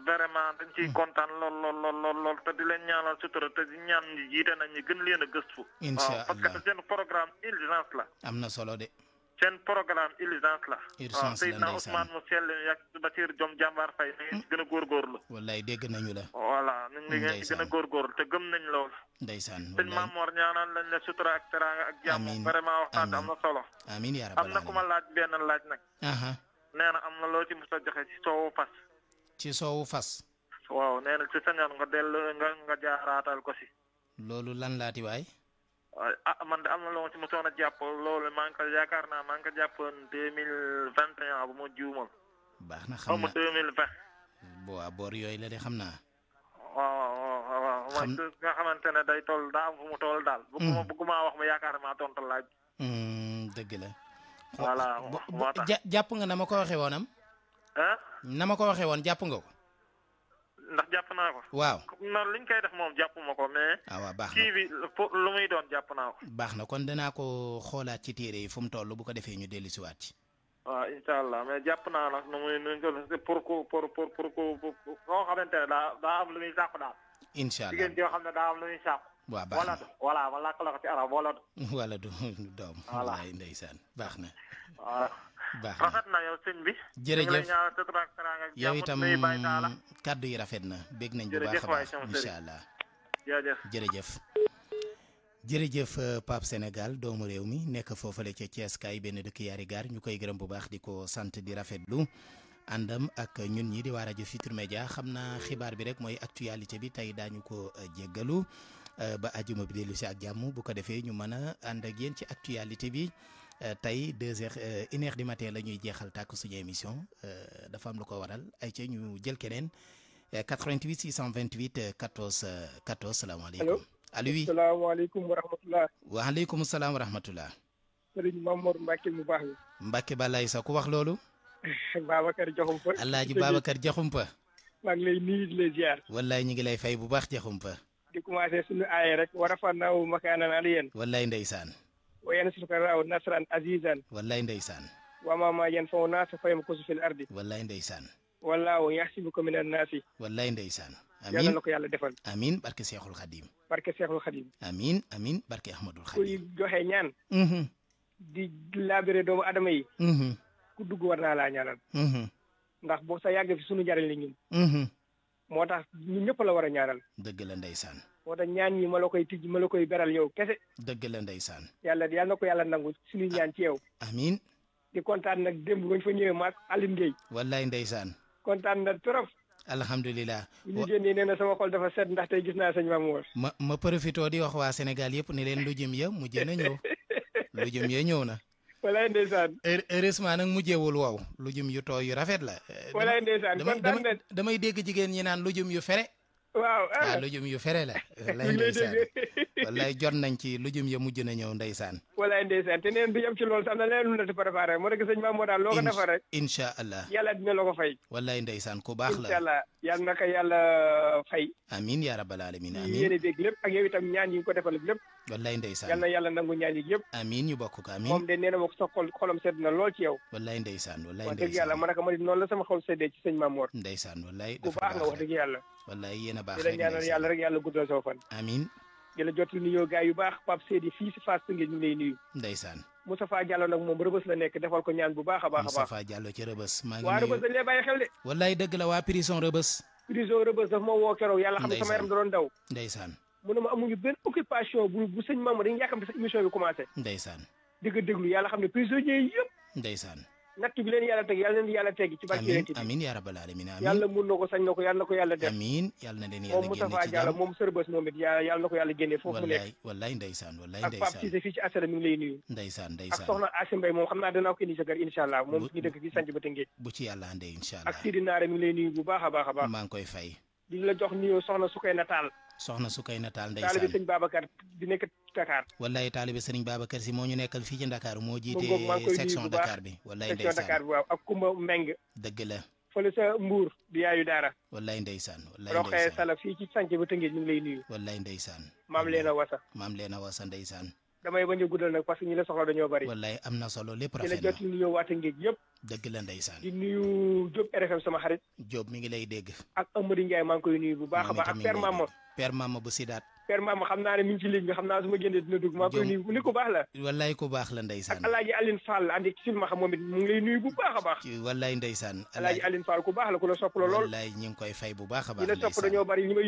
vraiment dañ ciy mm. kontaan lool lool lool lool te di leen ñaanal sutura te di ñaan ñi jiite nañ ñi gën leen a gëstu. incha allah waaw parce que seen programme urgence la. am na solo de. seen programme urgence la. urgence la ndeysaan Ousmane mu sell yak Bachir Diom jàmbaar Faye. na ngeen ci mm. gën a góorgóorlu. wallaay dégg nañu la. voilà ñu ngi ngeen ci gën a góorgóorlu te gëm nañ lool. ndeysaan wallaay sëñ Mamour ñaanal lañ la sutura ak teraanga ak jàmm. vraiment waxtaan am na solo. amiin yaa rabbal aalamiin am na ku ma laaj benn laaj nag. nee na am na loo ci mos a joxe ci soowu fas ci soowu fas. waaw nee na ci sañoon nga dellu nga nga jaaraatal ko si. loolu lan laati waay. ah man de am na loo ci mosoon a jàpp loolu maa ngi ko yaakaar naa maa ngi ko jàppoon deux mille vingt et ma juumal. baax na xam ma deux mille ah, yooyu la de xam naa. waaw waaw ne day toll daa am fu mu toll daal. Hmm. bëgguma ma yaakaar laaj. Hmm, dëgg la. jàpp nga na ma ko woonam. ah. na ma ko waxee woon jàpp nga ko. ndax jàpp naa ko. waaw noonu luñ koy def moom jàpp ma ko mais. ah baax na kii lu muy doon jàpp naa baax na kon danaa ko xoolaat ci téere yi fu mu toll bu ko defee ñu dellu siwaat ci. waaw incha allah mais jàpp naa nag nu muy nu pour pour pour pour koo xamante ne daa daa am lu muy sàkku daal. incha allah jigéen joo xam ne daa am lu muy sàkku. waaw baax na voilà ma làkk la ko ci arab wala du. wala doom. voilà ndeysaan baax na. baax na yow sëñ bi. jërëjëf yow itam kàddu yi rafet na bég nañ bu baax baax incha allah jërëjëf. jërëjëf euh, Pape Sénégal doomu réew mi nekk foofale ca Thiès kaay benn dëkk yaari gaar ñu koy gërëm bu baax di ko sant di rafetlu. àndam ak ñun ñi di waa rajo Futurs Médias xam naa xibaar bi rek mooy actualité bi tey daañu ko euh, jéggalu euh, ba ajuma bi dellu si ak jàmm bu ko defee ñu mën a ànd ak yéen ci actualité bi. Euh, tey deux heures euh, une heure du matin la ñuy jeexal tàkk suñu émission euh, dafa am lu ko waral ay ca ñu jël keneen 88 vingt 14 14 salaamaaleykum. allo oui salaamaaleykum wa rahmatulah. waaleykum salaam wa rahmatulah. Sëriñ Mamour wax loolu. Babacar Diakhoumpa. Alaaji Babacar Diakhoumpa. maa ngi lay wallaay ñu ngi lay fay bu baax Diakhoumpa. di commencé suñu aaye rek war a fànnaawu makaanan aliyen. wallaay ndeysaan. wa yansuruka Allaahu nasran aziizan wallaay ndeysaan wa maa maa yanfa'u naasa fa yamkusu fil ardi wallaay ndeysaan wallaahu yaxsibuka minan naasi ndeysaan amiin ko yàlla defal amiin barke Seexul Xadiim barke Seexul Xadiim amiin amiin barke Ahmadul Xadiim kuy joxe ñaan di laabire doomu adama yi ku dugg war naa laa ñaanal ndax boo sa yàgg fi sunu njariñ li moo tax ñun ñëpp la war a ñaanal dëgg la ndeysaan moo tax ñaan yi ma la koy tijj ma la koy beral yow kese. dëgg la ndeysaan. yàlla yal na ko yàlla nangu suñuy ah, ñaan ci yow. di kontaan nag démb bañ fa ñëwee maak Alioune Gueye. wallaay ndeysaan. kontaan na trop. alhamdulilah. bu ñu génnee nee na sama xol ndax tey gis naa sëñ Mamour. ma ma profité di wax waa Sénégal yëpp ne leen lu jëm ya mujjee na ñëw lu jëm ya ñëw na. walaay ndeysaan. heureusement nag mujjeewul waaw lu jëm yu tooy yu rafet la. damay damay jigéen ñi naan lu jëm yu fere. waaw ah, ah. lu jum yu fere la. lay ndeysaan wallaay jot nañ ci lu jëm ya mujj na ndeysaan wallaay ndeysaan te neen du yem ci loolu sax na leneen lu nati préparé moo moo daal loo la ko fay wallaay ndeysaan ku baax la incha allah yàlla ma lool ci yow wallaay ndeysaan baax nga a baax rek ñaanal yàlla rek fan amin di la jot nuyoo gaay yu baax Pape Seydi fii si Fass Tëngéej ñu ngi lay nuyu. ndeysaan Moustapha Diallo nag moom rëbës la nekk defal ko ñaan bu baax a baax a baax Moustapha Diallo ci rëbës waa rëbës dañ lay xel de wallaay dëgg la waa prison rëbës prison rëbës daf ma woo keroog yàlla xam ne sama yaram da doon daw ndeysaan mu ne ma amuñu benn occupation bu bu sëñ dañu yàkkamte sa émission bi commencé ndeysaan di ko déglu yàlla xam ne prisonnier yëpp ndeysaan natt bi leen yàlla teg yàlla leen yàlla teg ci barke yonent bi amiin yaa rabbal aalamiin amiin yàlla mun na ko sañ na ko yàlla ko yàlla def amiin moom Moustapha Diallo moom moom yàlla na ko yàlla génne foofu mu nekk wallaay ndeysaan wallaay ndeysaan ak Pape soxna Asi Mbaye moom xam naa danaa ko indi sa kër insha allah moom suñu dëkk fii sanc ba Tëngéej bu ci yàlla andee insha allah ak Sidi Naare mi lay nuyu bu baax a baax a baax maa ngi koy fay di jox nuyoo soxna Sukay Nataal soxna Sukayna Taal ndeysaan taalibe sëñ Babacar di nekk Dakar wallaay taalibe sëriñ Babacar si moo ñu nekkal fii ci Dakar moo jiite section Dakar bi wallaay ndeysaan section Dakar bi waaw ak Kumba Mbeng dëgg la fële sa Mbuur di yaayu daara wallaay ndeysaan wallaay ndeysaan sala fii ci sànc bu tëngee ñu ngi lay nuyu wallaay ndeysaan maam leena wasa maam leena wasa ndeysaan damay bañ a guddal nag parce que ñi la soxla dañoo bari wallaay am na solo lépp rafet na di la jot ñu nuyoo waate sama xarit Diop mi ngi lay dégg ak Amady Ndiaye maa bu baax a baax ak Père père Mama bu Sidaat. père Mama xam naa ne mi ci ligne bi xam naa su ma dina dugg. maa koy nuyu ni ku baax la. wallaay ku baax la ndeysaan. ak El Hadj Aline Fall ànd a ku baax la ku la sopp la lool. wallaay koy fay bu baax a baax. ndeysaan la sopp dañoo bari lool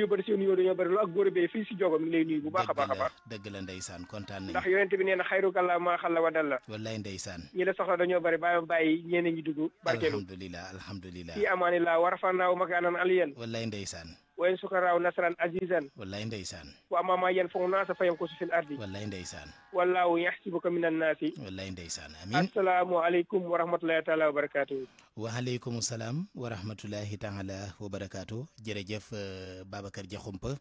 ak góor bee fii si jogo mi ngi lay nuyu bu baax a baax a baax. dëgg la ndeysaan kontaan nañu. ndax yonent bi na xayru kala maa xalla wa dalla. wallaay ndeysaan. ñi la soxla dañoo bari bàyyi bàyyi ñeneen ñi dugg. barkeelu alhamdulilah alhamdulilah. fii amaanillah wa rafanaaw wa in sukaraaw nasran azizan wallaay ndeysaan wa amma maa yanfa'u naasa fa yamkusu fil ardi wallaay ndeysaan wallaahu ndeysaan amiin asalaamu aleykum wa rahmatulahi taala wa salaam wa rahmatulahi taala wa barakaatu jërëjëf eh, Babacar Diakhoumpa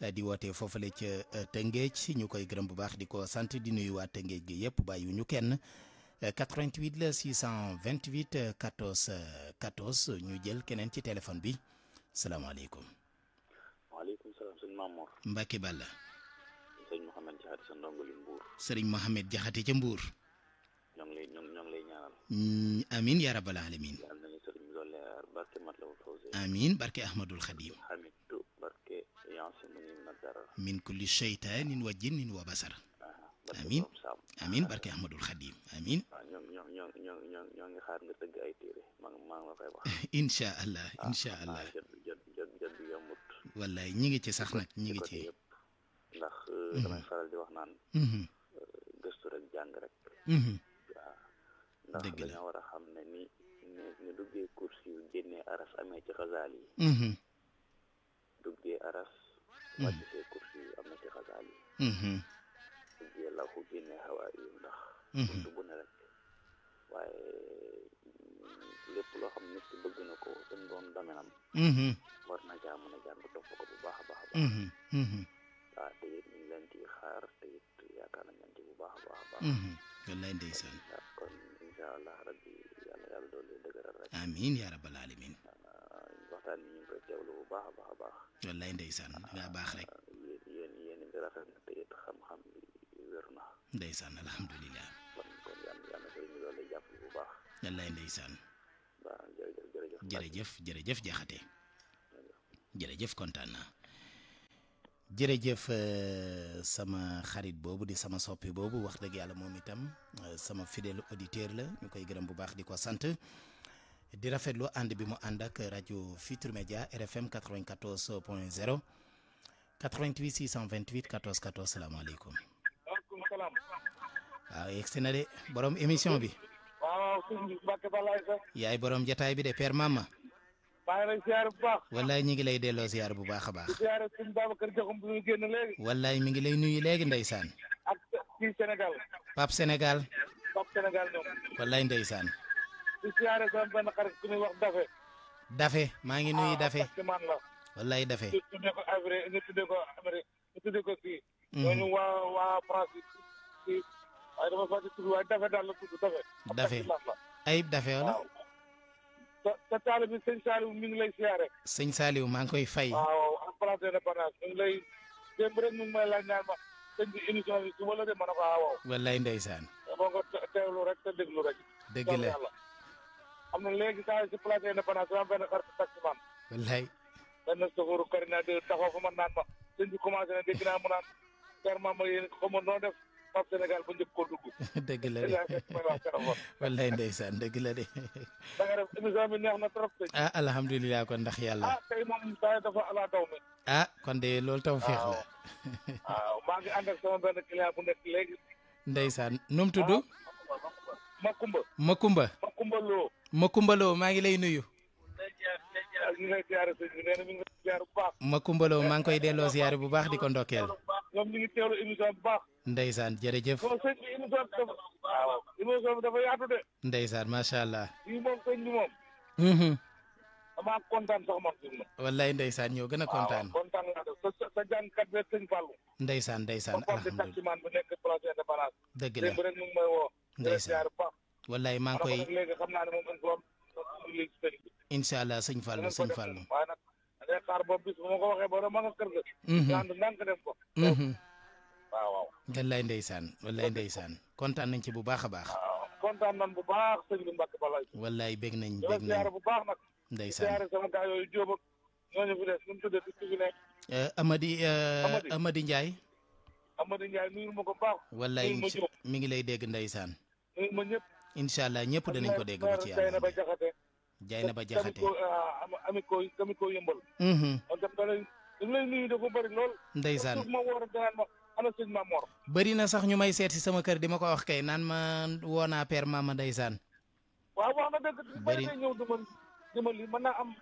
eh, di woote foofale ca eh, Tëngéej ñu koy gërëm bu baax di ko sant di nuyu waa Tëngéej gi yëpp bàyyi ñu kenn 88 la 628 14 14 ñu jël keneen ci téléphone bi salaamaaleykum Mamour. Mbacke Balla. sëñ Mouhamed Diakhaté sa ndongo li Mbour. sëriñ Mouhamed Diakhaté ca Mbour. ñoo mm, rabbal aalamiin. yàlla barke Matlabul Fawzeyni. min dara. min wa jinnin wa basar. Ah, amiin barke Ahmadul Xadim amiin. waaw allah incha ah, allah. Ah, wallaay ñi ngi ci sax nag ñi ci yëpp ndax euh, mm-hmm. damay faral di wax naan mm-hmm. euh, gëstu rek jàng rek mm-hmm. waaw ndax dañoo war a xam ne ni ne ñu duggee course yu génnee aras amee ci xasaal yi duggee aras wàcc see course yu am ci xasaal yi duggee laxu génnee xawaa yu ndax buntu bu rek waaye lépp loo xam nit ki bëgg na ko te mu doon domenam mm-hmm. war na caa mën a jàng topp ko bu baax a baax a baax mm-hmm. Mm-hmm. waaw te it ñu ngi leen ci xaar te it yaakaar nañ leen ci bu baax a baax a baax wallaay ndeysaan kon insha allah rabbi yàlla yàlla doolu dëgëral rek amiin yaa a alamin waxtaan bi ñu ngi koy teewlu bu baax a baax a baax wallaay ndeysaan ngaa baax rek ah, yéen yéen ngi rafet na te it xam-xam bi wér na ndeysaan alhamdulilah kon kon yàlla yàlla sëriñ jàpp bu baax wallaay ndeysaan jërëjëf jërëjëf jaxate jërëjëf kontaan naa jërëjëf euh, sama xarit boobu di sama soppi boobu wax dëgg yàlla moom itam euh, sama fidèle auditeur la ñu koy gërëm bu baax di ko sant di rafetlu ànd bi mu ànd ak rajo Futurs Médias RFM 94 point 0 88 628 14 14 salaamaaleykum. waaw yegg si na de borom émission bi. waaw sëñ bi yaay borom jataay bi de Père Mama. wallaay ñu ngi lay delloo ziar bu baax a baax. di ziar léegi. wallaay mi ngi lay nuyu léegi ndeysaan. ak fii Sénégal. Pape Sénégal. Pape Sénégal ñoom. wallaay ndeysaan. Dafe. maa ngi nuyu ah, Dafe wallaay Dafe. waaye dama fàtte tudd waaye dafe daal la tudd dafe. dafe ayib dafe wala. te te taale bi sëñ Saliou mi ngi lay siyaare. sëñ Saliou maa ngi koy fay. waaw en place de dépendance mi ngi lay démb rek may laaj naan ma sëñ bi émission bi suba la de ma ne ko ah, waaw. wallaay ndeysaan. boo nga teewlu te déglu rek. dëgg la am na léegi de taxaw ma naan ma sëñ bi commencé na dégg naa mu naan car ma yéen ko noo def. Pape dëgg la de wallaay ndeysaan dëgg la de. ah alhamdulilah kon ndax yàlla. ah, ah kon de loolu taw feex la. waaw maa ngi ah, Makumba Makumba. Makumba maa ngi lay nuyu. ak ñu lay ziare sëñ bi bu baax. koy delloo ziare bu baax di ko ndokkeel. ñoom ñu ngi teewlu dafa. yaatu de. ndeysaan macha allah. fii moom sëñ bi moom. Mhm. damaa kontaan sax man. wallaay ndeysaan ñoo gën a kontaan. waaw kontaan naa de incha allah sëñ Fallou sëñ Fallou. waaye nag day xaar mhm. mhm. ndeysaan wallaay ndeysaan kontaan nañ ci bu baax a baax. waaw bu baax sëñ bi Mbacke Balaye. wallaay bég nañ bég nañ bu baax nag. ndeysaan siyaare sama gaa yooyu Jóob ak ñooñu fi des nu mu ngi lay dégg ndeysaan. nuyu ma ñëpp. incha allah ñëpp danañ ko dégg ba ci jaay na ba jaxate ah, amit mm-hmm. ko amit ko yëmbal on na sax ñu may seeti sama kër di ma wax kay naan ma woonaa père mama ndeysaan waaw wax na dëgg bëri na ñëw duma dima li mën am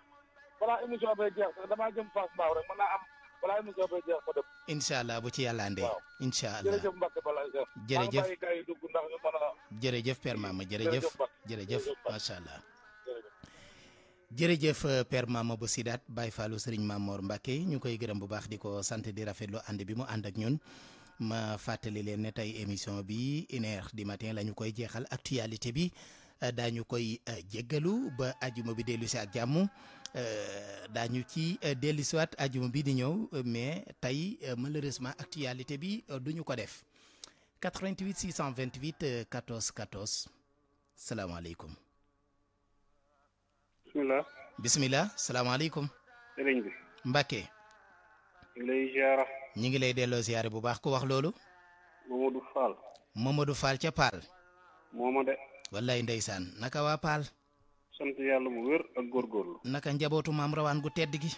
balaa émission bay jeex sax damaa jëm Fass Mbao rek mën naa am balaa bu ci yàlla andee incha jërëjëf Mbacke Bala jërëjëf jërëjëf jërëjëf euh, Père Mamadou Sidat Baye Fallou Serigne Mamor Mbacke ñu koy gërëm bu baax di ko sant di rafetlu ànd bi mu ànd ak ñun ma fàttali leen ne tey émission bi une heure du matin la ñu koy jeexal actualité bi euh, daañu koy euh, jéggalu ba ajuma bi dellu si ak jàmm daañu ci dellu siwaat ajuma bi di ñëw mais tey malheureusement actualité bi duñu ko def 88 628 14 14 salaamaaleykum. bisimilah. bisimilah salaamaaleykum. sëriñ bi. Mbacke. ñu ngi lay ziara. ñu ngi lay delloo ziare bu baax ku wax loolu. Mamadou Fall. Mamadou Fall ca Paal. mooma de. wallaay ndeysaan naka waa Paal. sant yàlla mu wér ak góorgóorlu. naka njabootu rawaan gu tedd gi.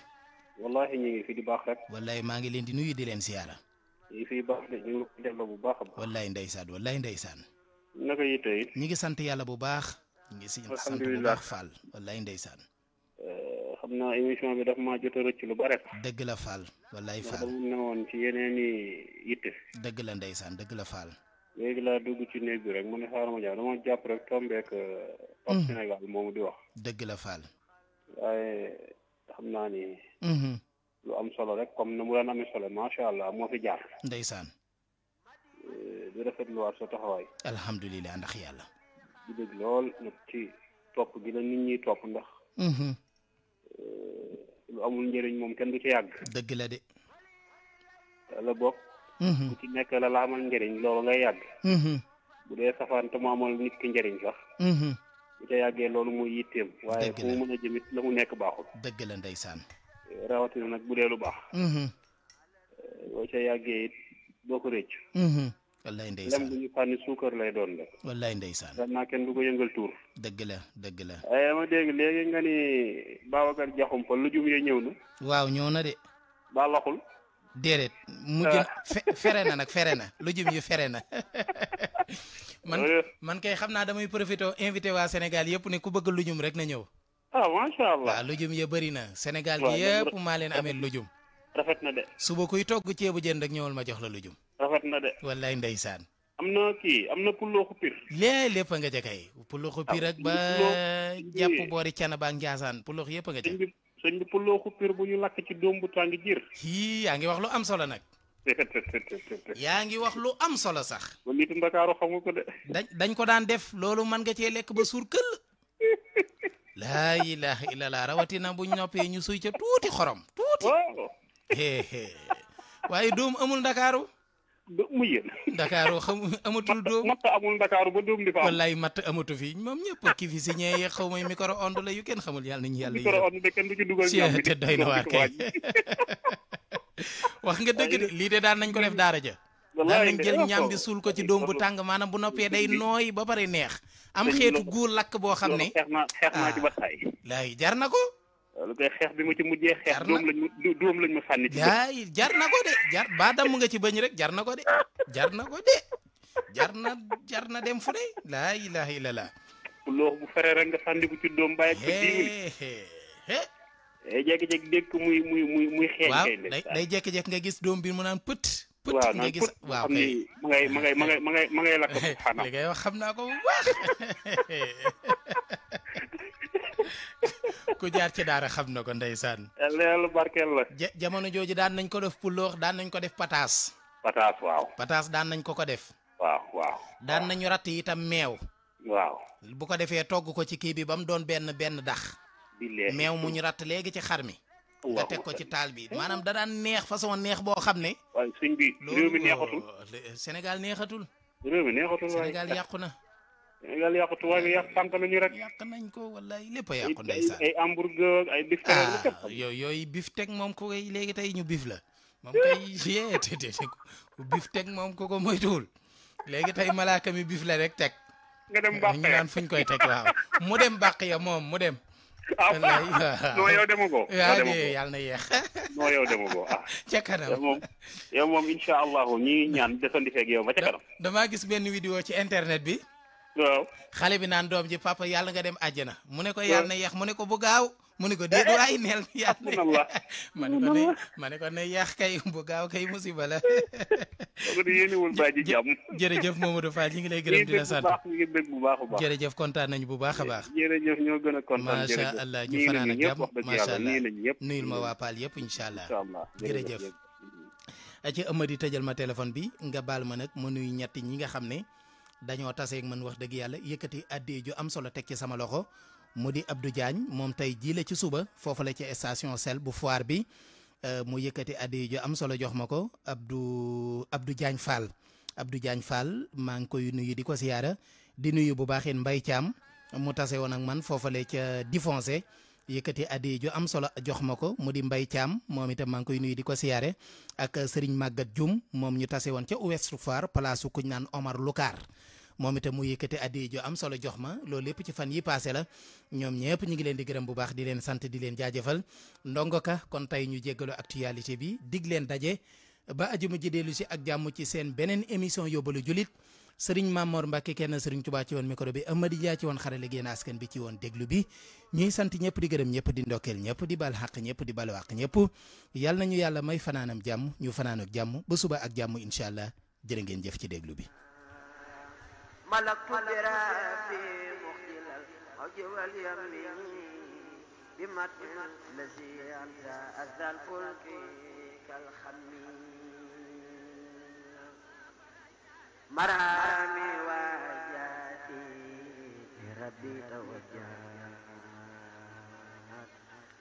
wallahi ñu ngi fi di baax rek. wallaay maa ngi leen di nuyu di leen ziara. ñu fi baax de ñu ngi delloo bu baax wallaay ndeysaan wallaay ndeysaan. naka yitte yi. ñu ngi sant yàlla bu baax. ñu ngi si sant bu baax Fall wallaay ndeysaan eh, xam na émission bi daf ma jot a rëcc lu bare dëgg la Fall wallaay Fall dama newoon ci yeneen i yitte dëgg la ndeysaan dëgg la Fall léegi laa dugg ci néeg bi rek mu ne xaaral ma jàpp rek tombeek eh, Pap hmm. Sénégal moomu di wax dëgg la Fall waaye xam naa ni hmm. lu am solo rek comme na mu daan amee solo macha allah moo fi jaar ndeysaan eh, di rafetluwaat sa taxawaay alhamdulilah ndax yàlla di bëgg lool nag ci topp gi la nit ñi topp ndax mhm. euh, lu amul njëriñ moom kenn du ci yàgg dëgg la de la bokk mhm. ku ci nekk la la amal njëriñ loolu ngay yàgg mhm. bu dee safaan te mu amal nit ki njëriñ sax bu ca yàggee loolu mooy yitteem waaye fu mu mën a jëmit la mu nekk baaxul dëgg la ndeysaan eh, rawatina nag bu dee lu baax eh, boo yàggee it doo ko rëcc wallaay ndeysaan lem bu ñu du ko yëngal tuur. dëgg la dëgg la. Eh, ma dégg léegi nga ni Babacar Diakhoum fa lujum ya ñëw na. waaw ñëw na de. ba laxul. déedéet mujj ah. fere na nag fere na lujum yu fere na. man eh. man kay xam naa damay profité invité waa Sénégal yëpp ne ku bëgg lujum rek na ñëw. ah macha allah waaw lujum ya bëri na. Sénégal gi yëpp maa leen amee lujum. rafet na de. suba kuy togg ceebu jën rek ñëwal ma jox la lujum. rafet na de. wallaay ndeysaan. am na kii am na pulloo xupir. lépp nga ca kay. pulloo xupir ak ba jàpp boori Canaba ak Ndiassane pulloo yëpp nga ca. sëñ bi pulloo xupir bu ñu lakk ci doom bu tàng jir. hi yaa ngi wax lu am solo nag. yaa ngi wax lu am solo sax. ba nitu Ndakaaru xamu de. dañ ko daan def loolu mën nga cee lekk ba suur këll. laa rawatina buñ noppee ñu suy xorom waaye doom amul Ndakaaru. ba mu yéen. Dakar xam amatul dóom amul Dakar ba dóom di wallaay matt amatu fi moom ñëpp ki fi signé xaw ma micro onde la yu kenn xamul yàlla nañu yàlla. micro onde de kenn du ci dugal ñoom te doy na waar kay. wax nga dëgg de lii de daan nañ ko def daara ja daan nañ jël ñaam suul ko ci doom bu tàng maanaam bu noppee day nooy ba pare neex am xeetu guur lakk boo xam ne xeex naa ah. jar na ko lu koy xeex bi mu ci mujjee xeex. jar na doom lañ doom lañ ma sànni. ci bët na ko de ba damm nga ci bañ rek jar na ko de jar na ko jar na na dem fu de laa ilaha illallah. loox bu feree rek nga sànni ci doom bàyyi ak. ba day jékki muy muy muy muy xeeñ. nga gis doom bi mu naan pët. pët nga gis waaw ma ngay ma ngay xam naa ko bu ku jaar ci daara xam na ko ndeysaan. yàlla yàlla barkeel la. jamono jooju daan nañ ko def puloox daan nañ ko def pataas. pataas waaw. daan nañ ko ko def. waaw waaw. daan nañu ratt itam meew. waaw. bu ko defee togg ko ci kii bi ba mu doon benn benn dax. meew mu ñu ratt léegi ci xar mi. nga teg ko ci taal bi maanaam da daan neex façon neex boo xam ne. waaye sëñ neexatul. Sénégal yàqu na. yàlla yàqut waaye bi yàq tànk nañu rek. yàq nañ ko wallaay lépp a yàqu ndeysaan ay hamburger ay bif. Ah, yooyu yooyu teg moom ku koy léegi tey ñu biif la moom tey yee te te ku bif teg moom ku ko moytuwul léegi tey malaaka mi bif la rek teg. nga dem bàq ya ñu naan fuñ koy teg dem bàq ya moom mu dem. ah non yow demagoo. na yéex. non yow demagoo ah. ca kanam moom ñaan desandi feeg yow gis benn vidéo ci internet bi. waaw xale bi naan doom ji papa yàlla nga dem na mu ne ko yàlla na yeex mu ne ko bu gaaw. mu ne ko déet waay neel yàlla ma ne ko ne ma ne ko ne yeex kay bu gaaw kay musiba la. kooku jërëjëf Mamadou a ñu ngi lay gërëm sant ñu jërëjëf kontaan nañu bu baax a baax. jërëjëf ñoo gën allah ñu fanaan ak jàmm nuyul ma waa Paal yëpp incha allah jërëjëf. ci Amady tëjal ma téléphone bi nga baal ma nag ma nuyu ñetti ñi nga xam ne dañoo taseeg man wax dëgg yàlla yëkkati addi ju am solo teg ci sama loxo mu di Abdou jaañ moom tey jii la ci suba foofu la ci estation sel bu foire bi euh, mu yëkkati addi ju am solo jox ma ko Abdou Abdou Diagne Fall Abdou jaañ Fall maa ngi koy nuyu di ko si siyaara di nuyu bu baaxin Mbaye Thiam mu tase woon ak man la ca Difoncé yëkkati addi ju am solo jox ma ko mu di Mbay Caam moom itam maa ngi koy nuyu di ko siyaare ak Serigne Maguette jum moom ñu tase woon ca Ouest Foire palaasu kuñ naan Omar Lukaar moom itam mu yëkkati addi ju am solo jox ma loolu lépp ci fan yi passé la ñoom ñëpp ñu ngi leen di gërëm bu baax di leen sant di leen jaajëfal ndongo ka kon tey ñu jéggalu actualité bi dig leen daje ba ajuma ji dellu si ak jàmm ci seen beneen émission yóbbalu julit sëriñ Mamor Mbacke kenn sëriñ Touba ci woon micro bi Amady Dia ci woon xarale génn askan bi ci woon déglu bi ñuy sant ñëpp di gërëm ñëpp di ndokkeel ñëpp di bal xaq ñëpp di bal wàq yàlla may fanaanam jàmm ñu fanaan jàmm ba suba ak jàmm incha allah jëf ci déglu bi مرامي وجاتي ربي توجهت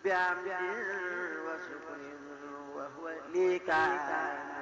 بعمد وشكر وهو لي كان